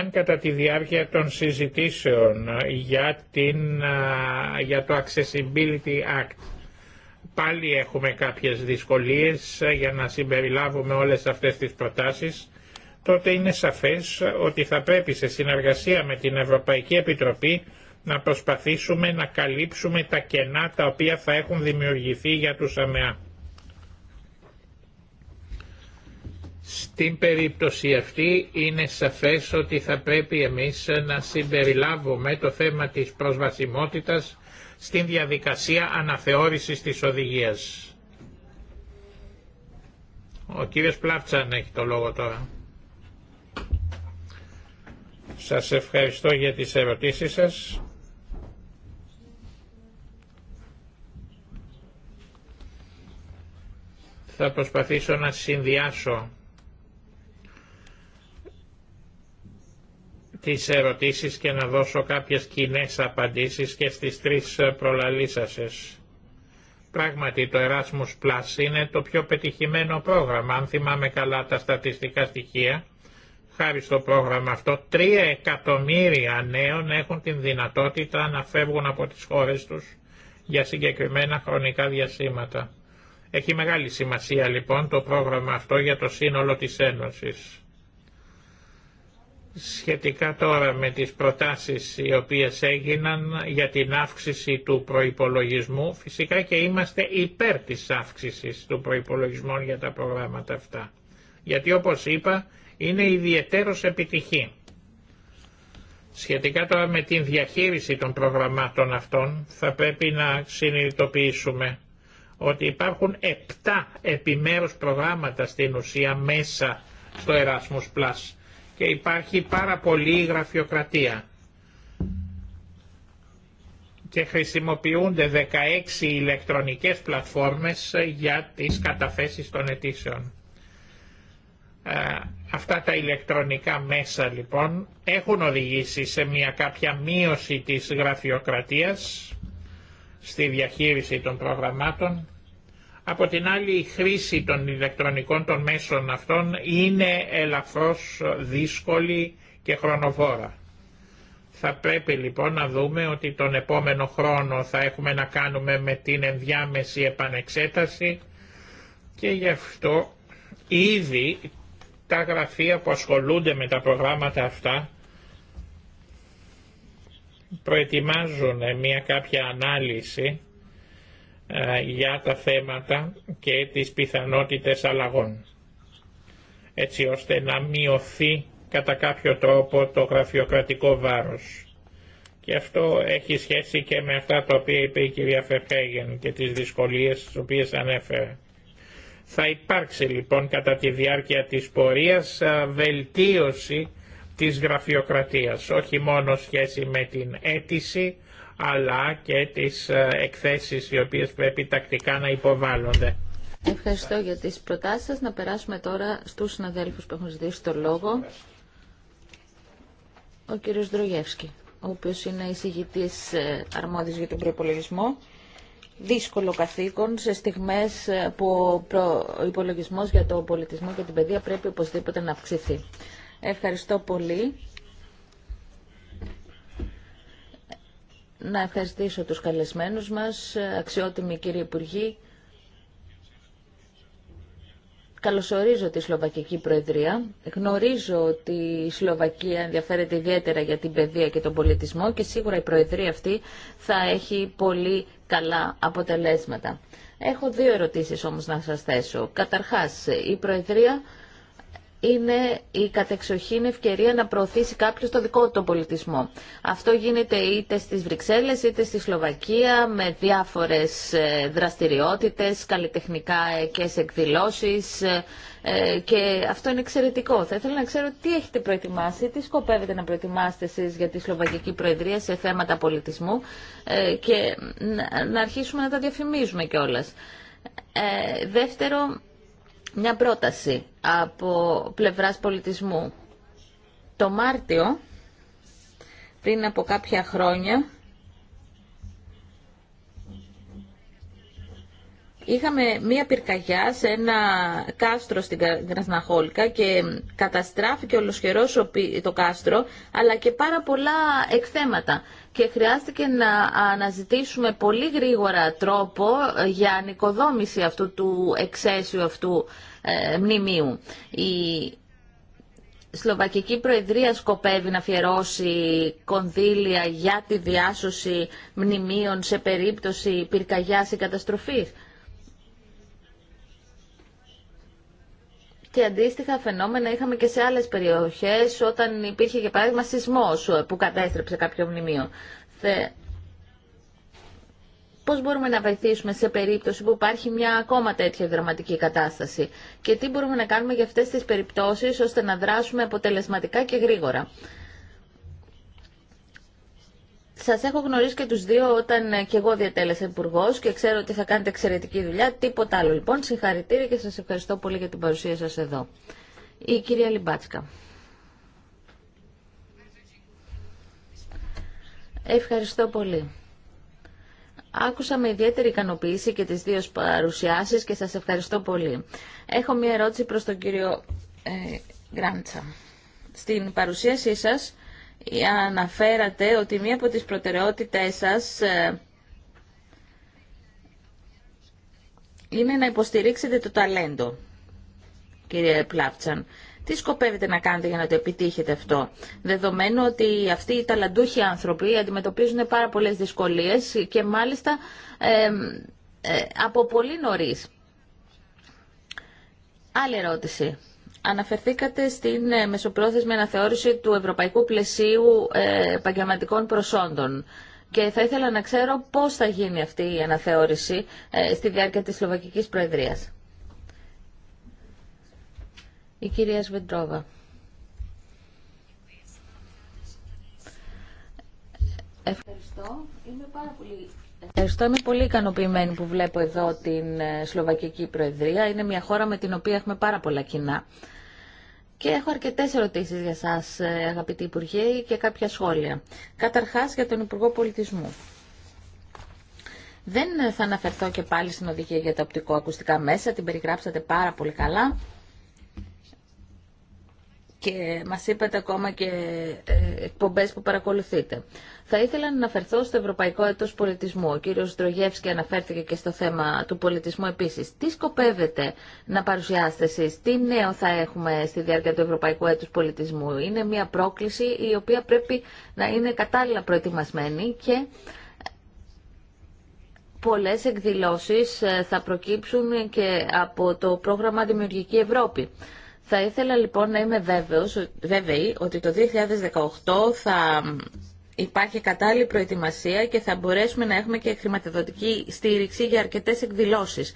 Αν κατά τη διάρκεια των συζητήσεων ε, για, την, ε, για το Accessibility Act πάλι έχουμε κάποιες δυσκολίες για να συμπεριλάβουμε όλες αυτές τις προτάσεις, τότε είναι σαφές ότι θα πρέπει σε συνεργασία με την Ευρωπαϊκή Επιτροπή να προσπαθήσουμε να καλύψουμε τα κενά τα οποία θα έχουν δημιουργηθεί για τους ΑΜΕΑ. Στην περίπτωση αυτή είναι σαφές ότι θα πρέπει εμείς να συμπεριλάβουμε το θέμα της προσβασιμότητας στην διαδικασία αναθεώρησης της οδηγίας. Ο κύριος Πλάφτσαν έχει το λόγο τώρα. Σας ευχαριστώ για τις ερωτήσεις σας. Θα προσπαθήσω να συνδυάσω τις ερωτήσεις και να δώσω κάποιες κοινέ απαντήσεις και στις τρεις προλαλήσασες. Πράγματι το Erasmus Plus είναι το πιο πετυχημένο πρόγραμμα, αν θυμάμαι καλά τα στατιστικά στοιχεία χάρη στο πρόγραμμα αυτό, 3 εκατομμύρια νέων έχουν την δυνατότητα να φεύγουν από τις χώρες τους για συγκεκριμένα χρονικά διασήματα. Έχει μεγάλη σημασία λοιπόν το πρόγραμμα αυτό για το σύνολο της Ένωσης. Σχετικά τώρα με τις προτάσεις οι οποίες έγιναν για την αύξηση του προϋπολογισμού, φυσικά και είμαστε υπέρ της αύξησης του προϋπολογισμού για τα προγράμματα αυτά. Γιατί όπως είπα, είναι ιδιαίτερος επιτυχή. Σχετικά τώρα με την διαχείριση των προγραμμάτων αυτών θα πρέπει να συνειδητοποιήσουμε ότι υπάρχουν 7 επιμέρους προγράμματα στην ουσία μέσα στο Erasmus Plus και υπάρχει πάρα πολύ γραφειοκρατία και χρησιμοποιούνται 16 ηλεκτρονικές πλατφόρμες για τις καταθέσεις των αιτήσεων. Ε, Αυτά τα ηλεκτρονικά μέσα λοιπόν έχουν οδηγήσει σε μια κάποια μείωση της γραφειοκρατίας στη διαχείριση των προγραμμάτων. Από την άλλη η χρήση των ηλεκτρονικών των μέσων αυτών είναι ελαφρώς δύσκολη και χρονοβόρα. Θα πρέπει λοιπόν να δούμε ότι τον επόμενο χρόνο θα έχουμε να κάνουμε με την ενδιάμεση επανεξέταση και γι' αυτό ήδη τα γραφεία που ασχολούνται με τα προγράμματα αυτά προετοιμάζουν μια κάποια ανάλυση ε, για τα θέματα και τις πιθανότητες αλλαγών έτσι ώστε να μειωθεί κατά κάποιο τρόπο το γραφειοκρατικό βάρος. Και αυτό έχει σχέση και με αυτά τα οποία είπε η κυρία Φερχέγεν και τις δυσκολίες τις οποίες ανέφερε. Θα υπάρξει λοιπόν κατά τη διάρκεια της πορείας βελτίωση της γραφειοκρατίας, όχι μόνο σχέση με την αίτηση, αλλά και τις εκθέσεις οι οποίες πρέπει τακτικά να υποβάλλονται. Ευχαριστώ για τις προτάσεις σας. Να περάσουμε τώρα στους συναδέλφους που έχουν ζητήσει το λόγο. Ο κύριος Δρογεύσκη, ο οποίος είναι εισηγητής ε, αρμόδιος για τον προπολογισμό δύσκολο καθήκον σε στιγμές που ο υπολογισμός για το πολιτισμό και την παιδεία πρέπει οπωσδήποτε να αυξηθεί. Ευχαριστώ πολύ. Να ευχαριστήσω τους καλεσμένους μας, αξιότιμοι κύριοι Υπουργοί Καλωσορίζω τη Σλοβακική Προεδρία. Γνωρίζω ότι η Σλοβακία ενδιαφέρεται ιδιαίτερα για την παιδεία και τον πολιτισμό και σίγουρα η Προεδρία αυτή θα έχει πολύ καλά αποτελέσματα. Έχω δύο ερωτήσεις όμως να σας θέσω. Καταρχάς, η Προεδρία είναι η κατεξοχήν ευκαιρία να προωθήσει κάποιο το δικό του πολιτισμό. Αυτό γίνεται είτε στις Βρυξέλλες είτε στη Σλοβακία με διάφορες ε, δραστηριότητες, καλλιτεχνικά ε, και σε εκδηλώσεις ε, και αυτό είναι εξαιρετικό. Θα ήθελα να ξέρω τι έχετε προετοιμάσει, τι σκοπεύετε να προετοιμάσετε για τη Σλοβακική Προεδρία σε θέματα πολιτισμού και να αρχίσουμε να τα διαφημίζουμε κιόλας. Ε, δεύτερο, μια πρόταση από πλευράς πολιτισμού. Το Μάρτιο, πριν από κάποια χρόνια, Είχαμε μία πυρκαγιά σε ένα κάστρο στην Κρασναχόλικα και καταστράφηκε ολοσχερός το κάστρο, αλλά και πάρα πολλά εκθέματα και χρειάστηκε να αναζητήσουμε πολύ γρήγορα τρόπο για ανοικοδόμηση αυτού του εξαίσιου αυτού ε, μνημείου. Η Σλοβακική Προεδρία σκοπεύει να αφιερώσει κονδύλια για τη διάσωση μνημείων σε περίπτωση πυρκαγιάς ή καταστροφής. και αντίστοιχα φαινόμενα είχαμε και σε άλλες περιοχές όταν υπήρχε για παράδειγμα σεισμό που κατέστρεψε κάποιο μνημείο. Πώς μπορούμε να βοηθήσουμε σε περίπτωση που υπάρχει μια ακόμα τέτοια δραματική κατάσταση και τι μπορούμε να κάνουμε για αυτές τις περιπτώσεις ώστε να δράσουμε αποτελεσματικά και γρήγορα. Σας έχω γνωρίσει και τους δύο όταν ε, και εγώ διατέλεσα υπουργό και ξέρω ότι θα κάνετε εξαιρετική δουλειά. Τίποτα άλλο λοιπόν. Συγχαρητήρια και σας ευχαριστώ πολύ για την παρουσία σας εδώ. Η κυρία Λιμπάτσκα. Ευχαριστώ πολύ. Άκουσα με ιδιαίτερη ικανοποίηση και τις δύο παρουσιάσεις και σας ευχαριστώ πολύ. Έχω μία ερώτηση προς τον κύριο ε, Γκράντσα. Στην παρουσίασή σας αναφέρατε ότι μία από τις προτεραιότητές σας ε, είναι να υποστηρίξετε το ταλέντο, κύριε Πλάπτσαν. Τι σκοπεύετε να κάνετε για να το επιτύχετε αυτό, δεδομένου ότι αυτοί οι ταλαντούχοι άνθρωποι αντιμετωπίζουν πάρα πολλές δυσκολίες και μάλιστα ε, ε, από πολύ νωρίς. Άλλη ερώτηση. Αναφερθήκατε στην ε, μεσοπρόθεσμη αναθεώρηση του Ευρωπαϊκού Πλαισίου ε, Επαγγελματικών Προσόντων και θα ήθελα να ξέρω πώς θα γίνει αυτή η αναθεώρηση ε, στη διάρκεια της Σλοβακικής Προεδρίας. Η κυρία Σβεντρόβα. Ευχαριστώ. Είμαι πάρα πολύ Ευχαριστώ. Είμαι πολύ ικανοποιημένη που βλέπω εδώ την ε, Σλοβακική Προεδρία. Είναι μια χώρα με την οποία έχουμε πάρα πολλά κοινά. Και έχω αρκετές ερωτήσεις για σας, ε, αγαπητοί Υπουργέ, και κάποια σχόλια. Καταρχάς για τον Υπουργό Πολιτισμού. Δεν θα αναφερθώ και πάλι στην οδηγία για τα Ακουστικά μέσα, την περιγράψατε πάρα πολύ καλά και μας είπατε ακόμα και ε, εκπομπές που παρακολουθείτε. Θα ήθελα να αναφερθώ στο Ευρωπαϊκό Έτος Πολιτισμού. Ο κύριος Δρογεύσκη αναφέρθηκε και στο θέμα του πολιτισμού επίσης. Τι σκοπεύετε να παρουσιάσετε εσείς, τι νέο θα έχουμε στη διάρκεια του Ευρωπαϊκού Έτους Πολιτισμού. Είναι μια πρόκληση η οποία πρέπει να είναι κατάλληλα προετοιμασμένη και πολλές εκδηλώσεις ε, θα προκύψουν και από το πρόγραμμα Δημιουργική Ευρώπη. Θα ήθελα λοιπόν να είμαι βέβαιος, βέβαιη ότι το 2018 θα υπάρχει κατάλληλη προετοιμασία και θα μπορέσουμε να έχουμε και χρηματοδοτική στήριξη για αρκετές εκδηλώσεις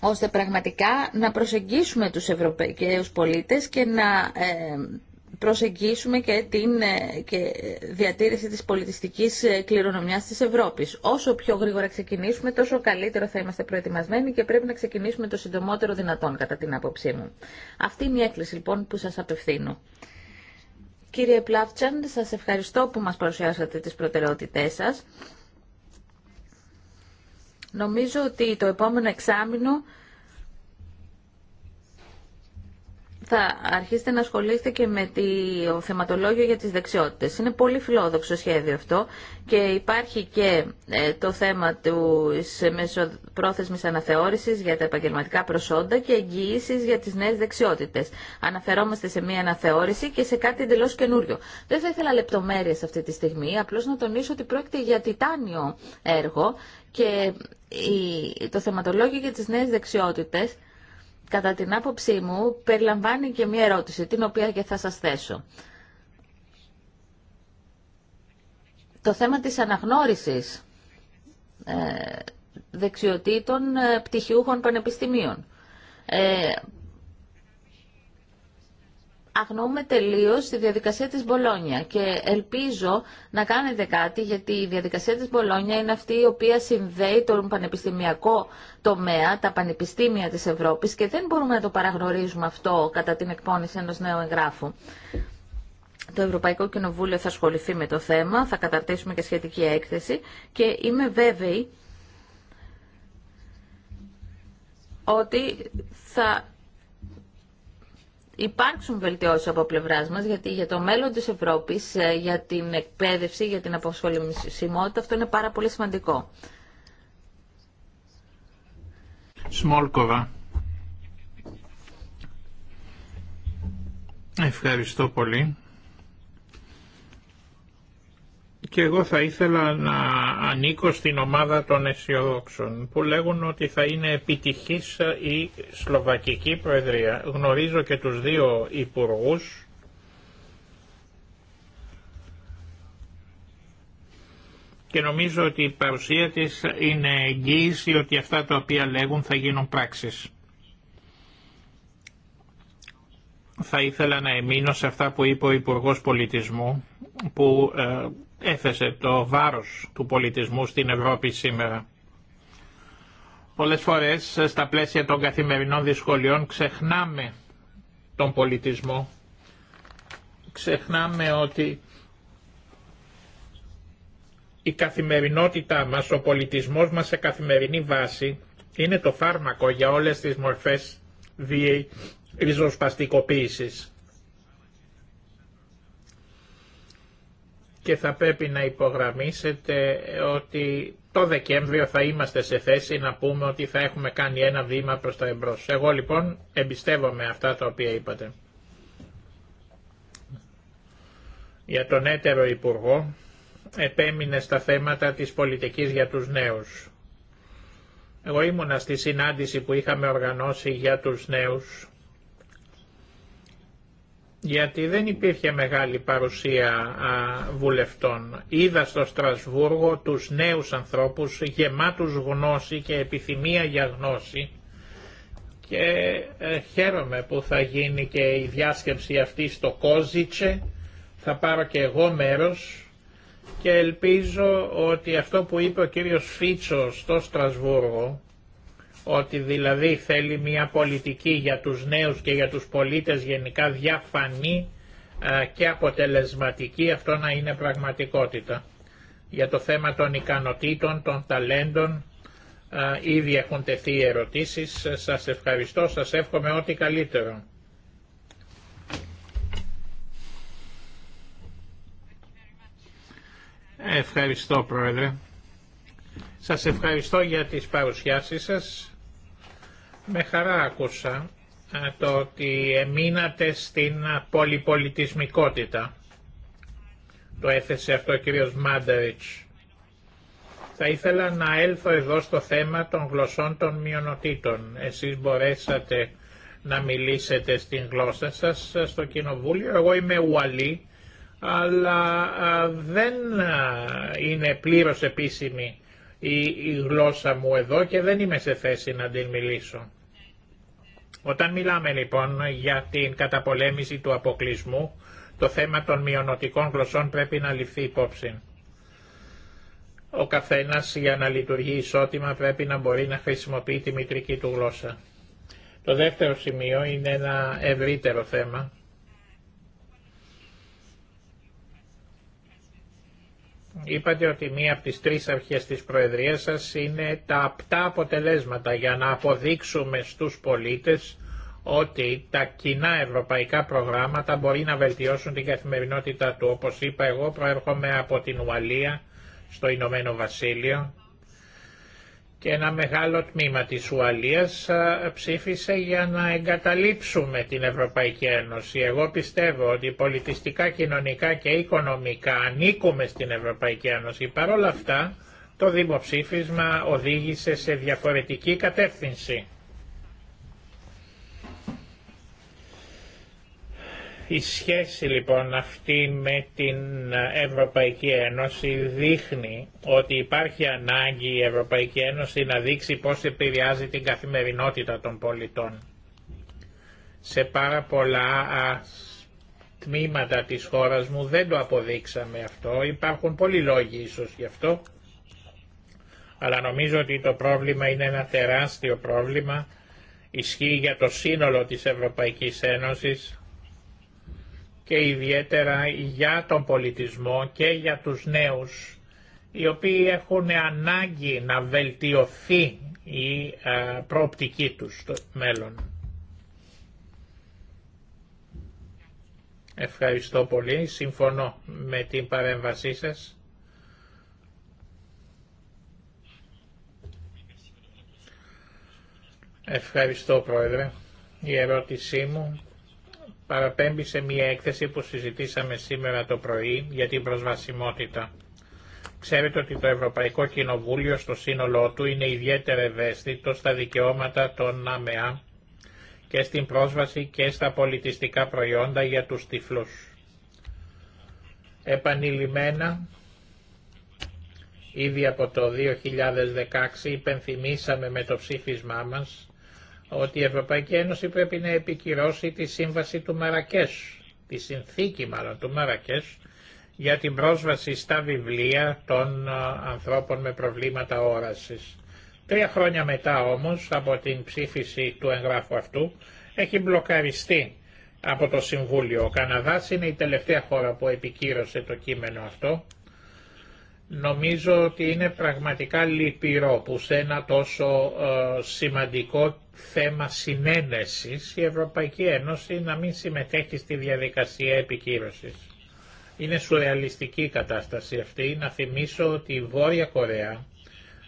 ώστε πραγματικά να προσεγγίσουμε τους ευρωπαϊκούς πολίτες και να ε, προσεγγίσουμε και την ε, και διατήρηση της πολιτιστικής ε, κληρονομιάς της Ευρώπης. Όσο πιο γρήγορα ξεκινήσουμε, τόσο καλύτερο θα είμαστε προετοιμασμένοι και πρέπει να ξεκινήσουμε το συντομότερο δυνατόν, κατά την άποψή μου. Αυτή είναι η έκκληση, λοιπόν, που σας απευθύνω. Κύριε Πλάφτσαν, σας ευχαριστώ που μας παρουσιάσατε τις προτεραιότητές σας. Νομίζω ότι το επόμενο εξάμεινο θα αρχίσετε να ασχολείστε και με το θεματολόγιο για τις δεξιότητες. Είναι πολύ φιλόδοξο σχέδιο αυτό και υπάρχει και ε, το θέμα της μεσοπρόθεσμης αναθεώρησης για τα επαγγελματικά προσόντα και εγγυήσει για τις νέες δεξιότητες. Αναφερόμαστε σε μία αναθεώρηση και σε κάτι εντελώ καινούριο. Δεν θα ήθελα λεπτομέρειες αυτή τη στιγμή, απλώς να τονίσω ότι πρόκειται για τιτάνιο έργο και το θεματολόγιο για τις νέες δεξιότητες κατά την άποψή μου, περιλαμβάνει και μία ερώτηση, την οποία και θα σας θέσω. Το θέμα της αναγνώρισης ε, δεξιοτήτων ε, πτυχιούχων πανεπιστημίων. Ε, αγνοούμε τελείω τη διαδικασία της Μπολόνια και ελπίζω να κάνετε κάτι γιατί η διαδικασία της Μπολόνια είναι αυτή η οποία συνδέει τον πανεπιστημιακό τομέα, τα πανεπιστήμια της Ευρώπης και δεν μπορούμε να το παραγνωρίζουμε αυτό κατά την εκπόνηση ενός νέου εγγράφου. Το Ευρωπαϊκό Κοινοβούλιο θα ασχοληθεί με το θέμα, θα καταρτήσουμε και σχετική έκθεση και είμαι βέβαιη ότι θα υπάρξουν βελτιώσεις από πλευράς μας, γιατί για το μέλλον της Ευρώπης, ε, για την εκπαίδευση, για την αποσχολησιμότητα, αυτό είναι πάρα πολύ σημαντικό. Σμόλκοβα. Ευχαριστώ πολύ και εγώ θα ήθελα να ανήκω στην ομάδα των αισιοδόξων που λέγουν ότι θα είναι επιτυχής η Σλοβακική Προεδρία. Γνωρίζω και τους δύο υπουργούς και νομίζω ότι η παρουσία της είναι εγγύηση ότι αυτά τα οποία λέγουν θα γίνουν πράξεις. Θα ήθελα να εμείνω σε αυτά που είπε ο Υπουργός Πολιτισμού που ε, έθεσε το βάρος του πολιτισμού στην Ευρώπη σήμερα. Πολλές φορές στα πλαίσια των καθημερινών δυσκολιών ξεχνάμε τον πολιτισμό. Ξεχνάμε ότι η καθημερινότητά μας, ο πολιτισμός μας σε καθημερινή βάση είναι το φάρμακο για όλες τις μορφές βίαιη ριζοσπαστικοποίησης. και θα πρέπει να υπογραμμίσετε ότι το Δεκέμβριο θα είμαστε σε θέση να πούμε ότι θα έχουμε κάνει ένα βήμα προς τα εμπρός. Εγώ λοιπόν εμπιστεύομαι αυτά τα οποία είπατε. Για τον έτερο Υπουργό επέμεινε στα θέματα της πολιτικής για τους νέους. Εγώ ήμουνα στη συνάντηση που είχαμε οργανώσει για τους νέους γιατί δεν υπήρχε μεγάλη παρουσία βουλευτών. Είδα στο Στρασβούργο τους νέους ανθρώπους γεμάτους γνώση και επιθυμία για γνώση και ε, χαίρομαι που θα γίνει και η διάσκεψη αυτή στο Κόζιτσε, θα πάρω και εγώ μέρος και ελπίζω ότι αυτό που είπε ο κύριος Φίτσος στο Στρασβούργο ότι δηλαδή θέλει μια πολιτική για τους νέους και για τους πολίτες γενικά διαφανή ε, και αποτελεσματική, αυτό να είναι πραγματικότητα. Για το θέμα των ικανοτήτων, των ταλέντων, ε, ήδη έχουν τεθεί οι ερωτήσεις. Σας ευχαριστώ, σας εύχομαι ό,τι καλύτερο. Ευχαριστώ Πρόεδρε. Σας ευχαριστώ για τις παρουσιάσεις σας. Με χαρά άκουσα ε, το ότι εμείνατε στην πολυπολιτισμικότητα. Το έθεσε αυτό ο κύριος Μάντεριτς. Θα ήθελα να έλθω εδώ στο θέμα των γλωσσών των μειονοτήτων. Εσείς μπορέσατε να μιλήσετε στην γλώσσα σας στο κοινοβούλιο. Εγώ είμαι Ουαλή, αλλά δεν είναι πλήρως επίσημη η γλώσσα μου εδώ και δεν είμαι σε θέση να την μιλήσω. Όταν μιλάμε λοιπόν για την καταπολέμηση του αποκλεισμού, το θέμα των μειονοτικών γλωσσών πρέπει να ληφθεί υπόψη. Ο καθένας για να λειτουργεί ισότιμα πρέπει να μπορεί να χρησιμοποιεί τη μητρική του γλώσσα. Το δεύτερο σημείο είναι ένα ευρύτερο θέμα Είπατε ότι μία από τις τρεις αρχές της Προεδρίας σας είναι τα απτά αποτελέσματα για να αποδείξουμε στους πολίτες ότι τα κοινά ευρωπαϊκά προγράμματα μπορεί να βελτιώσουν την καθημερινότητά του. Όπως είπα εγώ προέρχομαι από την Ουαλία στο Ηνωμένο Βασίλειο και ένα μεγάλο τμήμα της Ουαλίας ψήφισε για να εγκαταλείψουμε την Ευρωπαϊκή Ένωση. Εγώ πιστεύω ότι πολιτιστικά, κοινωνικά και οικονομικά ανήκουμε στην Ευρωπαϊκή Ένωση. Παρ' όλα αυτά το δημοψήφισμα οδήγησε σε διαφορετική κατεύθυνση. Η σχέση λοιπόν αυτή με την ε, Ευρωπαϊκή Ένωση δείχνει ότι υπάρχει ανάγκη η Ευρωπαϊκή Ένωση να δείξει πώς επηρεάζει την καθημερινότητα των πολιτών. Σε πάρα πολλά τμήματα της χώρας μου δεν το αποδείξαμε αυτό, υπάρχουν πολλοί λόγοι ίσως γι' αυτό, αλλά νομίζω ότι το πρόβλημα είναι ένα τεράστιο πρόβλημα, ισχύει για το σύνολο της Ευρωπαϊκής Ένωσης και ιδιαίτερα για τον πολιτισμό και για τους νέους οι οποίοι έχουν ανάγκη να βελτιωθεί η προοπτική τους στο μέλλον. Ευχαριστώ πολύ. Συμφωνώ με την παρέμβασή σας. Ευχαριστώ Πρόεδρε. Η ερώτησή μου παραπέμπει σε μια έκθεση που συζητήσαμε σήμερα το πρωί για την προσβασιμότητα. Ξέρετε ότι το Ευρωπαϊκό Κοινοβούλιο στο σύνολό του είναι ιδιαίτερα ευαίσθητο στα δικαιώματα των ΑΜΕΑ και στην πρόσβαση και στα πολιτιστικά προϊόντα για τους τυφλούς. Επανειλημμένα, ήδη από το 2016 υπενθυμίσαμε με το ψήφισμά μας ότι η Ευρωπαϊκή Ένωση πρέπει να επικυρώσει τη σύμβαση του Μαρακές, τη συνθήκη μάλλον του Μαρακές, για την πρόσβαση στα βιβλία των ανθρώπων με προβλήματα όρασης. Τρία χρόνια μετά όμως από την ψήφιση του εγγράφου αυτού έχει μπλοκαριστεί από το Συμβούλιο. Ο Καναδάς είναι η τελευταία χώρα που επικύρωσε το κείμενο αυτό Νομίζω ότι είναι πραγματικά λυπηρό που σε ένα τόσο ε, σημαντικό θέμα συνένεσης η Ευρωπαϊκή Ένωση να μην συμμετέχει στη διαδικασία επικύρωσης. Είναι σουρεαλιστική η κατάσταση αυτή. Να θυμίσω ότι η Βόρεια Κορέα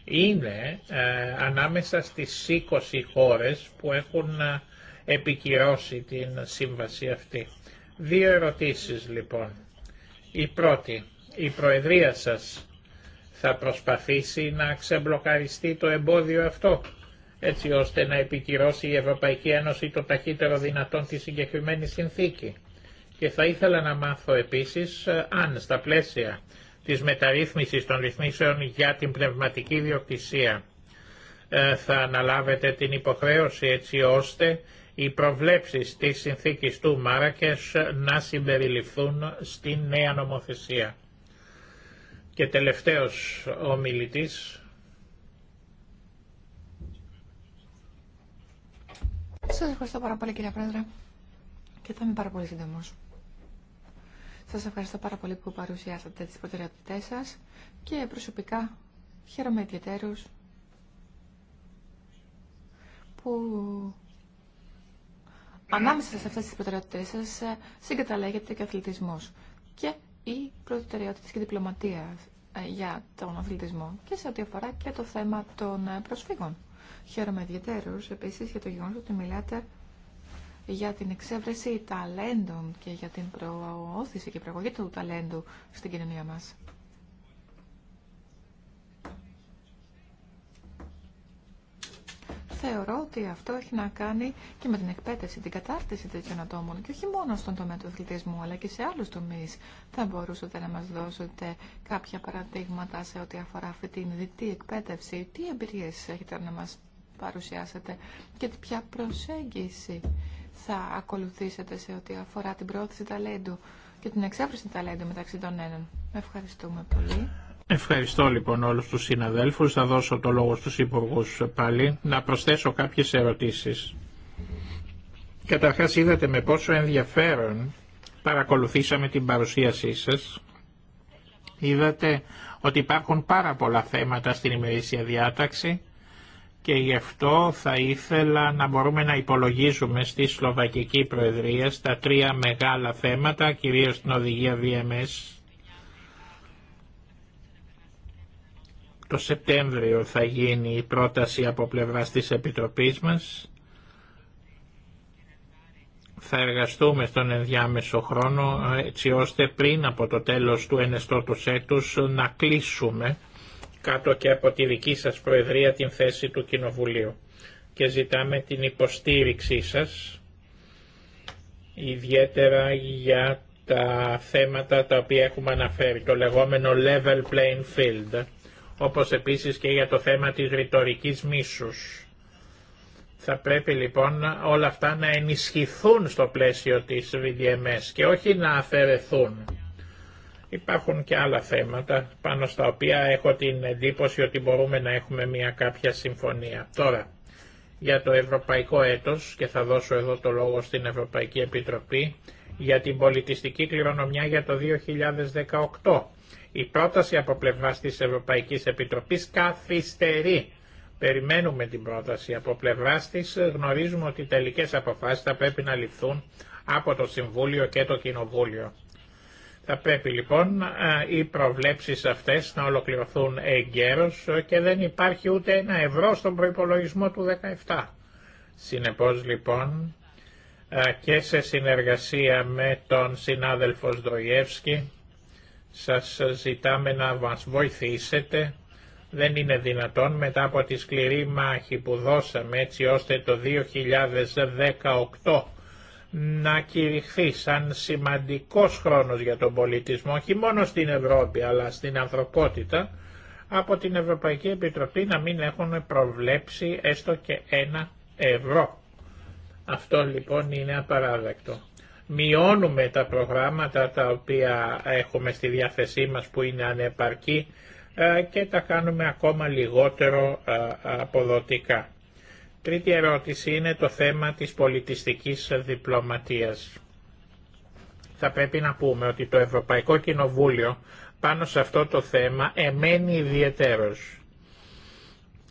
είναι ε, ανάμεσα στις 20 χώρες που έχουν ε, επικυρώσει την σύμβαση αυτή. Δύο ερωτήσεις λοιπόν. Η πρώτη, η Προεδρία σας θα προσπαθήσει να ξεμπλοκαριστεί το εμπόδιο αυτό έτσι ώστε να επικυρώσει η Ευρωπαϊκή Ένωση το ταχύτερο δυνατόν τη συγκεκριμένη συνθήκη. Και θα ήθελα να μάθω επίσης ε, αν στα πλαίσια της μεταρρύθμισης των ρυθμίσεων για την πνευματική διοκτησία ε, θα αναλάβετε την υποχρέωση έτσι ώστε οι προβλέψεις της συνθήκης του Μάρακες να συμπεριληφθούν στην νέα νομοθεσία. Και τελευταίος ο μιλητής. Σας ευχαριστώ πάρα πολύ κυρία Πρόεδρε και θα είμαι πάρα πολύ σύντομος. Σας ευχαριστώ πάρα πολύ που παρουσιάσατε τις προτεραιότητές σας και προσωπικά χαίρομαι ιδιαίτερους που ανάμεσα σε αυτές τις προτεραιότητές σας συγκαταλέγεται και αθλητισμός. Και ή προτεραιότητε και διπλωματία ε, για τον αθλητισμό και σε ό,τι αφορά και το θέμα των ε, προσφύγων. Χαίρομαι ιδιαίτερω επίση, για το γεγονός ότι μιλάτε για την εξέβρεση ταλέντων και για την προώθηση και προαγωγή του ταλέντου στην κοινωνία μας. θεωρώ ότι αυτό έχει να κάνει και με την εκπαίδευση, την κατάρτιση τέτοιων ατόμων και όχι μόνο στον τομέα του αθλητισμού αλλά και σε άλλους τομείς. Θα μπορούσατε να μας δώσετε κάποια παραδείγματα σε ό,τι αφορά αυτή την διτή εκπαίδευση. Τι εμπειρίες έχετε να μας παρουσιάσετε και ποια προσέγγιση θα ακολουθήσετε σε ό,τι αφορά την πρόθεση ταλέντου και την εξάφρυση ταλέντου μεταξύ των ένων. Ευχαριστούμε πολύ. Ευχαριστώ λοιπόν όλους τους συναδέλφους. Θα δώσω το λόγο στους υπουργούς πάλι να προσθέσω κάποιες ερωτήσεις. Καταρχάς είδατε με πόσο ενδιαφέρον παρακολουθήσαμε την παρουσίασή σας. Είδατε ότι υπάρχουν πάρα πολλά θέματα στην ημερήσια διάταξη και γι' αυτό θα ήθελα να μπορούμε να υπολογίζουμε στη Σλοβακική Προεδρία στα τρία μεγάλα θέματα, κυρίως την οδηγία VMS Το Σεπτέμβριο θα γίνει η πρόταση από πλευράς της Επιτροπής μας. Θα εργαστούμε στον ενδιάμεσο χρόνο ε, έτσι ώστε πριν από το τέλος του ενεστώτος έτους να κλείσουμε κάτω και από τη δική σας Προεδρία την θέση του Κοινοβουλίου και ζητάμε την υποστήριξή σας ιδιαίτερα για τα θέματα τα οποία έχουμε αναφέρει, το λεγόμενο level playing field όπως επίσης και για το θέμα της ρητορικής μίσους. Θα πρέπει λοιπόν όλα αυτά να ενισχυθούν στο πλαίσιο της VDMS και όχι να αφαιρεθούν. Υπάρχουν και άλλα θέματα πάνω στα οποία έχω την εντύπωση ότι μπορούμε να έχουμε μια κάποια συμφωνία. Τώρα, για το Ευρωπαϊκό Έτος, και θα δώσω εδώ το λόγο στην Ευρωπαϊκή Επιτροπή, για την πολιτιστική κληρονομιά για το 2018. Η πρόταση από πλευράς της Ευρωπαϊκής Επιτροπής καθυστερεί. Περιμένουμε την πρόταση από πλευράς της. Γνωρίζουμε ότι οι τελικές αποφάσεις θα πρέπει να ληφθούν από το Συμβούλιο και το Κοινοβούλιο. Θα πρέπει λοιπόν ε, οι προβλέψεις αυτές να ολοκληρωθούν εγκαίρως και δεν υπάρχει ούτε ένα ευρώ στον προϋπολογισμό του 17. Συνεπώς λοιπόν ε, και σε συνεργασία με τον συνάδελφο σας ζητάμε να μας βοηθήσετε. Δεν είναι δυνατόν μετά από τη σκληρή μάχη που δώσαμε έτσι ώστε το 2018 να κηρυχθεί σαν σημαντικός χρόνος για τον πολιτισμό, όχι μόνο στην Ευρώπη αλλά στην ανθρωπότητα, από την Ευρωπαϊκή Επιτροπή να μην έχουν προβλέψει έστω και ένα ευρώ. Αυτό λοιπόν είναι απαράδεκτο μειώνουμε τα προγράμματα τα οποία έχουμε στη διάθεσή μας που είναι ανεπαρκή ε, και τα κάνουμε ακόμα λιγότερο ε, αποδοτικά. Τρίτη ερώτηση είναι το θέμα της πολιτιστικής διπλωματίας. Θα πρέπει να πούμε ότι το Ευρωπαϊκό Κοινοβούλιο πάνω σε αυτό το θέμα εμένει ιδιαιτέρως.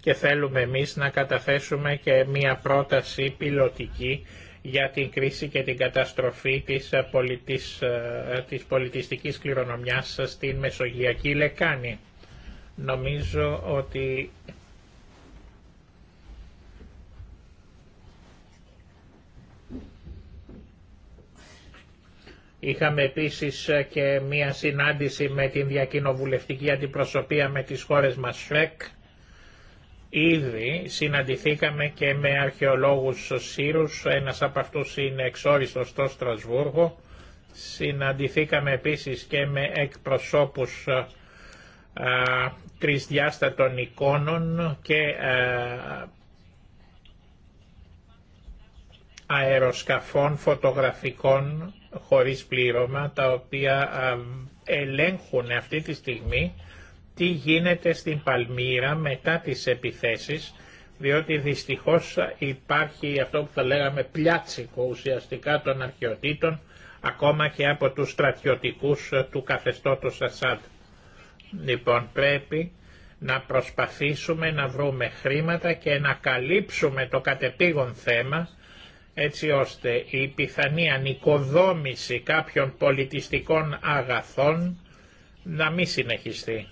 και θέλουμε εμείς να καταθέσουμε και μία πρόταση πιλωτική για την κρίση και την καταστροφή της, ε, πολιτισ... Ε, της πολιτιστικής κληρονομιάς στην Μεσογειακή Λεκάνη. Νομίζω ότι Είχαμε επίσης ε, και μία συνάντηση με την διακοινοβουλευτική αντιπροσωπεία με τις χώρες μας ΦΕΚ. Ήδη συναντηθήκαμε και με αρχαιολόγους Σύρους, ένας από αυτούς είναι εξόριστος στο Στρασβούργο. Συναντηθήκαμε επίσης και με εκπροσώπους α, ε, ε, τρισδιάστατων εικόνων και ε, αεροσκαφών φωτογραφικών χωρίς πλήρωμα, τα οποία ελέγχουν αυτή τη στιγμή τι γίνεται στην Παλμύρα μετά τις επιθέσεις, διότι δυστυχώς υπάρχει αυτό που θα λέγαμε πλιάτσικο ουσιαστικά των αρχαιοτήτων, ακόμα και από τους στρατιωτικούς του καθεστώτος Ασάντ. Λοιπόν, πρέπει να προσπαθήσουμε να βρούμε χρήματα και να καλύψουμε το κατεπήγον θέμα, έτσι ώστε η πιθανή ανοικοδόμηση κάποιων πολιτιστικών αγαθών να μην συνεχιστεί.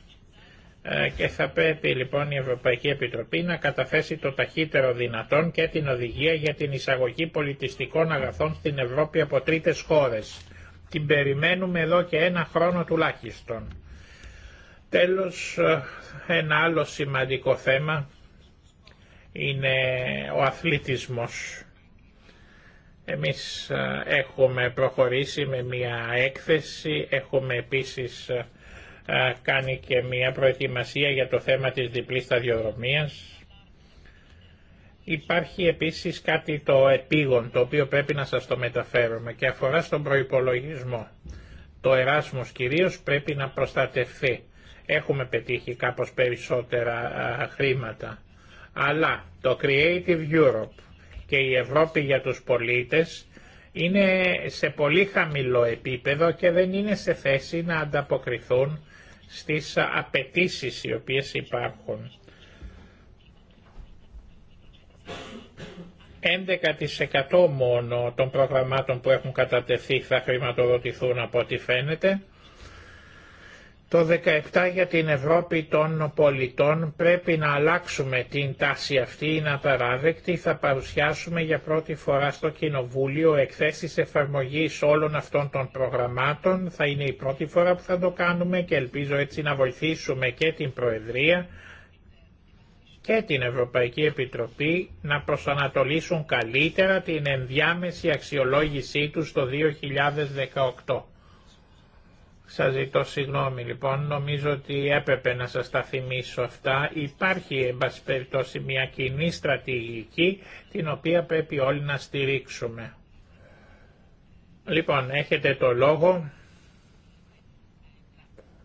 Ε, και θα πρέπει λοιπόν η Ευρωπαϊκή Επιτροπή να καταθέσει το ταχύτερο δυνατόν και την οδηγία για την εισαγωγή πολιτιστικών αγαθών στην Ευρώπη από τρίτες χώρες. Την περιμένουμε εδώ και ένα χρόνο τουλάχιστον. Τέλος, ε, ένα άλλο σημαντικό θέμα είναι ο αθλητισμός. Εμείς ε, έχουμε προχωρήσει με μια έκθεση, έχουμε επίσης κάνει και μια προετοιμασία για το θέμα της διπλής σταδιοδρομίας. Υπάρχει επίσης κάτι το επίγον το οποίο πρέπει να σας το μεταφέρουμε και αφορά στον προϋπολογισμό. Το Εράσμος κυρίως πρέπει να προστατευθεί. Έχουμε πετύχει κάπως περισσότερα χρήματα. Αλλά το Creative Europe και η Ευρώπη για τους πολίτες είναι σε πολύ χαμηλό επίπεδο και δεν είναι σε θέση να ανταποκριθούν στις απαιτήσει οι οποίες υπάρχουν. 11% μόνο των προγραμμάτων που έχουν κατατεθεί θα χρηματοδοτηθούν από ό,τι φαίνεται. Το 17 για την Ευρώπη των πολιτών πρέπει να αλλάξουμε την τάση αυτή, είναι απαράδεκτη. Θα παρουσιάσουμε για πρώτη φορά στο Κοινοβούλιο εκθέσεις εφαρμογής όλων αυτών των προγραμμάτων. Θα είναι η πρώτη φορά που θα το κάνουμε και ελπίζω έτσι να βοηθήσουμε και την Προεδρία και την Ευρωπαϊκή Επιτροπή να προσανατολίσουν καλύτερα την ενδιάμεση αξιολόγησή τους το 2018. Σας ζητώ συγγνώμη λοιπόν, νομίζω ότι έπρεπε να σας τα θυμίσω αυτά. Υπάρχει εν πάση περιπτώσει μια κοινή στρατηγική την οποία πρέπει όλοι να στηρίξουμε. Λοιπόν, έχετε το λόγο.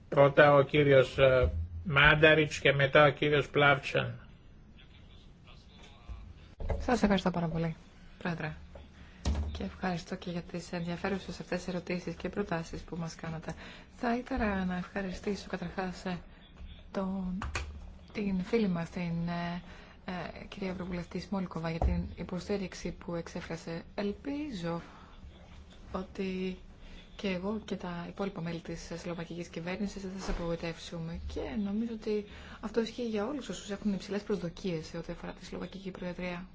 Πρώτα ο κύριος ε, Μάνταριτς και μετά ο κύριος Πλάβτσαν. Σας ευχαριστώ πάρα πολύ, Πρόεδρε ευχαριστώ και για τις ενδιαφέρουσες αυτές ερωτήσεις και προτάσεις που μας κάνατε. Θα ήθελα να ευχαριστήσω καταρχάς ε, τον, την φίλη μας, την ε, ε, κυρία Ευρωβουλευτή Μόλικοβα, για την υποστήριξη που εξέφρασε. Ελπίζω ότι και εγώ και τα υπόλοιπα μέλη της Σλοβακικής κυβέρνησης θα σας απογοητεύσουμε. Και νομίζω ότι αυτό ισχύει για όλους όσους έχουν υψηλές προσδοκίες σε ό,τι αφορά τη Σλοβακική Προεδρία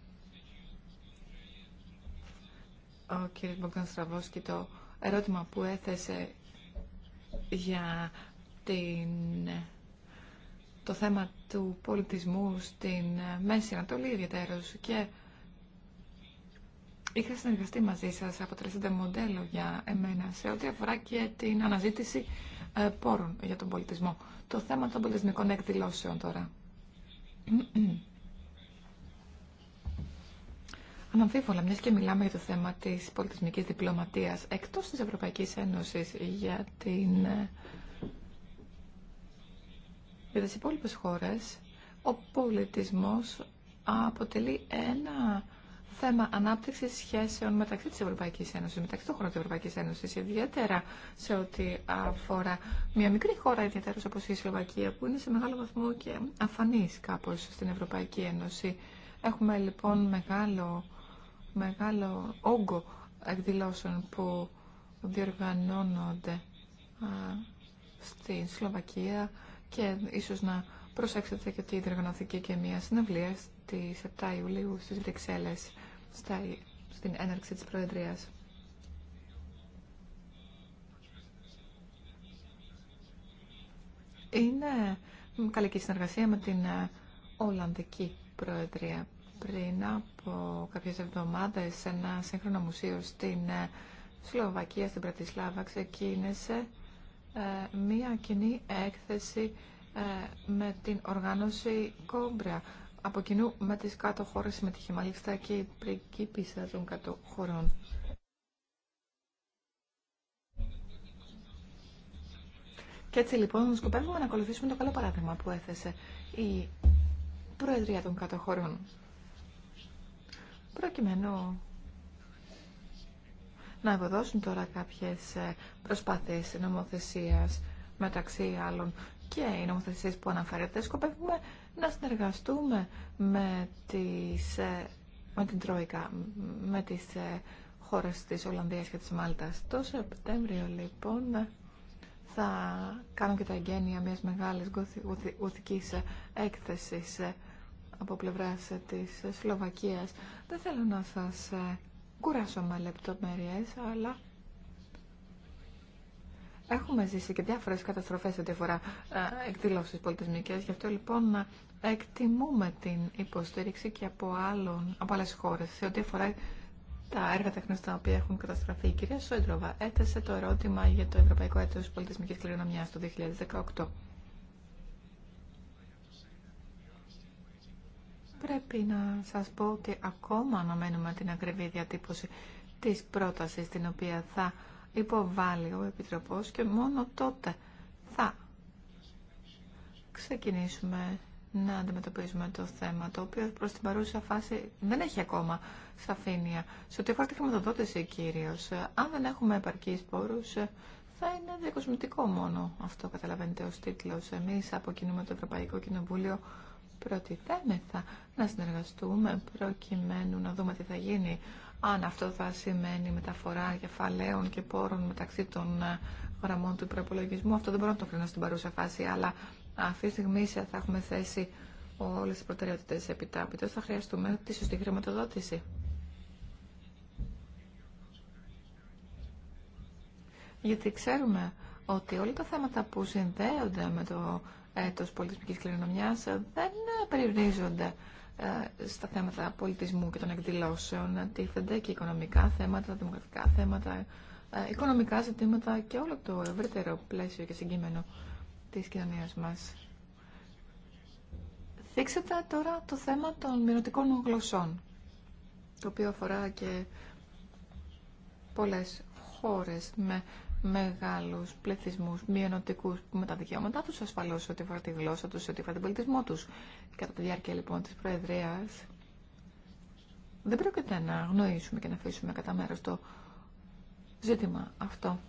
ο κ. Μπογκάν και το ερώτημα που έθεσε για την, το θέμα του πολιτισμού στην Μέση Ανατολή ιδιαίτερως και είχα συνεργαστεί μαζί σας, αποτελέσατε μοντέλο για εμένα σε ό,τι αφορά και την αναζήτηση ε, πόρων για τον πολιτισμό. Το θέμα των πολιτισμικών εκδηλώσεων τώρα. Αμφίβολα, μια και μιλάμε για το θέμα τη πολιτισμική διπλωματία εκτό τη Ευρωπαϊκή Ένωση για, την... Ε, για τι υπόλοιπε χώρε, ο πολιτισμό αποτελεί ένα θέμα ανάπτυξη σχέσεων μεταξύ τη Ευρωπαϊκή Ένωση, μεταξύ των χωρών τη Ευρωπαϊκή Ένωση, ιδιαίτερα σε ό,τι αφορά μια μικρή χώρα, ιδιαίτερα όπω η Σλοβακία, που είναι σε μεγάλο βαθμό και αφανή κάπω στην Ευρωπαϊκή Ένωση. Έχουμε λοιπόν μεγάλο μεγάλο όγκο εκδηλώσεων που διοργανώνονται στην Σλοβακία και ίσως να προσέξετε και ότι διοργανώθηκε και μια συνευλία στις 7 Ιουλίου στις Βρυξέλλες στην έναρξη της Προεδρίας. Είναι καλή συνεργασία με την ε, Ολλανδική Προεδρία πριν από κάποιες εβδομάδες σε ένα σύγχρονο μουσείο στην ε, Σλοβακία, στην Πρατισλάβα, ξεκίνησε ε, μία κοινή έκθεση ε, με την οργάνωση Κόμπρα. Από κοινού με τις κάτω χώρες συμμετείχε μάλιστα και η πριγκίπισσα των κάτω χωρών. Και έτσι λοιπόν σκοπεύουμε να ακολουθήσουμε το καλό παράδειγμα που έθεσε η Προεδρία των Κατοχωρών προκειμένου να ευωδώσουν τώρα κάποιες ε, προσπάθειες νομοθεσίας μεταξύ άλλων και οι νομοθεσίες που αναφέρεται. Σκοπεύουμε να συνεργαστούμε με, τις, ε, με την Τρόικα, με τις ε, χώρες της Ολλανδίας και της Μάλτας. Το Σεπτέμβριο λοιπόν θα κάνω και τα εγγένεια μιας μεγάλης γοθικής έκθεσης από πλευρά ε, της ε, Σλοβακίας. Δεν θέλω να σας ε, κουράσω με λεπτομέρειες, αλλά έχουμε ζήσει και διάφορες καταστροφές ό,τι αφορά εκδηλώσεις πολιτισμικές. Γι' αυτό λοιπόν να εκτιμούμε την υποστήριξη και από, άλλων, από άλλες χώρες σε ό,τι αφορά τα έργα τέχνης τα οποία έχουν καταστραφεί. Η κυρία Σόντροβα έθεσε το ερώτημα για το Ευρωπαϊκό Έτος Πολιτισμικής Κληρονομιάς το 2018. Πρέπει να σας πω ότι ακόμα αναμένουμε την ακριβή διατύπωση της πρότασης την οποία θα υποβάλει ο Επιτροπός και μόνο τότε θα ξεκινήσουμε να αντιμετωπίζουμε το θέμα, το οποίο προς την παρούσα φάση δεν έχει ακόμα σαφήνεια. Σε ό,τι αφορά τη χρηματοδότηση κυρίω. αν δεν έχουμε επαρκή πόρους, θα είναι διακοσμητικό μόνο αυτό, καταλαβαίνετε, ως τίτλος. Εμείς αποκινούμε το Ευρωπαϊκό Κοινοβούλιο προτιθέμεθα να συνεργαστούμε προκειμένου να δούμε τι θα γίνει αν αυτό θα σημαίνει μεταφορά κεφαλαίων και πόρων μεταξύ των ε, γραμμών του προπολογισμού. Αυτό δεν μπορώ να το κρίνω στην παρούσα φάση, αλλά αυτή τη στιγμή θα έχουμε θέσει όλε τι προτεραιότητε επιτάπητο. Θα χρειαστούμε τη σωστή χρηματοδότηση. Γιατί ξέρουμε ότι όλα τα θέματα που συνδέονται με το έτος πολιτισμικής κληρονομιάς ε, δεν περιορίζονται ε, στα θέματα πολιτισμού και των εκδηλώσεων. Τίθενται και οικονομικά θέματα, δημοκρατικά θέματα, ε, οικονομικά ζητήματα και όλο το ευρύτερο πλαίσιο και συγκείμενο της κοινωνίας μας. Θίξετε τώρα το θέμα των μηνωτικών γλωσσών, το οποίο αφορά και πολλές χώρες με μεγάλους πληθυσμούς μειονοτικούς με τα δικαιώματά τους ασφαλώς ό,τι αφορά τη γλώσσα τους, ό,τι αφορά τον πολιτισμό τους. Κατά τη διάρκεια λοιπόν της Προεδρίας δεν πρόκειται να γνωρίσουμε και να αφήσουμε κατά μέρο το ζήτημα αυτό.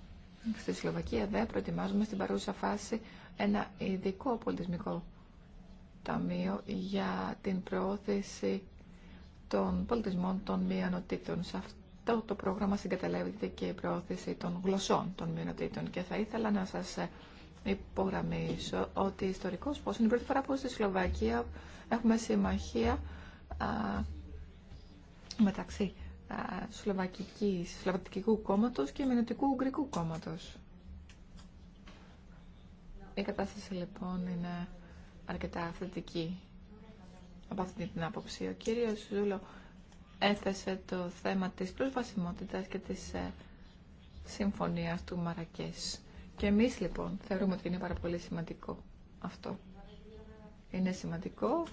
Στη Σλοβακία δεν προετοιμάζουμε στην παρούσα φάση ένα ειδικό πολιτισμικό ταμείο για την προώθηση των πολιτισμών των μειονοτήτων. Σε αυτό αυτό το πρόγραμμα συγκαταλέγεται και η προώθηση των γλωσσών των μειονοτήτων. Και θα ήθελα να σας υπογραμμίσω ότι ιστορικός πώς είναι η πρώτη φορά που στη Σλοβακία έχουμε συμμαχία α, μεταξύ Σλοβακικής, Σλοβακικού κόμματος και Μηνωτικού Ουγγρικού κόμματος. Η κατάσταση λοιπόν είναι αρκετά θετική από αυτή την άποψη. Ο κύριος Ζούλο έθεσε το θέμα της προσβασιμότητας και της ε, συμφωνίας του Μαρακές. Και εμείς λοιπόν θεωρούμε ότι είναι πάρα πολύ σημαντικό αυτό. Είναι σημαντικό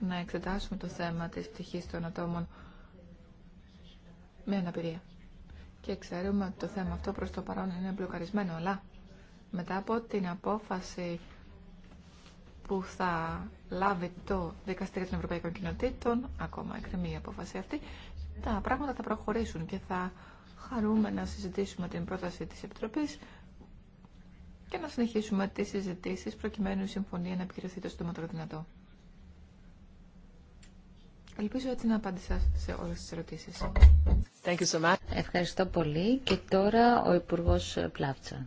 να εξετάσουμε το θέμα της πτυχής των ατόμων με αναπηρία. Και ξέρουμε ότι το θέμα αυτό προς το παρόν είναι μπλοκαρισμένο, αλλά μετά από την απόφαση που θα λάβει το Δικαστήριο των Ευρωπαϊκών Κοινοτήτων, ακόμα εκκρεμεί η απόφαση αυτή, τα πράγματα θα προχωρήσουν και θα χαρούμε να συζητήσουμε την πρόταση της Επιτροπής και να συνεχίσουμε τις συζητήσεις προκειμένου η συμφωνία να επικυρωθεί το σύντομα δυνατό. Ελπίζω έτσι να απάντησα σε όλες τις ερωτήσεις. Ευχαριστώ πολύ. Και τώρα ο Υπουργός Πλάβτσα.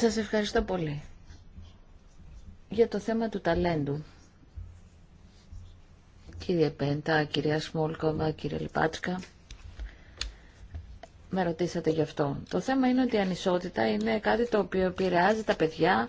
Σας ευχαριστώ πολύ. Για το θέμα του ταλέντου. Κύριε Πέντα, κυρία Σμόλκοβα, κύριε Λιπάτσκα, με ρωτήσατε γι' αυτό. Το θέμα είναι ότι η ανισότητα είναι κάτι το οποίο επηρεάζει τα παιδιά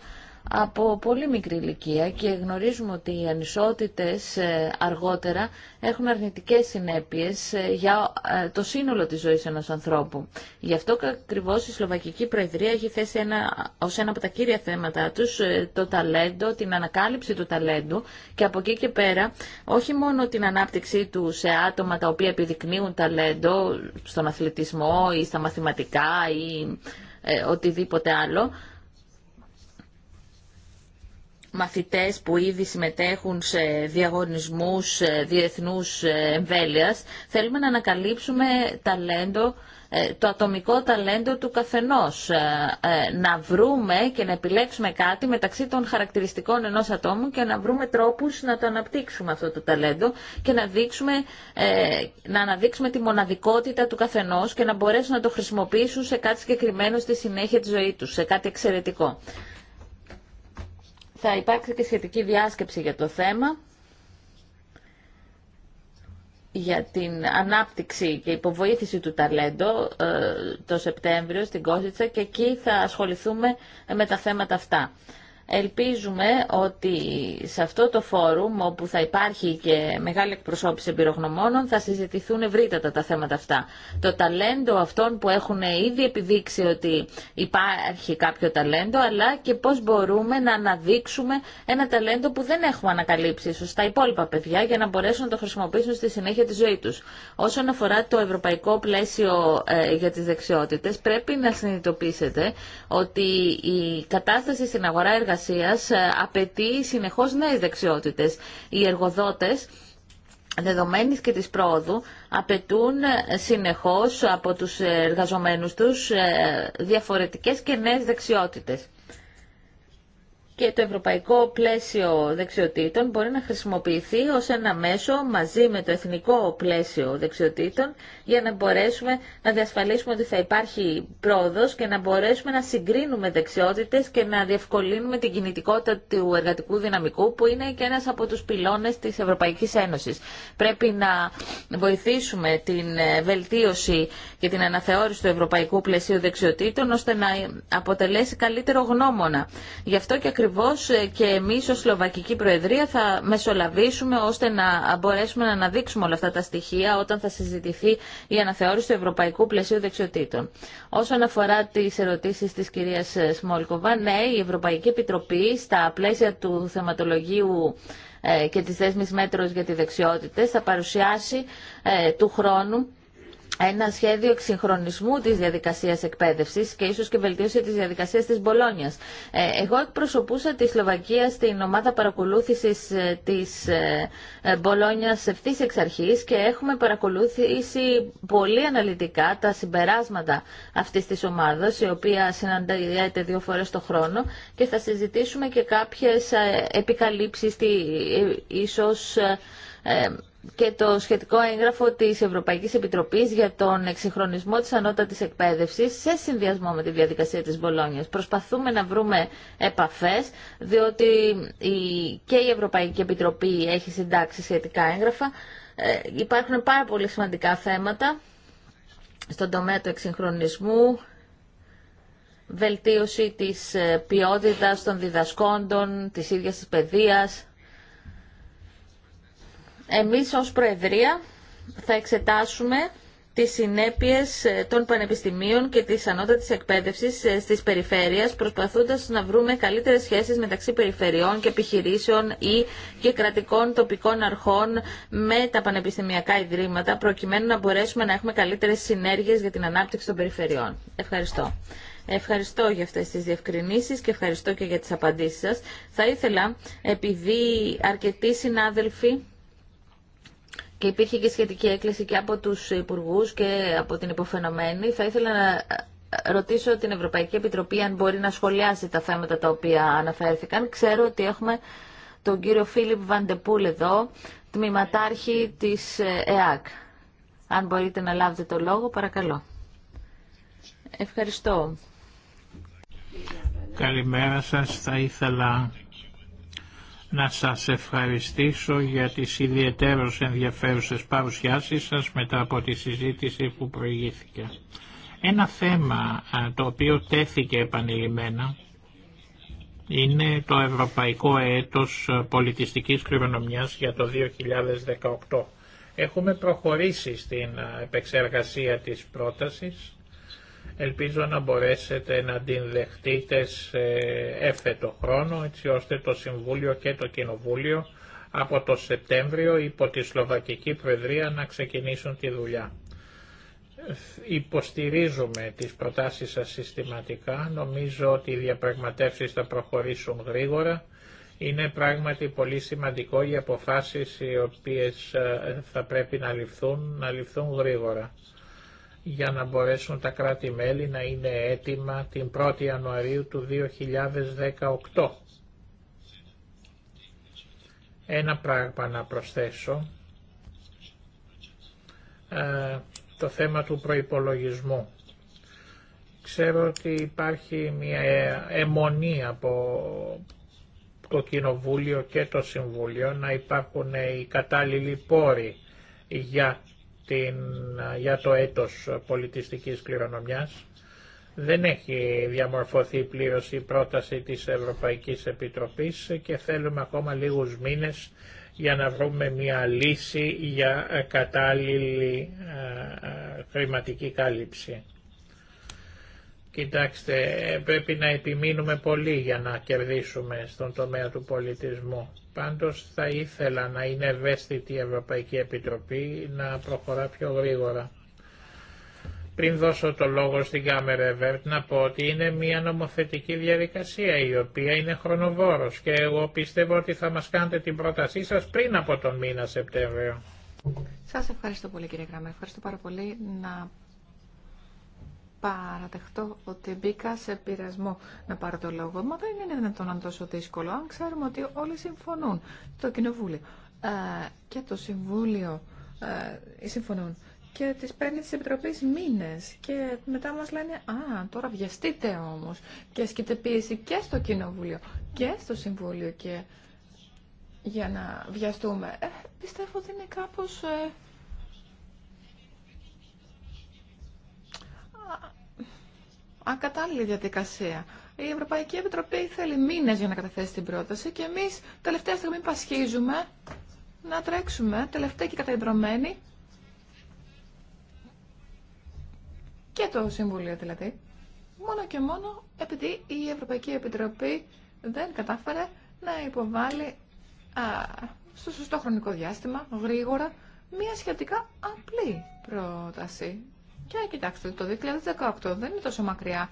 από πολύ μικρή ηλικία και γνωρίζουμε ότι οι ανισότητες ε, αργότερα έχουν αρνητικές συνέπειες ε, για ε, το σύνολο της ζωής ενός ανθρώπου. Γι' αυτό ακριβώ η Σλοβακική Προεδρία έχει θέσει ένα, ως ένα από τα κύρια θέματα τους το ταλέντο, την ανακάλυψη του ταλέντου και από εκεί και πέρα όχι μόνο την ανάπτυξή του σε άτομα τα οποία επιδεικνύουν ταλέντο στον αθλητισμό ή στα μαθηματικά ή οτιδήποτε άλλο, μαθητές που ήδη συμμετέχουν σε διαγωνισμούς ε, διεθνούς ε, εμβέλειας. Θέλουμε να ανακαλύψουμε ταλέντο, ε, το ατομικό ταλέντο του καθενός. Να βρούμε και να επιλέξουμε κάτι μεταξύ των χαρακτηριστικών ενός ατόμου και να βρούμε τρόπους να το αναπτύξουμε αυτό το ταλέντο και να, δείξουμε, να αναδείξουμε τη μοναδικότητα του καθενός και να μπορέσουν να το χρησιμοποιήσουν σε κάτι συγκεκριμένο στη συνέχεια της ζωής τους, σε κάτι εξαιρετικό. Θα υπάρξει και σχετική διάσκεψη για το θέμα για την ανάπτυξη και υποβοήθηση του ταλέντο ε, το Σεπτέμβριο στην Κόζιτσα και εκεί θα ασχοληθούμε με τα θέματα αυτά. Ελπίζουμε ότι σε αυτό το φόρουμ, όπου θα υπάρχει και μεγάλη εκπροσώπηση εμπειρογνωμόνων, θα συζητηθούν ευρύτατα τα θέματα αυτά. Το ταλέντο αυτών που έχουν ήδη επιδείξει ότι υπάρχει κάποιο ταλέντο, αλλά και πώς μπορούμε να αναδείξουμε ένα ταλέντο που δεν έχουμε ανακαλύψει ίσως τα υπόλοιπα παιδιά για να μπορέσουν να το χρησιμοποιήσουν στη συνέχεια τη ζωή τους. Όσον αφορά το ευρωπαϊκό πλαίσιο ε, για τις δεξιότητες, πρέπει να συνειδητοποιήσετε ότι η κατάσταση στην αγορά εργασία εργασίας ε, απαιτεί συνεχώς νέες δεξιότητες. Οι εργοδότες δεδομένης και της πρόοδου απαιτούν ε, συνεχώς από τους εργαζομένους τους ε, διαφορετικές και νέες δεξιότητες και το ευρωπαϊκό πλαίσιο δεξιοτήτων μπορεί να χρησιμοποιηθεί ως ένα μέσο μαζί με το εθνικό πλαίσιο δεξιοτήτων για να μπορέσουμε να διασφαλίσουμε ότι θα υπάρχει πρόοδος και να μπορέσουμε να συγκρίνουμε δεξιότητες και να διευκολύνουμε την κινητικότητα του εργατικού δυναμικού που είναι και ένας από τους πυλώνες της Ευρωπαϊκής Ένωσης. Πρέπει να βοηθήσουμε την βελτίωση και την αναθεώρηση του ευρωπαϊκού πλαισίου δεξιοτήτων ώστε να αποτελέσει καλύτερο γνώμονα. Γι' αυτό και ακριβώ ε, και εμεί, ως Σλοβακική Προεδρία θα μεσολαβήσουμε ώστε να μπορέσουμε να αναδείξουμε όλα αυτά τα στοιχεία όταν θα συζητηθεί η αναθεώρηση του Ευρωπαϊκού Πλαισίου Δεξιοτήτων. Όσον αφορά τι ερωτήσει της κυρίας ε, Σμόλκοβα, ναι, η Ευρωπαϊκή Επιτροπή στα πλαίσια του θεματολογίου ε, και της δέσμης Μέτρους για τη δεξιότητε, θα παρουσιάσει του χρόνου ένα σχέδιο εξυγχρονισμού της διαδικασίας εκπαίδευσης και ίσως και βελτίωση της διαδικασίας της Μπολόνιας. Ε, εγώ εκπροσωπούσα τη Σλοβακία στην ομάδα παρακολούθησης ε, της ε, Μπολόνιας ευθύ εξ αρχής και έχουμε παρακολούθησει πολύ αναλυτικά τα συμπεράσματα αυτής της ομάδας, η οποία συναντάται δύο φορές το χρόνο και θα συζητήσουμε και κάποιες επικαλύψεις, ίσως και το σχετικό έγγραφο της ευρωπαϊκή Επιτροπής για τον εξυγχρονισμό της ανώτατης εκπαίδευσης σε συνδυασμό με τη διαδικασία της Μπολόνιας. Προσπαθούμε να βρούμε επαφές, διότι και η Ευρωπαϊκή Επιτροπή έχει συντάξει σχετικά έγγραφα. Ε, υπάρχουν πάρα πολύ σημαντικά θέματα στον τομέα του εξυγχρονισμού, βελτίωση της ε, ποιότητας των διδασκόντων, της ίδιας της παιδείας, εμείς ως Προεδρία θα εξετάσουμε τις συνέπειες ε, των πανεπιστημίων και της ανώτατης εκπαίδευσης ε, στις περιφέρειες, προσπαθώντας να βρούμε καλύτερες σχέσεις μεταξύ περιφερειών και επιχειρήσεων ή και κρατικών τοπικών αρχών με τα πανεπιστημιακά ιδρύματα, προκειμένου να μπορέσουμε να έχουμε καλύτερες συνέργειες για την ανάπτυξη των περιφερειών. Ευχαριστώ. Ευχαριστώ για αυτές τις διευκρινήσεις και ευχαριστώ και για τις απαντήσεις σας. Θα ήθελα, επειδή αρκετοί συνάδελφοι και υπήρχε και σχετική έκκληση και από τους υπουργού και από την υποφαινομένη. Θα ήθελα να ρωτήσω την Ευρωπαϊκή Επιτροπή αν μπορεί να σχολιάσει τα θέματα τα οποία αναφέρθηκαν. Ξέρω ότι έχουμε τον κύριο Φίλιπ Βαντεπούλ εδώ, τμήματάρχη της ΕΑΚ. Αν μπορείτε να λάβετε το λόγο, παρακαλώ. Ευχαριστώ. Καλημέρα σας. Θα ήθελα να σας ευχαριστήσω για τις ιδιαίτερως ενδιαφέρουσες παρουσιάσεις σας μετά από τη συζήτηση που προηγήθηκε. Ένα θέμα το οποίο τέθηκε επανειλημμένα είναι το Ευρωπαϊκό Έτος Πολιτιστικής Κληρονομιάς για το 2018. Έχουμε προχωρήσει στην επεξεργασία της πρότασης Ελπίζω να μπορέσετε να την δεχτείτε σε έφετο χρόνο, έτσι ώστε το Συμβούλιο και το Κοινοβούλιο από το Σεπτέμβριο υπό τη Σλοβακική Προεδρία να ξεκινήσουν τη δουλειά. Υποστηρίζουμε τις προτάσεις σας συστηματικά. Νομίζω ότι οι διαπραγματεύσεις θα προχωρήσουν γρήγορα. Είναι πράγματι πολύ σημαντικό οι αποφάσεις οι οποίες ε, θα πρέπει να ληφθούν, να ληφθούν γρήγορα για να μπορέσουν τα κράτη-μέλη να είναι έτοιμα την 1η Ιανουαρίου του 2018. Ένα πράγμα να προσθέσω, ε, το θέμα του προϋπολογισμού. Ξέρω ότι υπάρχει μια ε, αιμονή από το Κοινοβούλιο και το Συμβούλιο να υπάρχουν οι κατάλληλοι πόροι για την, για το έτος πολιτιστικής κληρονομιάς. Δεν έχει διαμορφωθεί πλήρως η πρόταση της Ευρωπαϊκής Επιτροπής και θέλουμε ακόμα λίγους μήνες για να βρούμε μια λύση για κατάλληλη χρηματική κάλυψη. Κοιτάξτε, πρέπει να επιμείνουμε πολύ για να κερδίσουμε στον τομέα του πολιτισμού. Πάντως θα ήθελα να είναι ευαίσθητη η Ευρωπαϊκή Επιτροπή να προχωρά πιο γρήγορα. Πριν δώσω το λόγο στην Κάμερα Εβέρτ να πω ότι είναι μια νομοθετική διαδικασία η οποία είναι χρονοβόρος και εγώ πιστεύω ότι θα μας κάνετε την πρότασή σας πριν από τον μήνα Σεπτέμβριο. Σας ευχαριστώ πολύ κύριε Γραμμέ. Ευχαριστώ πάρα πολύ να παραδεχτώ ότι μπήκα σε πειρασμό να πάρω το λόγο. Μα δεν είναι δυνατόν να είναι τόσο δύσκολο, αν ξέρουμε ότι όλοι συμφωνούν. Το Κοινοβούλιο ε, και το Συμβούλιο ε, συμφωνούν. Και τις παίρνει τη Επιτροπή Μήνε. και μετά μας λένε «Α, τώρα βιαστείτε όμως» και ασκείται πίεση και στο Κοινοβούλιο και στο Συμβούλιο και για να βιαστούμε. Ε, πιστεύω ότι είναι κάπως... Ε, ακατάλληλη διαδικασία. Η Ευρωπαϊκή Επιτροπή θέλει μήνε για να καταθέσει την πρόταση και εμεί τελευταία στιγμή πασχίζουμε να τρέξουμε τελευταία και καταϊδρωμένη. Και το Συμβούλιο δηλαδή. Μόνο και μόνο επειδή η Ευρωπαϊκή Επιτροπή δεν κατάφερε να υποβάλει α, στο σωστό χρονικό διάστημα, γρήγορα, μία σχετικά απλή πρόταση. Και κοιτάξτε, το 2018 δεν είναι τόσο μακριά.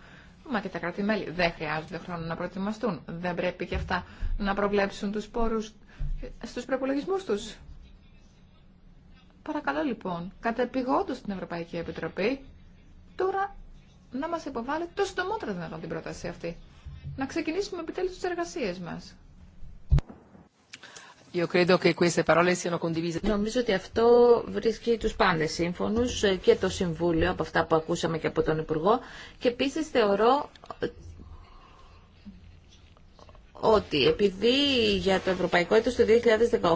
Μα και τα κρατη δεν χρειάζονται χρόνο να προετοιμαστούν. Δεν πρέπει και αυτά να προβλέψουν τους πόρου στους προπολογισμού τους. Παρακαλώ λοιπόν, κατεπηγόντω την Ευρωπαϊκή Επιτροπή, τώρα να μας υποβάλει το συντομότερο δυνατόν την πρόταση αυτή. Να ξεκινήσουμε επιτέλου τις εργασίες μα. Νομίζω ότι αυτό βρίσκει τους πάντες σύμφωνους ε, και το Συμβούλιο από αυτά που ακούσαμε και από τον Υπουργό και επίση θεωρώ ε, ότι επειδή για το Ευρωπαϊκό έτος του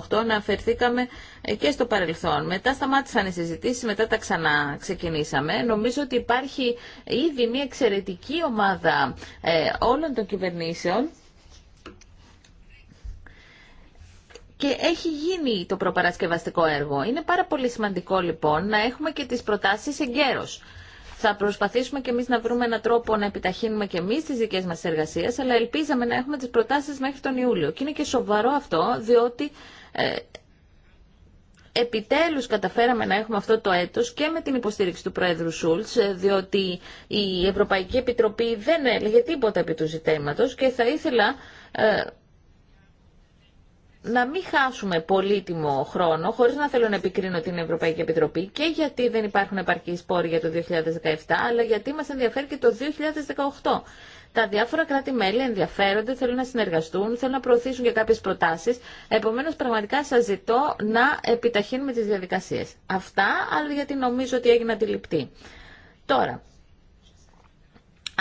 2018 αναφερθήκαμε ε, και στο παρελθόν, μετά σταμάτησαν οι συζητήσεις, μετά τα ξανά ξεκινήσαμε, νομίζω ότι υπάρχει ήδη μια εξαιρετική ομάδα όλων των κυβερνήσεων και έχει γίνει το προπαρασκευαστικό έργο. Είναι πάρα πολύ σημαντικό λοιπόν να έχουμε και τις προτάσεις εγκαίρως. Θα προσπαθήσουμε και εμείς να βρούμε έναν τρόπο να επιταχύνουμε και εμείς τις δικές μας εργασίες, αλλά ελπίζαμε να έχουμε τις προτάσεις μέχρι τον Ιούλιο. Και είναι και σοβαρό αυτό, διότι ε, επιτέλους καταφέραμε να έχουμε αυτό το έτος και με την υποστήριξη του Πρόεδρου Σούλτς, ε, διότι η Ευρωπαϊκή Επιτροπή δεν έλεγε τίποτα επί του ζητήματος και θα ήθελα ε, να μην χάσουμε πολύτιμο χρόνο, χωρίς να θέλω να επικρίνω την Ευρωπαϊκή Επιτροπή και γιατί δεν υπάρχουν επαρκή σπόροι για το 2017, αλλά γιατί μας ενδιαφέρει και το 2018. Τα διάφορα κράτη-μέλη ενδιαφέρονται, θέλουν να συνεργαστούν, θέλουν να προωθήσουν και κάποιες προτάσεις. Επομένως, πραγματικά σας ζητώ να επιταχύνουμε τις διαδικασίες. Αυτά, αλλά γιατί νομίζω ότι έγινε αντιληπτή. Τώρα,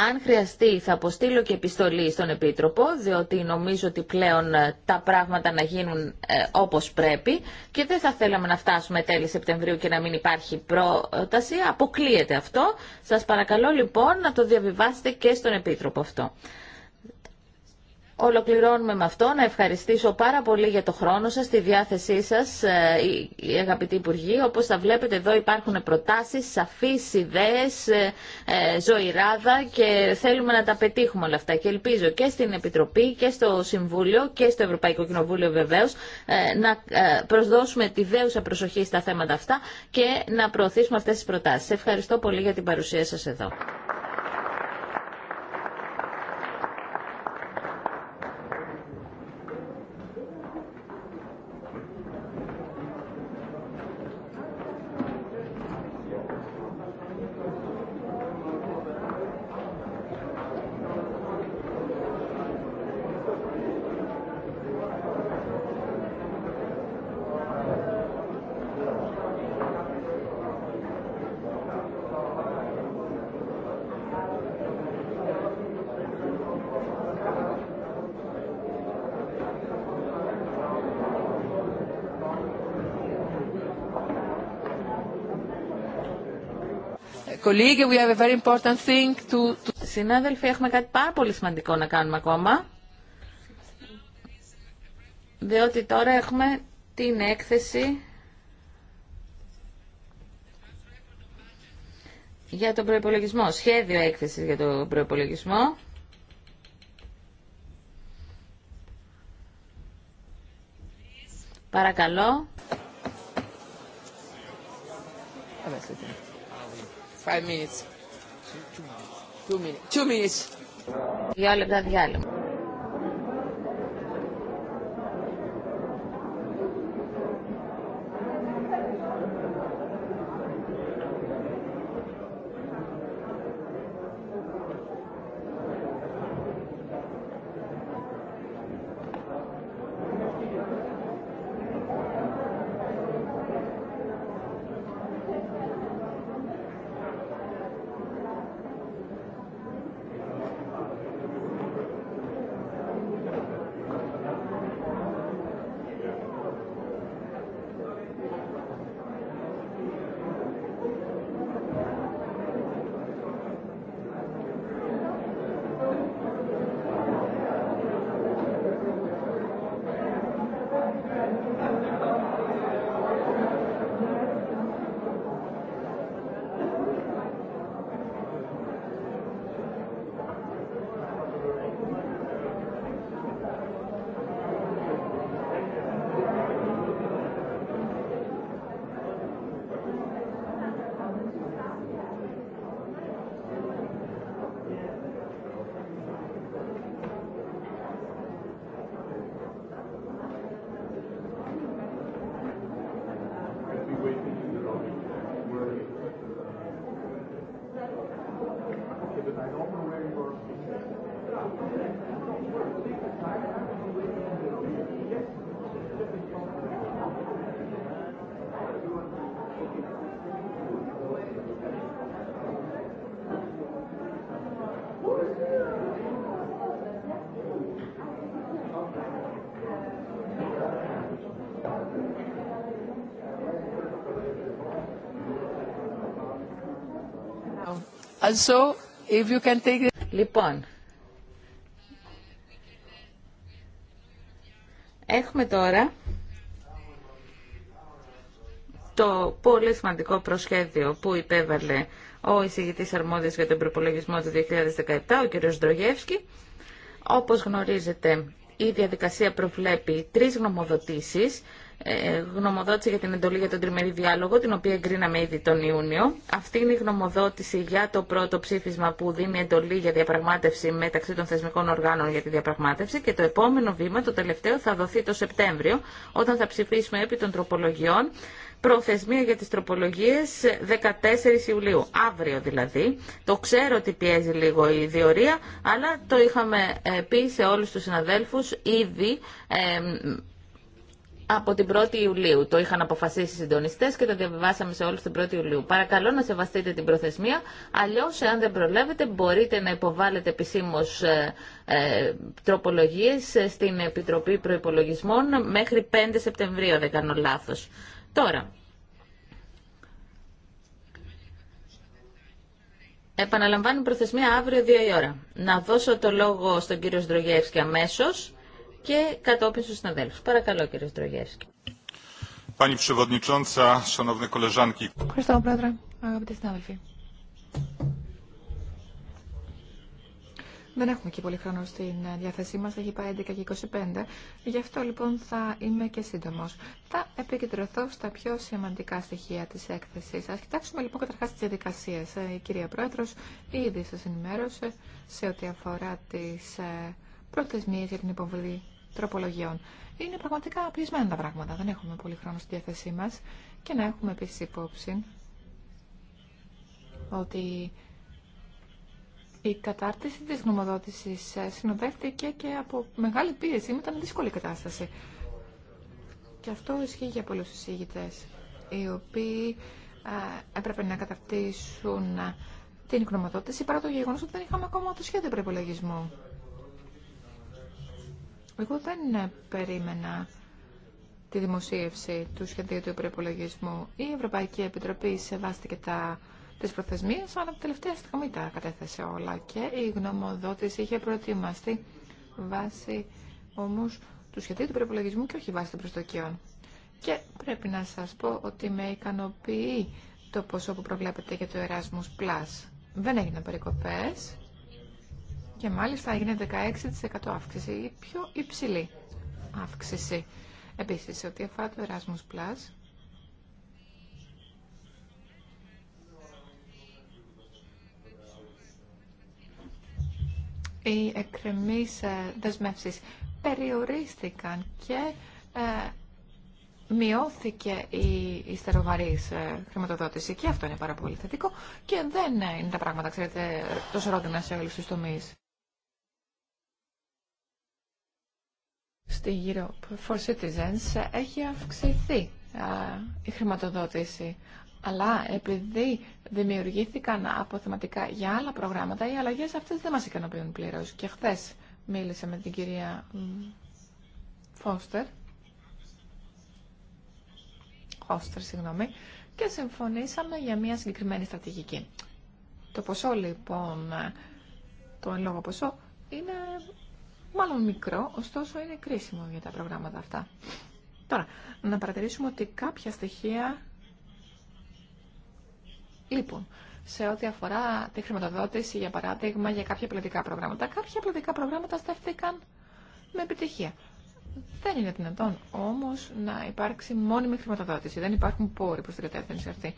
αν χρειαστεί θα αποστείλω και επιστολή στον Επίτροπο, διότι νομίζω ότι πλέον ε, τα πράγματα να γίνουν ε, όπως πρέπει και δεν θα θέλαμε να φτάσουμε τέλη Σεπτεμβρίου και να μην υπάρχει πρόταση. Αποκλείεται αυτό. Σας παρακαλώ λοιπόν να το διαβιβάσετε και στον Επίτροπο αυτό. Ολοκληρώνουμε με αυτό. Να ευχαριστήσω πάρα πολύ για το χρόνο σας, τη διάθεσή σας, ε, αγαπητοί Υπουργοί. Όπως θα βλέπετε εδώ υπάρχουν προτάσεις, σαφείς ιδέες, ε, ε, ζωηράδα και θέλουμε να τα πετύχουμε όλα αυτά. Και ελπίζω και στην Επιτροπή και στο Συμβούλιο και στο Ευρωπαϊκό Κοινοβούλιο βεβαίως να προσδώσουμε τη δέουσα προσοχή στα θέματα αυτά και να προωθήσουμε αυτές τις προτάσεις. Ευχαριστώ πολύ για την παρουσία σας εδώ. we have a very important thing to... Συνάδελφοι, έχουμε κάτι πάρα πολύ σημαντικό να κάνουμε ακόμα. Διότι τώρα έχουμε την έκθεση για τον προϋπολογισμό, σχέδιο έκθεσης για τον προϋπολογισμό. Παρακαλώ. Five minutes. Two minutes. Two minutes. Δύο λεπτά Λοιπόν, έχουμε τώρα το πολύ σημαντικό προσχέδιο που υπέβαλε ο εισηγητής αρμόδιος για τον προπολογισμό του 2017, ο κ. Ντρογεύσκη. Όπως γνωρίζετε, η διαδικασία προβλέπει τρεις γνωμοδοτήσεις ε, γνωμοδότηση για την εντολή για τον τριμερή διάλογο, την οποία εγκρίναμε ήδη τον Ιούνιο. Αυτή είναι η γνωμοδότηση για το πρώτο ψήφισμα που δίνει εντολή για διαπραγμάτευση μεταξύ των θεσμικών οργάνων για τη διαπραγμάτευση και το επόμενο βήμα, το τελευταίο, θα δοθεί το Σεπτέμβριο, όταν θα ψηφίσουμε επί των τροπολογιών. Προθεσμία για τις τροπολογίες 14 Ιουλίου, αύριο δηλαδή. Το ξέρω ότι πιέζει λίγο η διορία, αλλά το είχαμε ε, πει σε όλους τους συναδέλφους ήδη ε, από την 1η Ιουλίου. Το είχαν αποφασίσει οι συντονιστέ και το διαβιβάσαμε σε όλου την 1η Ιουλίου. Παρακαλώ να σεβαστείτε την προθεσμία. Αλλιώ, εάν δεν προλάβετε, μπορείτε να υποβάλλετε επισήμω ε, ε τροπολογίε στην Επιτροπή Προπολογισμών μέχρι 5 Σεπτεμβρίου, δεν κάνω λάθο. Τώρα. Επαναλαμβάνω προθεσμία αύριο 2 η ώρα. Να δώσω το λόγο στον κύριο Σδρογεύσκη αμέσως και κατόπιν στους συναδέλφους. Παρακαλώ κύριε Στρογεύσκη. Pani Przewodnicząca, szanowne koleżanki. Ευχαριστώ πρόεδρε, αγαπητοί συνάδελφοι. Δεν έχουμε και πολύ χρόνο στην ε, διάθεσή μας, έχει πάει 11 και 25. Γι' αυτό λοιπόν θα είμαι και σύντομο. Θα επικεντρωθώ στα πιο σημαντικά στοιχεία της έκθεσης. Α. κοιτάξουμε λοιπόν καταρχάς τις διαδικασίες. Ε, η κυρία Πρόεδρο, ήδη σα ενημέρωσε σε ό,τι αφορά τις ε, προθεσμίες για την υποβολή τροπολογιών. Είναι πραγματικά απλισμένα τα πράγματα. Δεν έχουμε πολύ χρόνο στη διάθεσή μας και να έχουμε επίση υπόψη ότι η κατάρτιση της γνωμοδότησης συνοδεύτηκε και από μεγάλη πίεση. Ήταν δύσκολη κατάσταση. Και αυτό ισχύει για πολλούς εισηγητές, οι οποίοι έπρεπε να καταρτήσουν την γνωμοδότηση παρά το γεγονό ότι δεν είχαμε ακόμα το σχέδιο προπολογισμού. Εγώ δεν περίμενα τη δημοσίευση του σχεδίου του προπολογισμού. Η Ευρωπαϊκή Επιτροπή σεβάστηκε τα τι προθεσμίε, αλλά τελευταία στιγμή τα κατέθεσε όλα και η γνωμοδότηση είχε προετοιμαστεί βάσει όμως του σχεδίου του προπολογισμού και όχι βάσει των προσδοκιών. Και πρέπει να σας πω ότι με ικανοποιεί το ποσό που προβλέπετε για το Erasmus Plus. Δεν έγιναν περικοπές, και μάλιστα έγινε 16% αύξηση, η πιο υψηλή αύξηση. Επίσης, σε ό,τι αφορά το Erasmus Plus, οι εκκρεμείς ε, δεσμεύσεις περιορίστηκαν και ε, μειώθηκε η ιστεροβαρής ε, χρηματοδότηση και αυτό είναι πάρα πολύ θετικό και δεν είναι τα πράγματα, ξέρετε, τόσο ρόδινα σε όλους τους τομείς. στη Europe for Citizens ε, έχει αυξηθεί η χρηματοδότηση. Αλλά επειδή δημιουργήθηκαν αποθεματικά για άλλα προγράμματα, οι αλλαγέ αυτέ δεν μα ικανοποιούν πλήρω. Και χθε μίλησα με την κυρία Φώστερ. Φώστερ, συγγνώμη. Και συμφωνήσαμε για μια συγκεκριμένη στρατηγική. Το ποσό λοιπόν, το εν λόγω ποσό, είναι μάλλον μικρό, ωστόσο είναι κρίσιμο για τα προγράμματα αυτά. Τώρα, να παρατηρήσουμε ότι κάποια στοιχεία λείπουν λοιπόν, σε ό,τι αφορά τη χρηματοδότηση, για παράδειγμα, για κάποια πολιτικά προγράμματα. Κάποια πολιτικά προγράμματα στεφτήκαν με επιτυχία. Δεν είναι δυνατόν όμω να υπάρξει μόνιμη χρηματοδότηση. Δεν υπάρχουν πόροι προ την κατεύθυνση αυτή.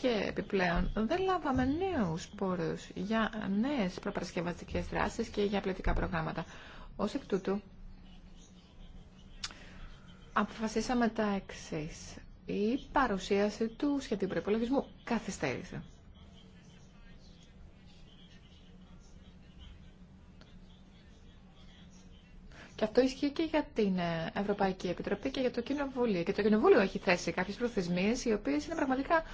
Και επιπλέον δεν λάβαμε νέου πόρου για νέε προπαρασκευαστικέ δράσει και για πολιτικά προγράμματα. Ως εκ τούτου, αποφασίσαμε τα εξή. Η παρουσίαση του σχεδίου προπολογισμού καθυστέρησε. Και αυτό ισχύει και για την ε, Ευρωπαϊκή Επιτροπή και για το Κοινοβούλιο. Και το Κοινοβούλιο έχει θέσει κάποιε προθεσμίε οι οποίε είναι πραγματικά ε,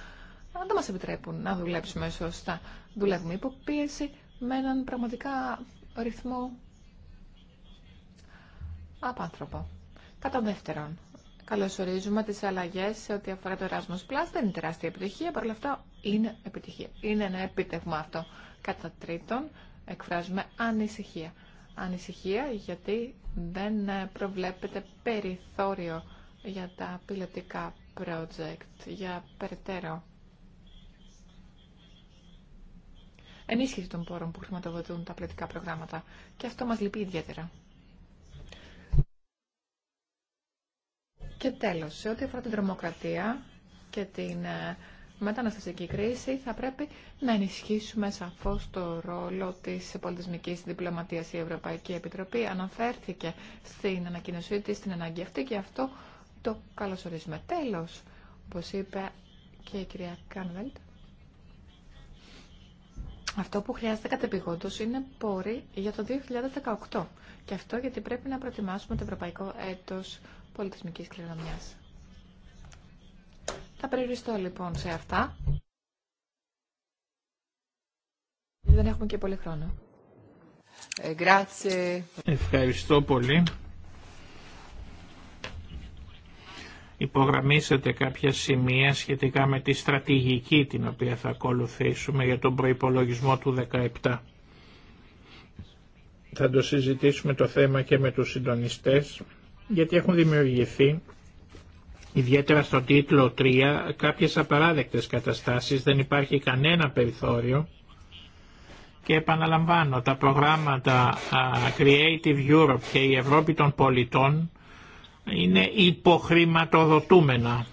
δεν μα επιτρέπουν να δουλέψουμε σωστά. Δουλεύουμε υπό πίεση με έναν πραγματικά ρυθμό απάνθρωπο. Κατά δεύτερον, καλωσορίζουμε τι αλλαγέ σε ό,τι αφορά το Erasmus Plus. Δεν είναι τεράστια επιτυχία, παρ' όλα αυτά είναι επιτυχία. Είναι ένα επίτευγμα αυτό. Κατά τρίτον, εκφράζουμε ανησυχία. Ανησυχία γιατί δεν προβλέπεται περιθώριο για τα πιλωτικά project, για περαιτέρω ενίσχυση των πόρων που χρηματοδοτούν τα πιλωτικά προγράμματα. Και αυτό μας λυπεί ιδιαίτερα. Και τέλος, σε ό,τι αφορά την τρομοκρατία και την ε, μεταναστευτική κρίση, θα πρέπει να ενισχύσουμε σαφώς το ρόλο της πολιτισμικής διπλωματίας. Η Ευρωπαϊκή Επιτροπή αναφέρθηκε στην ανακοίνωσή της στην ανάγκη αυτή και αυτό το καλωσορίζουμε. Τέλος, όπως είπε και η κυρία Κάνβελτ, αυτό που χρειάζεται κατεπηγόντως είναι πόροι για το 2018. Και αυτό γιατί πρέπει να προετοιμάσουμε το Ευρωπαϊκό Έτος πολιτισμικής κληρονομιάς. Θα περιοριστώ λοιπόν σε αυτά. Δεν έχουμε και πολύ χρόνο. Ε, Ευχαριστώ πολύ. Υπογραμμίσατε κάποια σημεία σχετικά με τη στρατηγική την οποία θα ακολουθήσουμε για τον προϋπολογισμό του 17. Θα το συζητήσουμε το θέμα και με τους συντονιστές γιατί έχουν δημιουργηθεί ιδιαίτερα στον τίτλο 3 κάποιες απαράδεκτες καταστάσεις, δεν υπάρχει κανένα περιθώριο και επαναλαμβάνω τα προγράμματα Creative Europe και η Ευρώπη των πολιτών είναι υποχρηματοδοτούμενα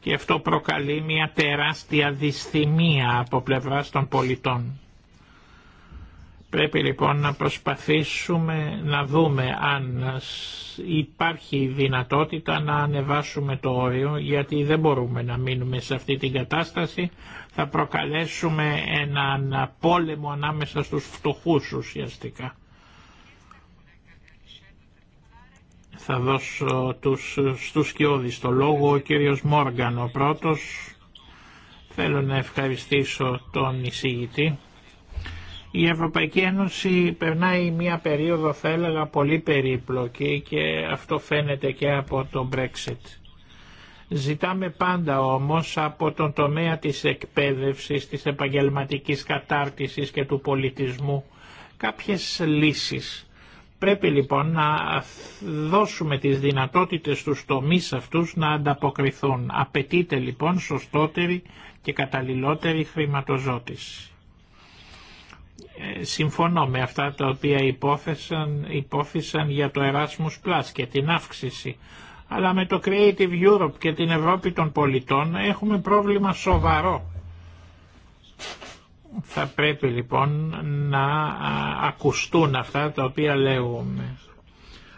και αυτό προκαλεί μια τεράστια δυσθυμία από πλευράς των πολιτών. Πρέπει λοιπόν να προσπαθήσουμε να δούμε αν υπάρχει δυνατότητα να ανεβάσουμε το όριο γιατί δεν μπορούμε να μείνουμε σε αυτή την κατάσταση. Θα προκαλέσουμε έναν πόλεμο ανάμεσα στους φτωχούς ουσιαστικά. Θα δώσω τους, στους κοιόδης το λόγο ο κύριος Μόργαν ο πρώτος. Θέλω να ευχαριστήσω τον εισηγητή η Ευρωπαϊκή Ένωση περνάει μια περίοδο θα έλεγα πολύ περίπλοκη και αυτό φαίνεται και από το Brexit. Ζητάμε πάντα όμως από τον τομέα της εκπαίδευσης, της επαγγελματικής κατάρτισης και του πολιτισμού κάποιες λύσεις. Πρέπει λοιπόν να δώσουμε τις δυνατότητες στους τομείς αυτούς να ανταποκριθούν. Απαιτείται λοιπόν σωστότερη και καταλληλότερη χρηματοζώτηση. Ε, συμφωνώ με αυτά τα οποία υπόθεσαν, για το Erasmus Plus και την αύξηση. Αλλά με το Creative Europe και την Ευρώπη των πολιτών έχουμε πρόβλημα σοβαρό. Θα πρέπει λοιπόν να ακουστούν αυτά τα οποία λέγουμε.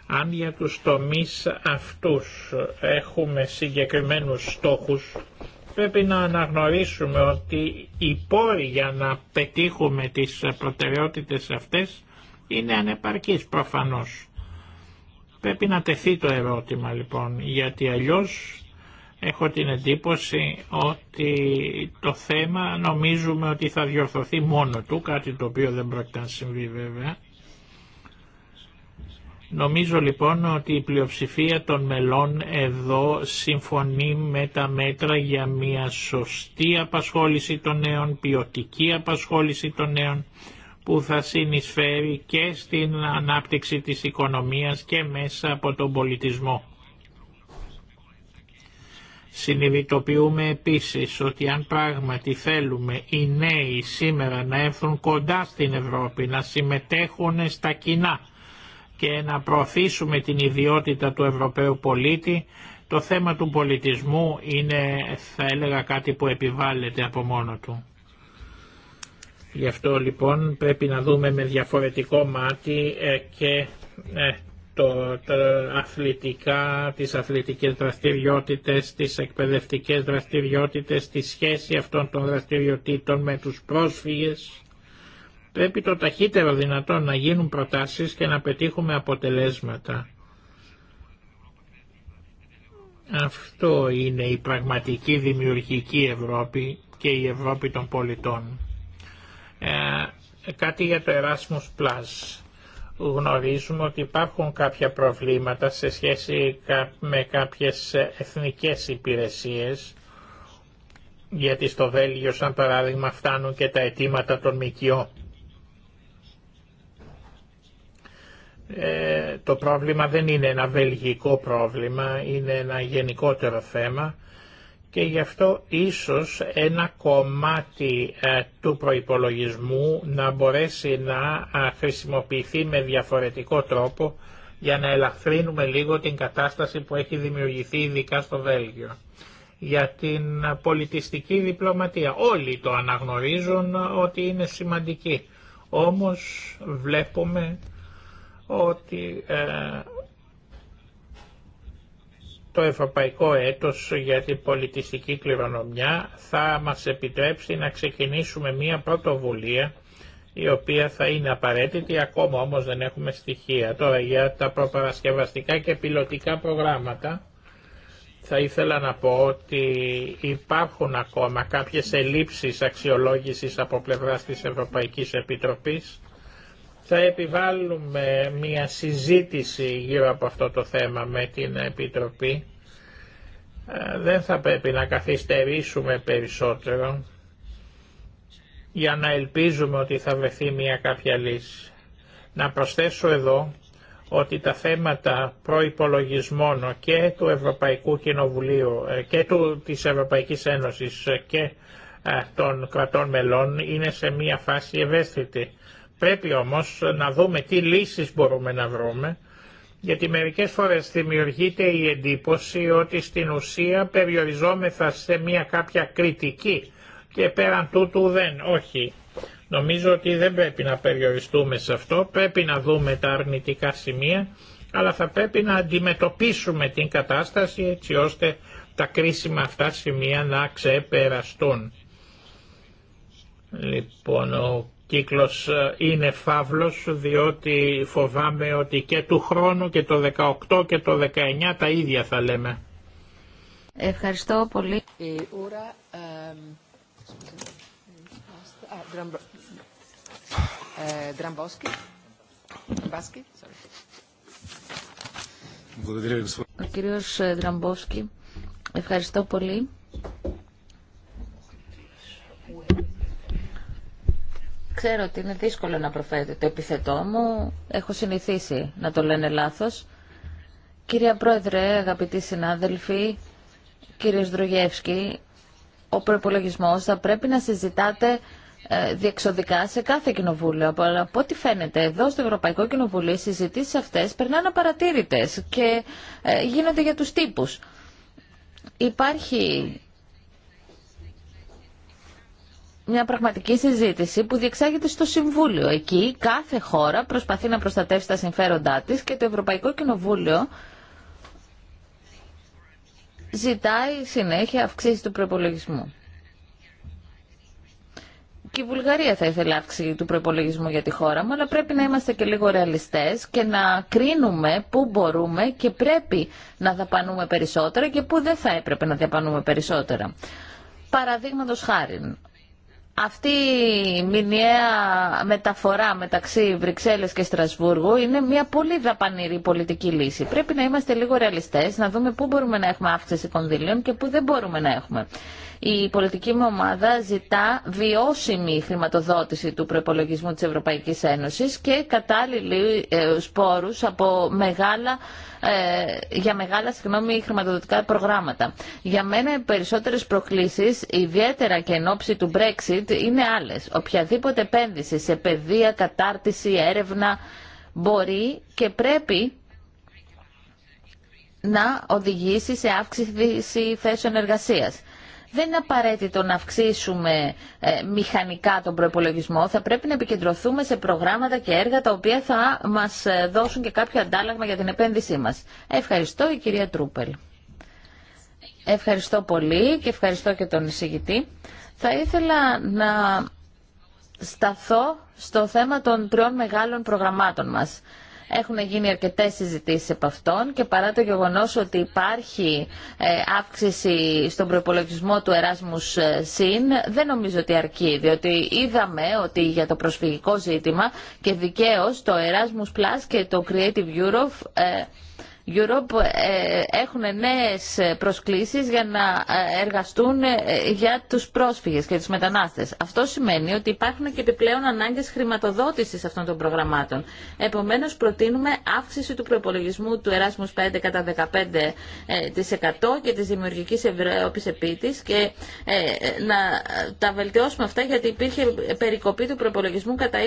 Αν για τους τομείς αυτούς έχουμε συγκεκριμένους στόχους, πρέπει να αναγνωρίσουμε ότι οι πόροι για να πετύχουμε τις προτεραιότητες αυτές είναι ανεπαρκείς προφανώς. Πρέπει να τεθεί το ερώτημα λοιπόν, γιατί αλλιώς έχω την εντύπωση ότι το θέμα νομίζουμε ότι θα διορθωθεί μόνο του, κάτι το οποίο δεν πρόκειται να συμβεί βέβαια, Νομίζω λοιπόν ότι η πλειοψηφία των μελών εδώ συμφωνεί με τα μέτρα για μια σωστή απασχόληση των νέων, ποιοτική απασχόληση των νέων που θα συνεισφέρει και στην ανάπτυξη της οικονομίας και μέσα από τον πολιτισμό. Συνειδητοποιούμε επίσης ότι αν πράγματι θέλουμε οι νέοι σήμερα να έρθουν κοντά στην Ευρώπη, να συμμετέχουν στα κοινά, και να προωθήσουμε την ιδιότητα του Ευρωπαίου πολίτη, το θέμα του πολιτισμού είναι, θα έλεγα, κάτι που επιβάλλεται από μόνο του. Γι' αυτό λοιπόν πρέπει να δούμε με διαφορετικό μάτι ε, και ε, το, αθλητικά, τις αθλητικές δραστηριότητες, τις εκπαιδευτικές δραστηριότητες, τη σχέση αυτών των δραστηριοτήτων με τους πρόσφυγες Πρέπει το ταχύτερο δυνατόν να γίνουν προτάσεις και να πετύχουμε αποτελέσματα. Αυτό είναι η πραγματική δημιουργική Ευρώπη και η Ευρώπη των πολιτών. Ε, κάτι για το Erasmus Plus. Γνωρίζουμε ότι υπάρχουν κάποια προβλήματα σε σχέση με κάποιες εθνικές υπηρεσίες, γιατί στο Βέλγιο, σαν παράδειγμα, φτάνουν και τα αιτήματα των ΜΚΙΟ. Ε, το πρόβλημα δεν είναι ένα βελγικό πρόβλημα, είναι ένα γενικότερο θέμα και γι' αυτό ίσως ένα κομμάτι ε, του προϋπολογισμού να μπορέσει να χρησιμοποιηθεί με διαφορετικό τρόπο για να ελαφρύνουμε λίγο την κατάσταση που έχει δημιουργηθεί ειδικά στο Βέλγιο. Για την πολιτιστική διπλωματία όλοι το αναγνωρίζουν ότι είναι σημαντική. Όμως βλέπουμε ότι ε, το Ευρωπαϊκό Έτος για την Πολιτιστική Κληρονομιά θα μας επιτρέψει να ξεκινήσουμε μία πρωτοβουλία η οποία θα είναι απαραίτητη, ακόμα όμως δεν έχουμε στοιχεία. Τώρα για τα προπαρασκευαστικά και πιλωτικά προγράμματα θα ήθελα να πω ότι υπάρχουν ακόμα κάποιες ελλείψεις αξιολόγησης από πλευράς της Ευρωπαϊκής Επιτροπής θα επιβάλλουμε μια συζήτηση γύρω από αυτό το θέμα με την Επιτροπή. Ε, δεν θα πρέπει να καθυστερήσουμε περισσότερο για να ελπίζουμε ότι θα βρεθεί μια κάποια λύση. Να προσθέσω εδώ ότι τα θέματα προϋπολογισμών και του Ευρωπαϊκού Κοινοβουλίου ε, και του, της Ευρωπαϊκής Ένωσης ε, και των κρατών μελών είναι σε μια φάση ευαίσθητη. Πρέπει όμως να δούμε τι λύσεις μπορούμε να βρούμε, γιατί μερικές φορές δημιουργείται η εντύπωση ότι στην ουσία περιοριζόμεθα σε μια κάποια κριτική και πέραν τούτου δεν, όχι. Νομίζω ότι δεν πρέπει να περιοριστούμε σε αυτό, πρέπει να δούμε τα αρνητικά σημεία, αλλά θα πρέπει να αντιμετωπίσουμε την κατάσταση έτσι ώστε τα κρίσιμα αυτά σημεία να ξεπεραστούν. Λοιπόν, κύκλος ε, είναι φαύλος διότι φοβάμαι ότι και του χρόνου και το 18 και το 19 τα ίδια θα λέμε. Ευχαριστώ πολύ. Ε, Ο κύριος ε, Δραμπόσκι, ευχαριστώ πολύ. Ξέρω ότι είναι δύσκολο να προφέρετε το επιθετό μου. Έχω συνηθίσει να το λένε λάθος. Κυρία Πρόεδρε, αγαπητοί συνάδελφοι, κύριε Σδρογεύσκη, ο προπολογισμό θα πρέπει να συζητάτε διεξοδικά σε κάθε κοινοβούλιο. Αλλά από ό,τι φαίνεται εδώ στο Ευρωπαϊκό Κοινοβούλιο οι συζητήσει αυτές περνάνε παρατήρητε και ε, γίνονται για του τύπου. Υπάρχει μια πραγματική συζήτηση που διεξάγεται στο Συμβούλιο. Εκεί κάθε χώρα προσπαθεί να προστατεύσει τα συμφέροντά της και το Ευρωπαϊκό Κοινοβούλιο ζητάει συνέχεια αυξήσει του προπολογισμού. Και η Βουλγαρία θα ήθελε αύξηση του προπολογισμού για τη χώρα μου, αλλά πρέπει να είμαστε και λίγο ρεαλιστές και να κρίνουμε πού μπορούμε και πρέπει να δαπανούμε περισσότερα και πού δεν θα έπρεπε να δαπανούμε περισσότερα. Παραδείγματος χάρη, αυτή η μηνιαία μεταφορά μεταξύ Βρυξέλλες και Στρασβούργου είναι μια πολύ δαπανηρή πολιτική λύση. Πρέπει να είμαστε λίγο ρεαλιστές, να δούμε πού μπορούμε να έχουμε αύξηση κονδυλίων και πού δεν μπορούμε να έχουμε. Η πολιτική μου ομάδα ζητά βιώσιμη χρηματοδότηση του προπολογισμού της Ευρωπαϊκής Ένωσης και κατάλληλοι ε, σπόρους από μεγάλα, ε, για μεγάλα χρηματοδοτικά προγράμματα. Για μένα οι περισσότερες προκλήσεις, ιδιαίτερα και εν ώψη του Brexit, είναι άλλε. Οποιαδήποτε επένδυση σε παιδεία, κατάρτιση, έρευνα μπορεί και πρέπει να οδηγήσει σε αύξηση θέσεων εργασία. Δεν είναι απαραίτητο να αυξήσουμε ε, μηχανικά τον προπολογισμό. Θα πρέπει να επικεντρωθούμε σε προγράμματα και έργα τα οποία θα μας ε, δώσουν και κάποιο αντάλλαγμα για την επένδυσή μας. Ευχαριστώ η κυρία Τρούπελ. Ευχαριστώ πολύ και ευχαριστώ και τον εισηγητή. Θα ήθελα να σταθώ στο θέμα των τριών μεγάλων προγραμμάτων μας. Έχουν γίνει αρκετές συζητήσεις από αυτόν και παρά το γεγονός ότι υπάρχει ε, αύξηση στον προπολογισμό του Erasmus ε, ΣΥΝ, δεν νομίζω ότι αρκεί, διότι είδαμε ότι για το προσφυγικό ζήτημα και δικαίως το Erasmus Plus και το Creative Europe ε, Europe ε, έχουν νέες προσκλήσεις για να ε, εργαστούν ε, για τους πρόσφυγες και τους μετανάστες. Αυτό σημαίνει ότι υπάρχουν και επιπλέον ανάγκες χρηματοδότησης αυτών των προγραμμάτων. Επομένως προτείνουμε αύξηση του προπολογισμού του Erasmus 5 κατά 15% και της Δημιουργικής Ευρώπης Επίτης και να τα βελτιώσουμε αυτά γιατί υπήρχε περικοπή του προπολογισμού κατά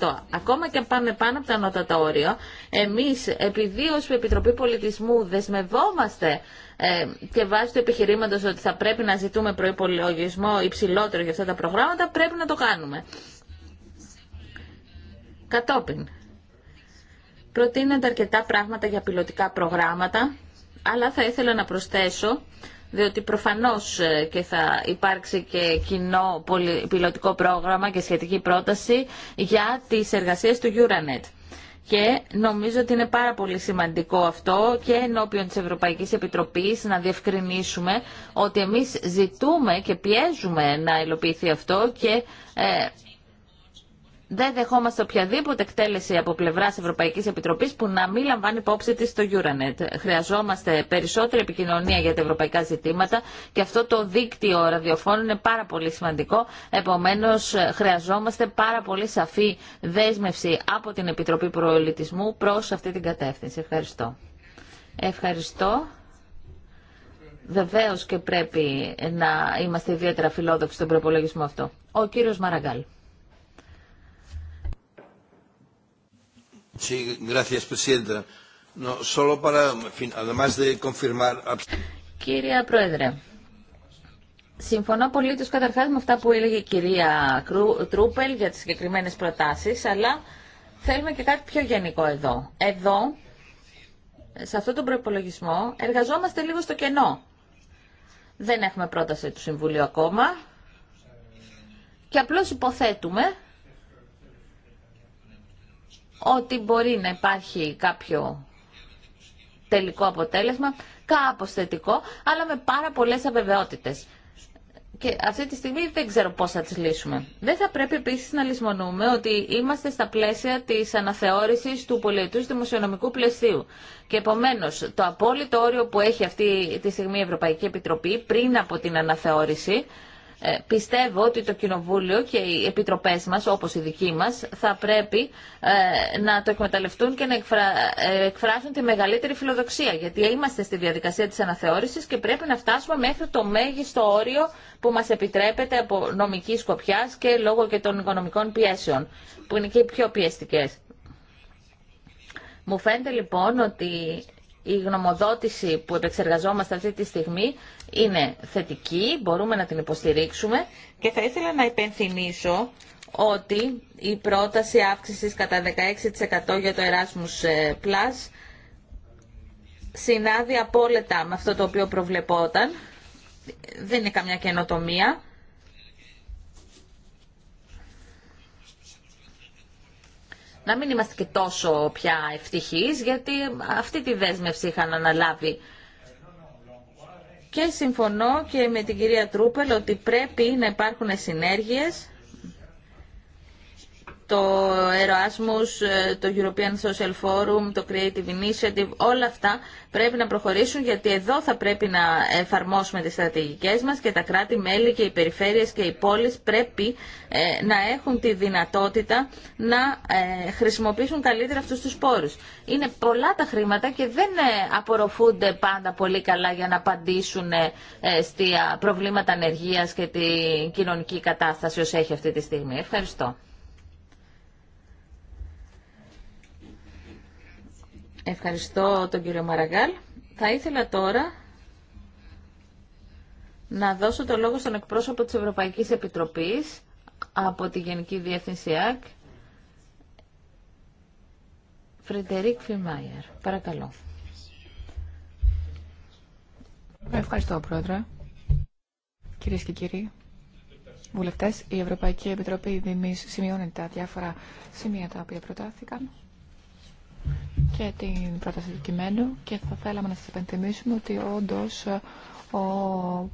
20%. Ακόμα και αν πάμε πάνω από τα ανώτατα όρια, εμείς επειδή ως Επιτροπή Επιτροπή Πολιτισμού δεσμευόμαστε ε, και βάσει του επιχειρήματο ότι θα πρέπει να ζητούμε προπολογισμό υψηλότερο για αυτά τα προγράμματα, πρέπει να το κάνουμε. Κατόπιν, προτείνονται αρκετά πράγματα για πιλωτικά προγράμματα, αλλά θα ήθελα να προσθέσω διότι προφανώς ε, και θα υπάρξει και κοινό πιλωτικό πρόγραμμα και σχετική πρόταση για τις εργασίες του Euronet και νομίζω ότι είναι πάρα πολύ σημαντικό αυτό και ενώπιον της Ευρωπαϊκής Επιτροπής να διευκρινίσουμε ότι εμείς ζητούμε και πιέζουμε να υλοποιηθεί αυτό και ε, δεν δεχόμαστε οποιαδήποτε εκτέλεση από πλευρά Ευρωπαϊκή Επιτροπή που να μην λαμβάνει υπόψη τη στο Euronet. Χρειαζόμαστε περισσότερη επικοινωνία για τα ευρωπαϊκά ζητήματα και αυτό το δίκτυο ραδιοφώνου είναι πάρα πολύ σημαντικό. Επομένω, χρειαζόμαστε πάρα πολύ σαφή δέσμευση από την Επιτροπή Προελιτισμού προ αυτή την κατεύθυνση. Ευχαριστώ. Ευχαριστώ. Βεβαίω και πρέπει να είμαστε ιδιαίτερα φιλόδοξοι στον προπολογισμό αυτό. Ο κύριο Μαραγκάλ. Sí, Κύριε Πρόεδρε, συμφωνώ πολύ τους καταρχάς με αυτά που έλεγε η κυρία Τρούπελ για τις συγκεκριμένες προτάσεις, αλλά θέλουμε και κάτι πιο γενικό εδώ. Εδώ, σε αυτόν τον προπολογισμό, εργαζόμαστε λίγο στο κενό. Δεν έχουμε πρόταση του Συμβουλίου ακόμα και απλώς υποθέτουμε ότι μπορεί να υπάρχει κάποιο τελικό αποτέλεσμα, κάπως θετικό, αλλά με πάρα πολλές αβεβαιότητες. Και αυτή τη στιγμή δεν ξέρω πώς θα τις λύσουμε. Δεν θα πρέπει επίσης να λησμονούμε ότι είμαστε στα πλαίσια της αναθεώρησης του πολιετούς δημοσιονομικού πλαισίου. Και επομένως το απόλυτο όριο που έχει αυτή τη στιγμή η Ευρωπαϊκή Επιτροπή πριν από την αναθεώρηση ε, πιστεύω ότι το Κοινοβούλιο και οι επιτροπές μας, όπως οι δικοί μας, θα πρέπει ε, να το εκμεταλλευτούν και να ε, εκφράσουν τη μεγαλύτερη φιλοδοξία, γιατί είμαστε στη διαδικασία της αναθεώρησης και πρέπει να φτάσουμε μέχρι το μέγιστο όριο που μας επιτρέπεται από νομική σκοπιά και λόγω και των οικονομικών πιέσεων, που είναι και οι πιο πιεστικές. Μου φαίνεται λοιπόν ότι η γνωμοδότηση που επεξεργαζόμαστε αυτή τη στιγμή είναι θετική, μπορούμε να την υποστηρίξουμε και θα ήθελα να υπενθυμίσω ότι η πρόταση αύξησης κατά 16% για το Erasmus ε, Plus συνάδει απόλυτα με αυτό το οποίο προβλεπόταν. Δεν είναι καμιά καινοτομία. να μην είμαστε και τόσο πια ευτυχείς, γιατί αυτή τη δέσμευση είχαν αναλάβει. Και συμφωνώ και με την κυρία Τρούπελ ότι πρέπει να υπάρχουν συνέργειες το Erasmus, το European Social Forum, το Creative Initiative, όλα αυτά πρέπει να προχωρήσουν γιατί εδώ θα πρέπει να εφαρμόσουμε τις στρατηγικές μας και τα κράτη-μέλη και οι περιφέρειες και οι πόλεις πρέπει ε, να έχουν τη δυνατότητα να ε, χρησιμοποιήσουν καλύτερα αυτούς τους πόρους. Είναι πολλά τα χρήματα και δεν ε, απορροφούνται πάντα πολύ καλά για να απαντήσουν στα προβλήματα ανεργίας και την κοινωνική κατάσταση όσο έχει αυτή τη στιγμή. Ευχαριστώ. Ευχαριστώ τον κύριο Μαραγκάλ. Θα ήθελα τώρα να δώσω το λόγο στον εκπρόσωπο της Ευρωπαϊκής Επιτροπής από τη Γενική Διεύθυνση ΑΚ, Φρεντερίκ Φιμάιερ. Παρακαλώ. Ευχαριστώ, Πρόεδρε. Κυρίε και κύριοι βουλευτέ, η Ευρωπαϊκή Επιτροπή Δημής σημειώνει τα διάφορα σημεία τα οποία προτάθηκαν και την πρόταση του κειμένου και θα θέλαμε να σας επενθυμίσουμε ότι όντως ε, ο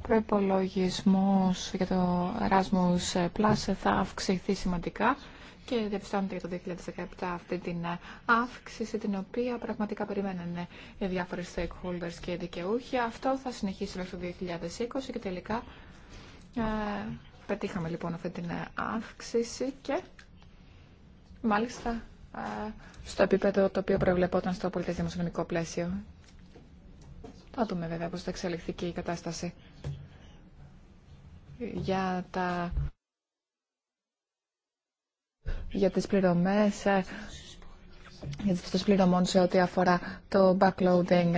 προπολογισμό για το Erasmus Plus θα αυξηθεί σημαντικά και διαπιστώνεται για το 2017 αυτή την ε, αύξηση την οποία πραγματικά περιμένανε οι διάφοροι stakeholders και οι δικαιούχοι. Αυτό θα συνεχίσει μέχρι το 2020 και τελικά ε, πετύχαμε λοιπόν αυτή την αύξηση και μάλιστα στο επίπεδο το οποίο προβλεπόταν στο πολιτές δημοσιονομικό πλαίσιο. Θα δούμε βέβαια πώς θα εξελιχθεί και η κατάσταση. Για, τα... για τις πληρωμές, ε, για τις πληρωμών σε ό,τι αφορά το backloading,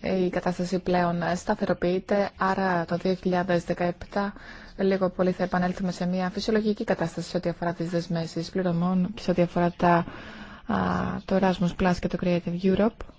ε, η κατάσταση πλέον σταθεροποιείται, άρα το 2017 λίγο πολύ θα επανέλθουμε σε μια φυσιολογική κατάσταση σε ό,τι αφορά τις δεσμέσεις πληρωμών και σε ό,τι αφορά τα, το Erasmus Plus και το Creative Europe.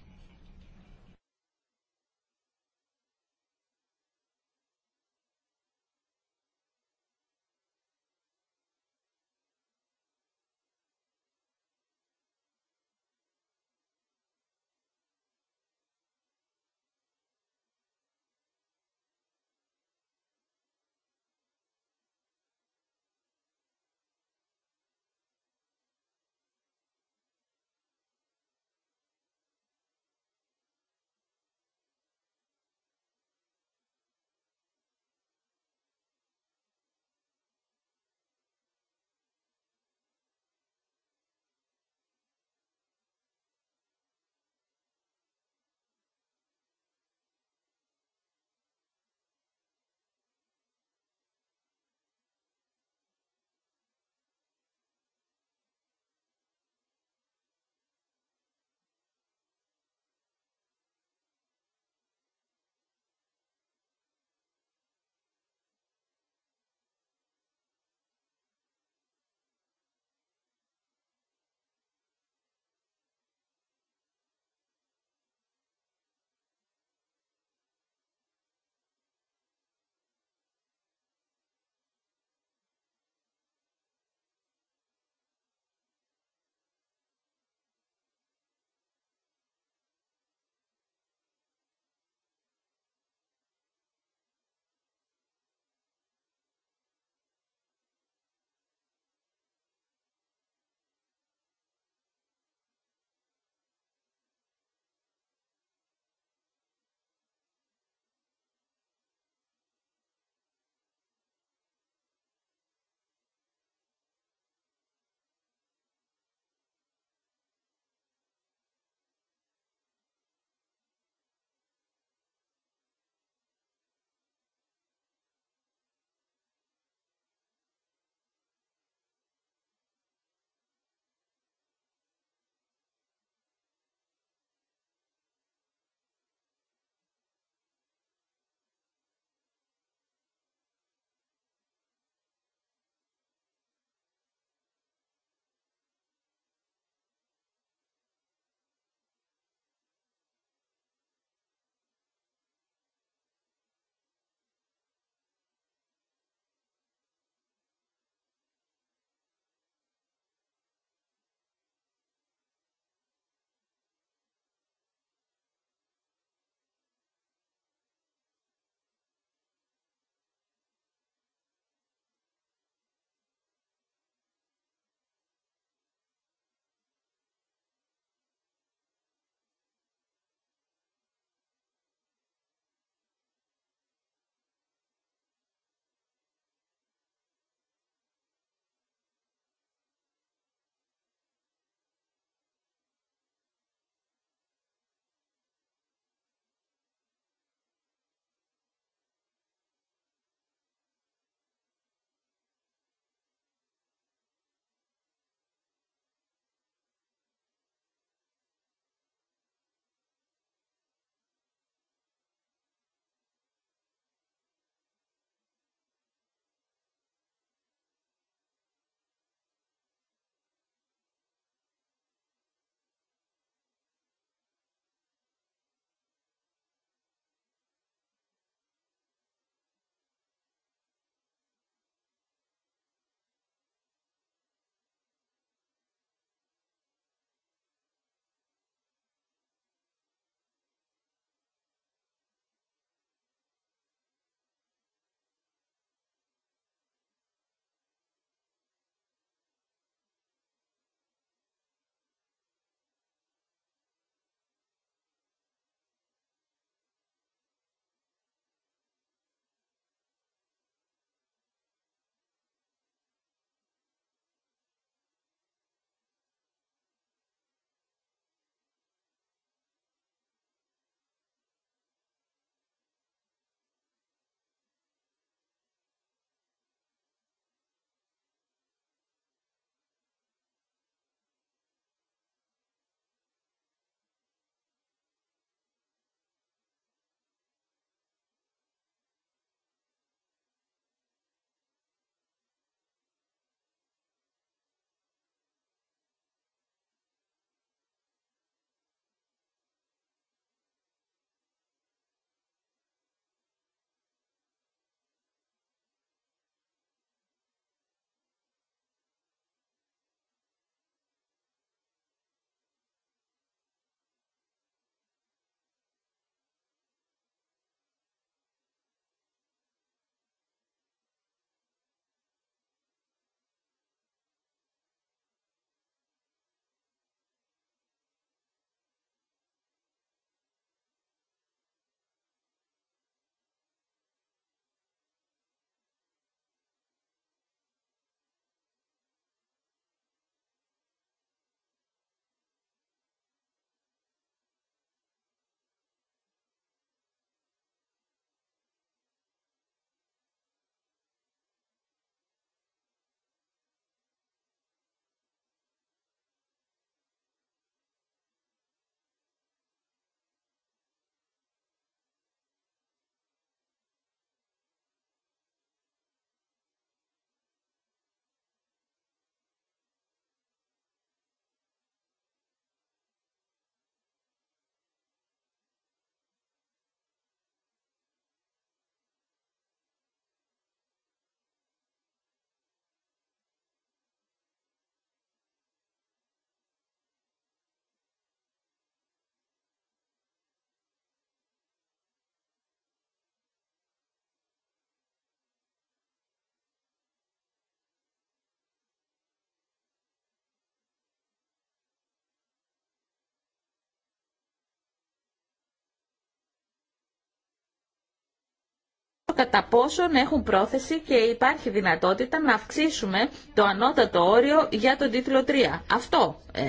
κατά πόσον έχουν πρόθεση και υπάρχει δυνατότητα να αυξήσουμε το ανώτατο όριο για τον τίτλο 3. Αυτό ε,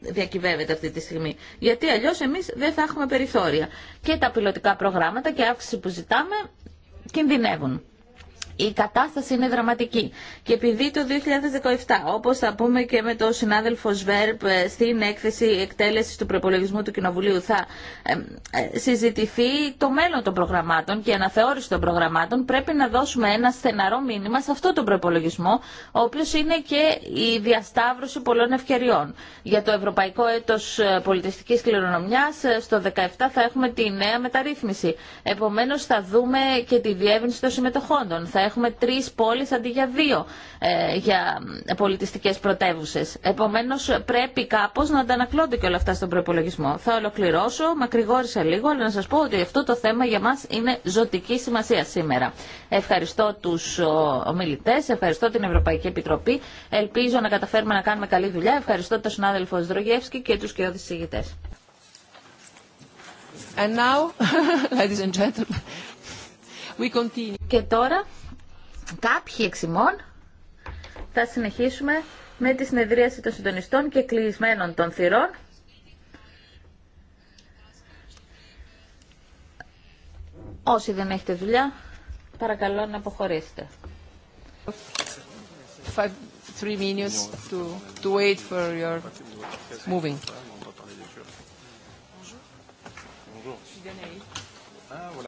διακυβεύεται αυτή τη στιγμή. Γιατί αλλιώς εμείς δεν θα έχουμε περιθώρια. Και τα πιλωτικά προγράμματα και αύξηση που ζητάμε κινδυνεύουν η κατάσταση είναι δραματική. Και επειδή το 2017, όπως θα πούμε και με τον συνάδελφο Σβέρπ ε, στην έκθεση εκτέλεσης του προπολογισμού του Κοινοβουλίου, θα ε, ε, συζητηθεί το μέλλον των προγραμμάτων και η αναθεώρηση των προγραμμάτων, πρέπει να δώσουμε ένα στεναρό μήνυμα σε αυτό τον προπολογισμό, ο οποίος είναι και η διασταύρωση πολλών ευκαιριών. Για το Ευρωπαϊκό Έτος Πολιτιστικής Κληρονομιάς, στο 2017 θα έχουμε τη νέα μεταρρύθμιση. Επομένως θα δούμε και τη διεύρυνση των συμμετοχόντων έχουμε τρει πόλει αντί για δύο ε, για πολιτιστικέ πρωτεύουσε. Επομένω, πρέπει κάπω να αντανακλώνται και όλα αυτά στον προπολογισμό. Θα ολοκληρώσω, μακρηγόρησα λίγο, αλλά να σα πω ότι αυτό το θέμα για μα είναι ζωτική σημασία σήμερα. Ευχαριστώ του ομιλητέ, ευχαριστώ την Ευρωπαϊκή Επιτροπή. Ελπίζω να καταφέρουμε να κάνουμε καλή δουλειά. Ευχαριστώ τον συνάδελφο Σδρογεύσκη και του κοιόδη And Και τώρα κάποιοι εξ ημών θα συνεχίσουμε με τη συνεδρίαση των συντονιστών και κλεισμένων των θυρών. Όσοι δεν έχετε δουλειά, παρακαλώ να αποχωρήσετε.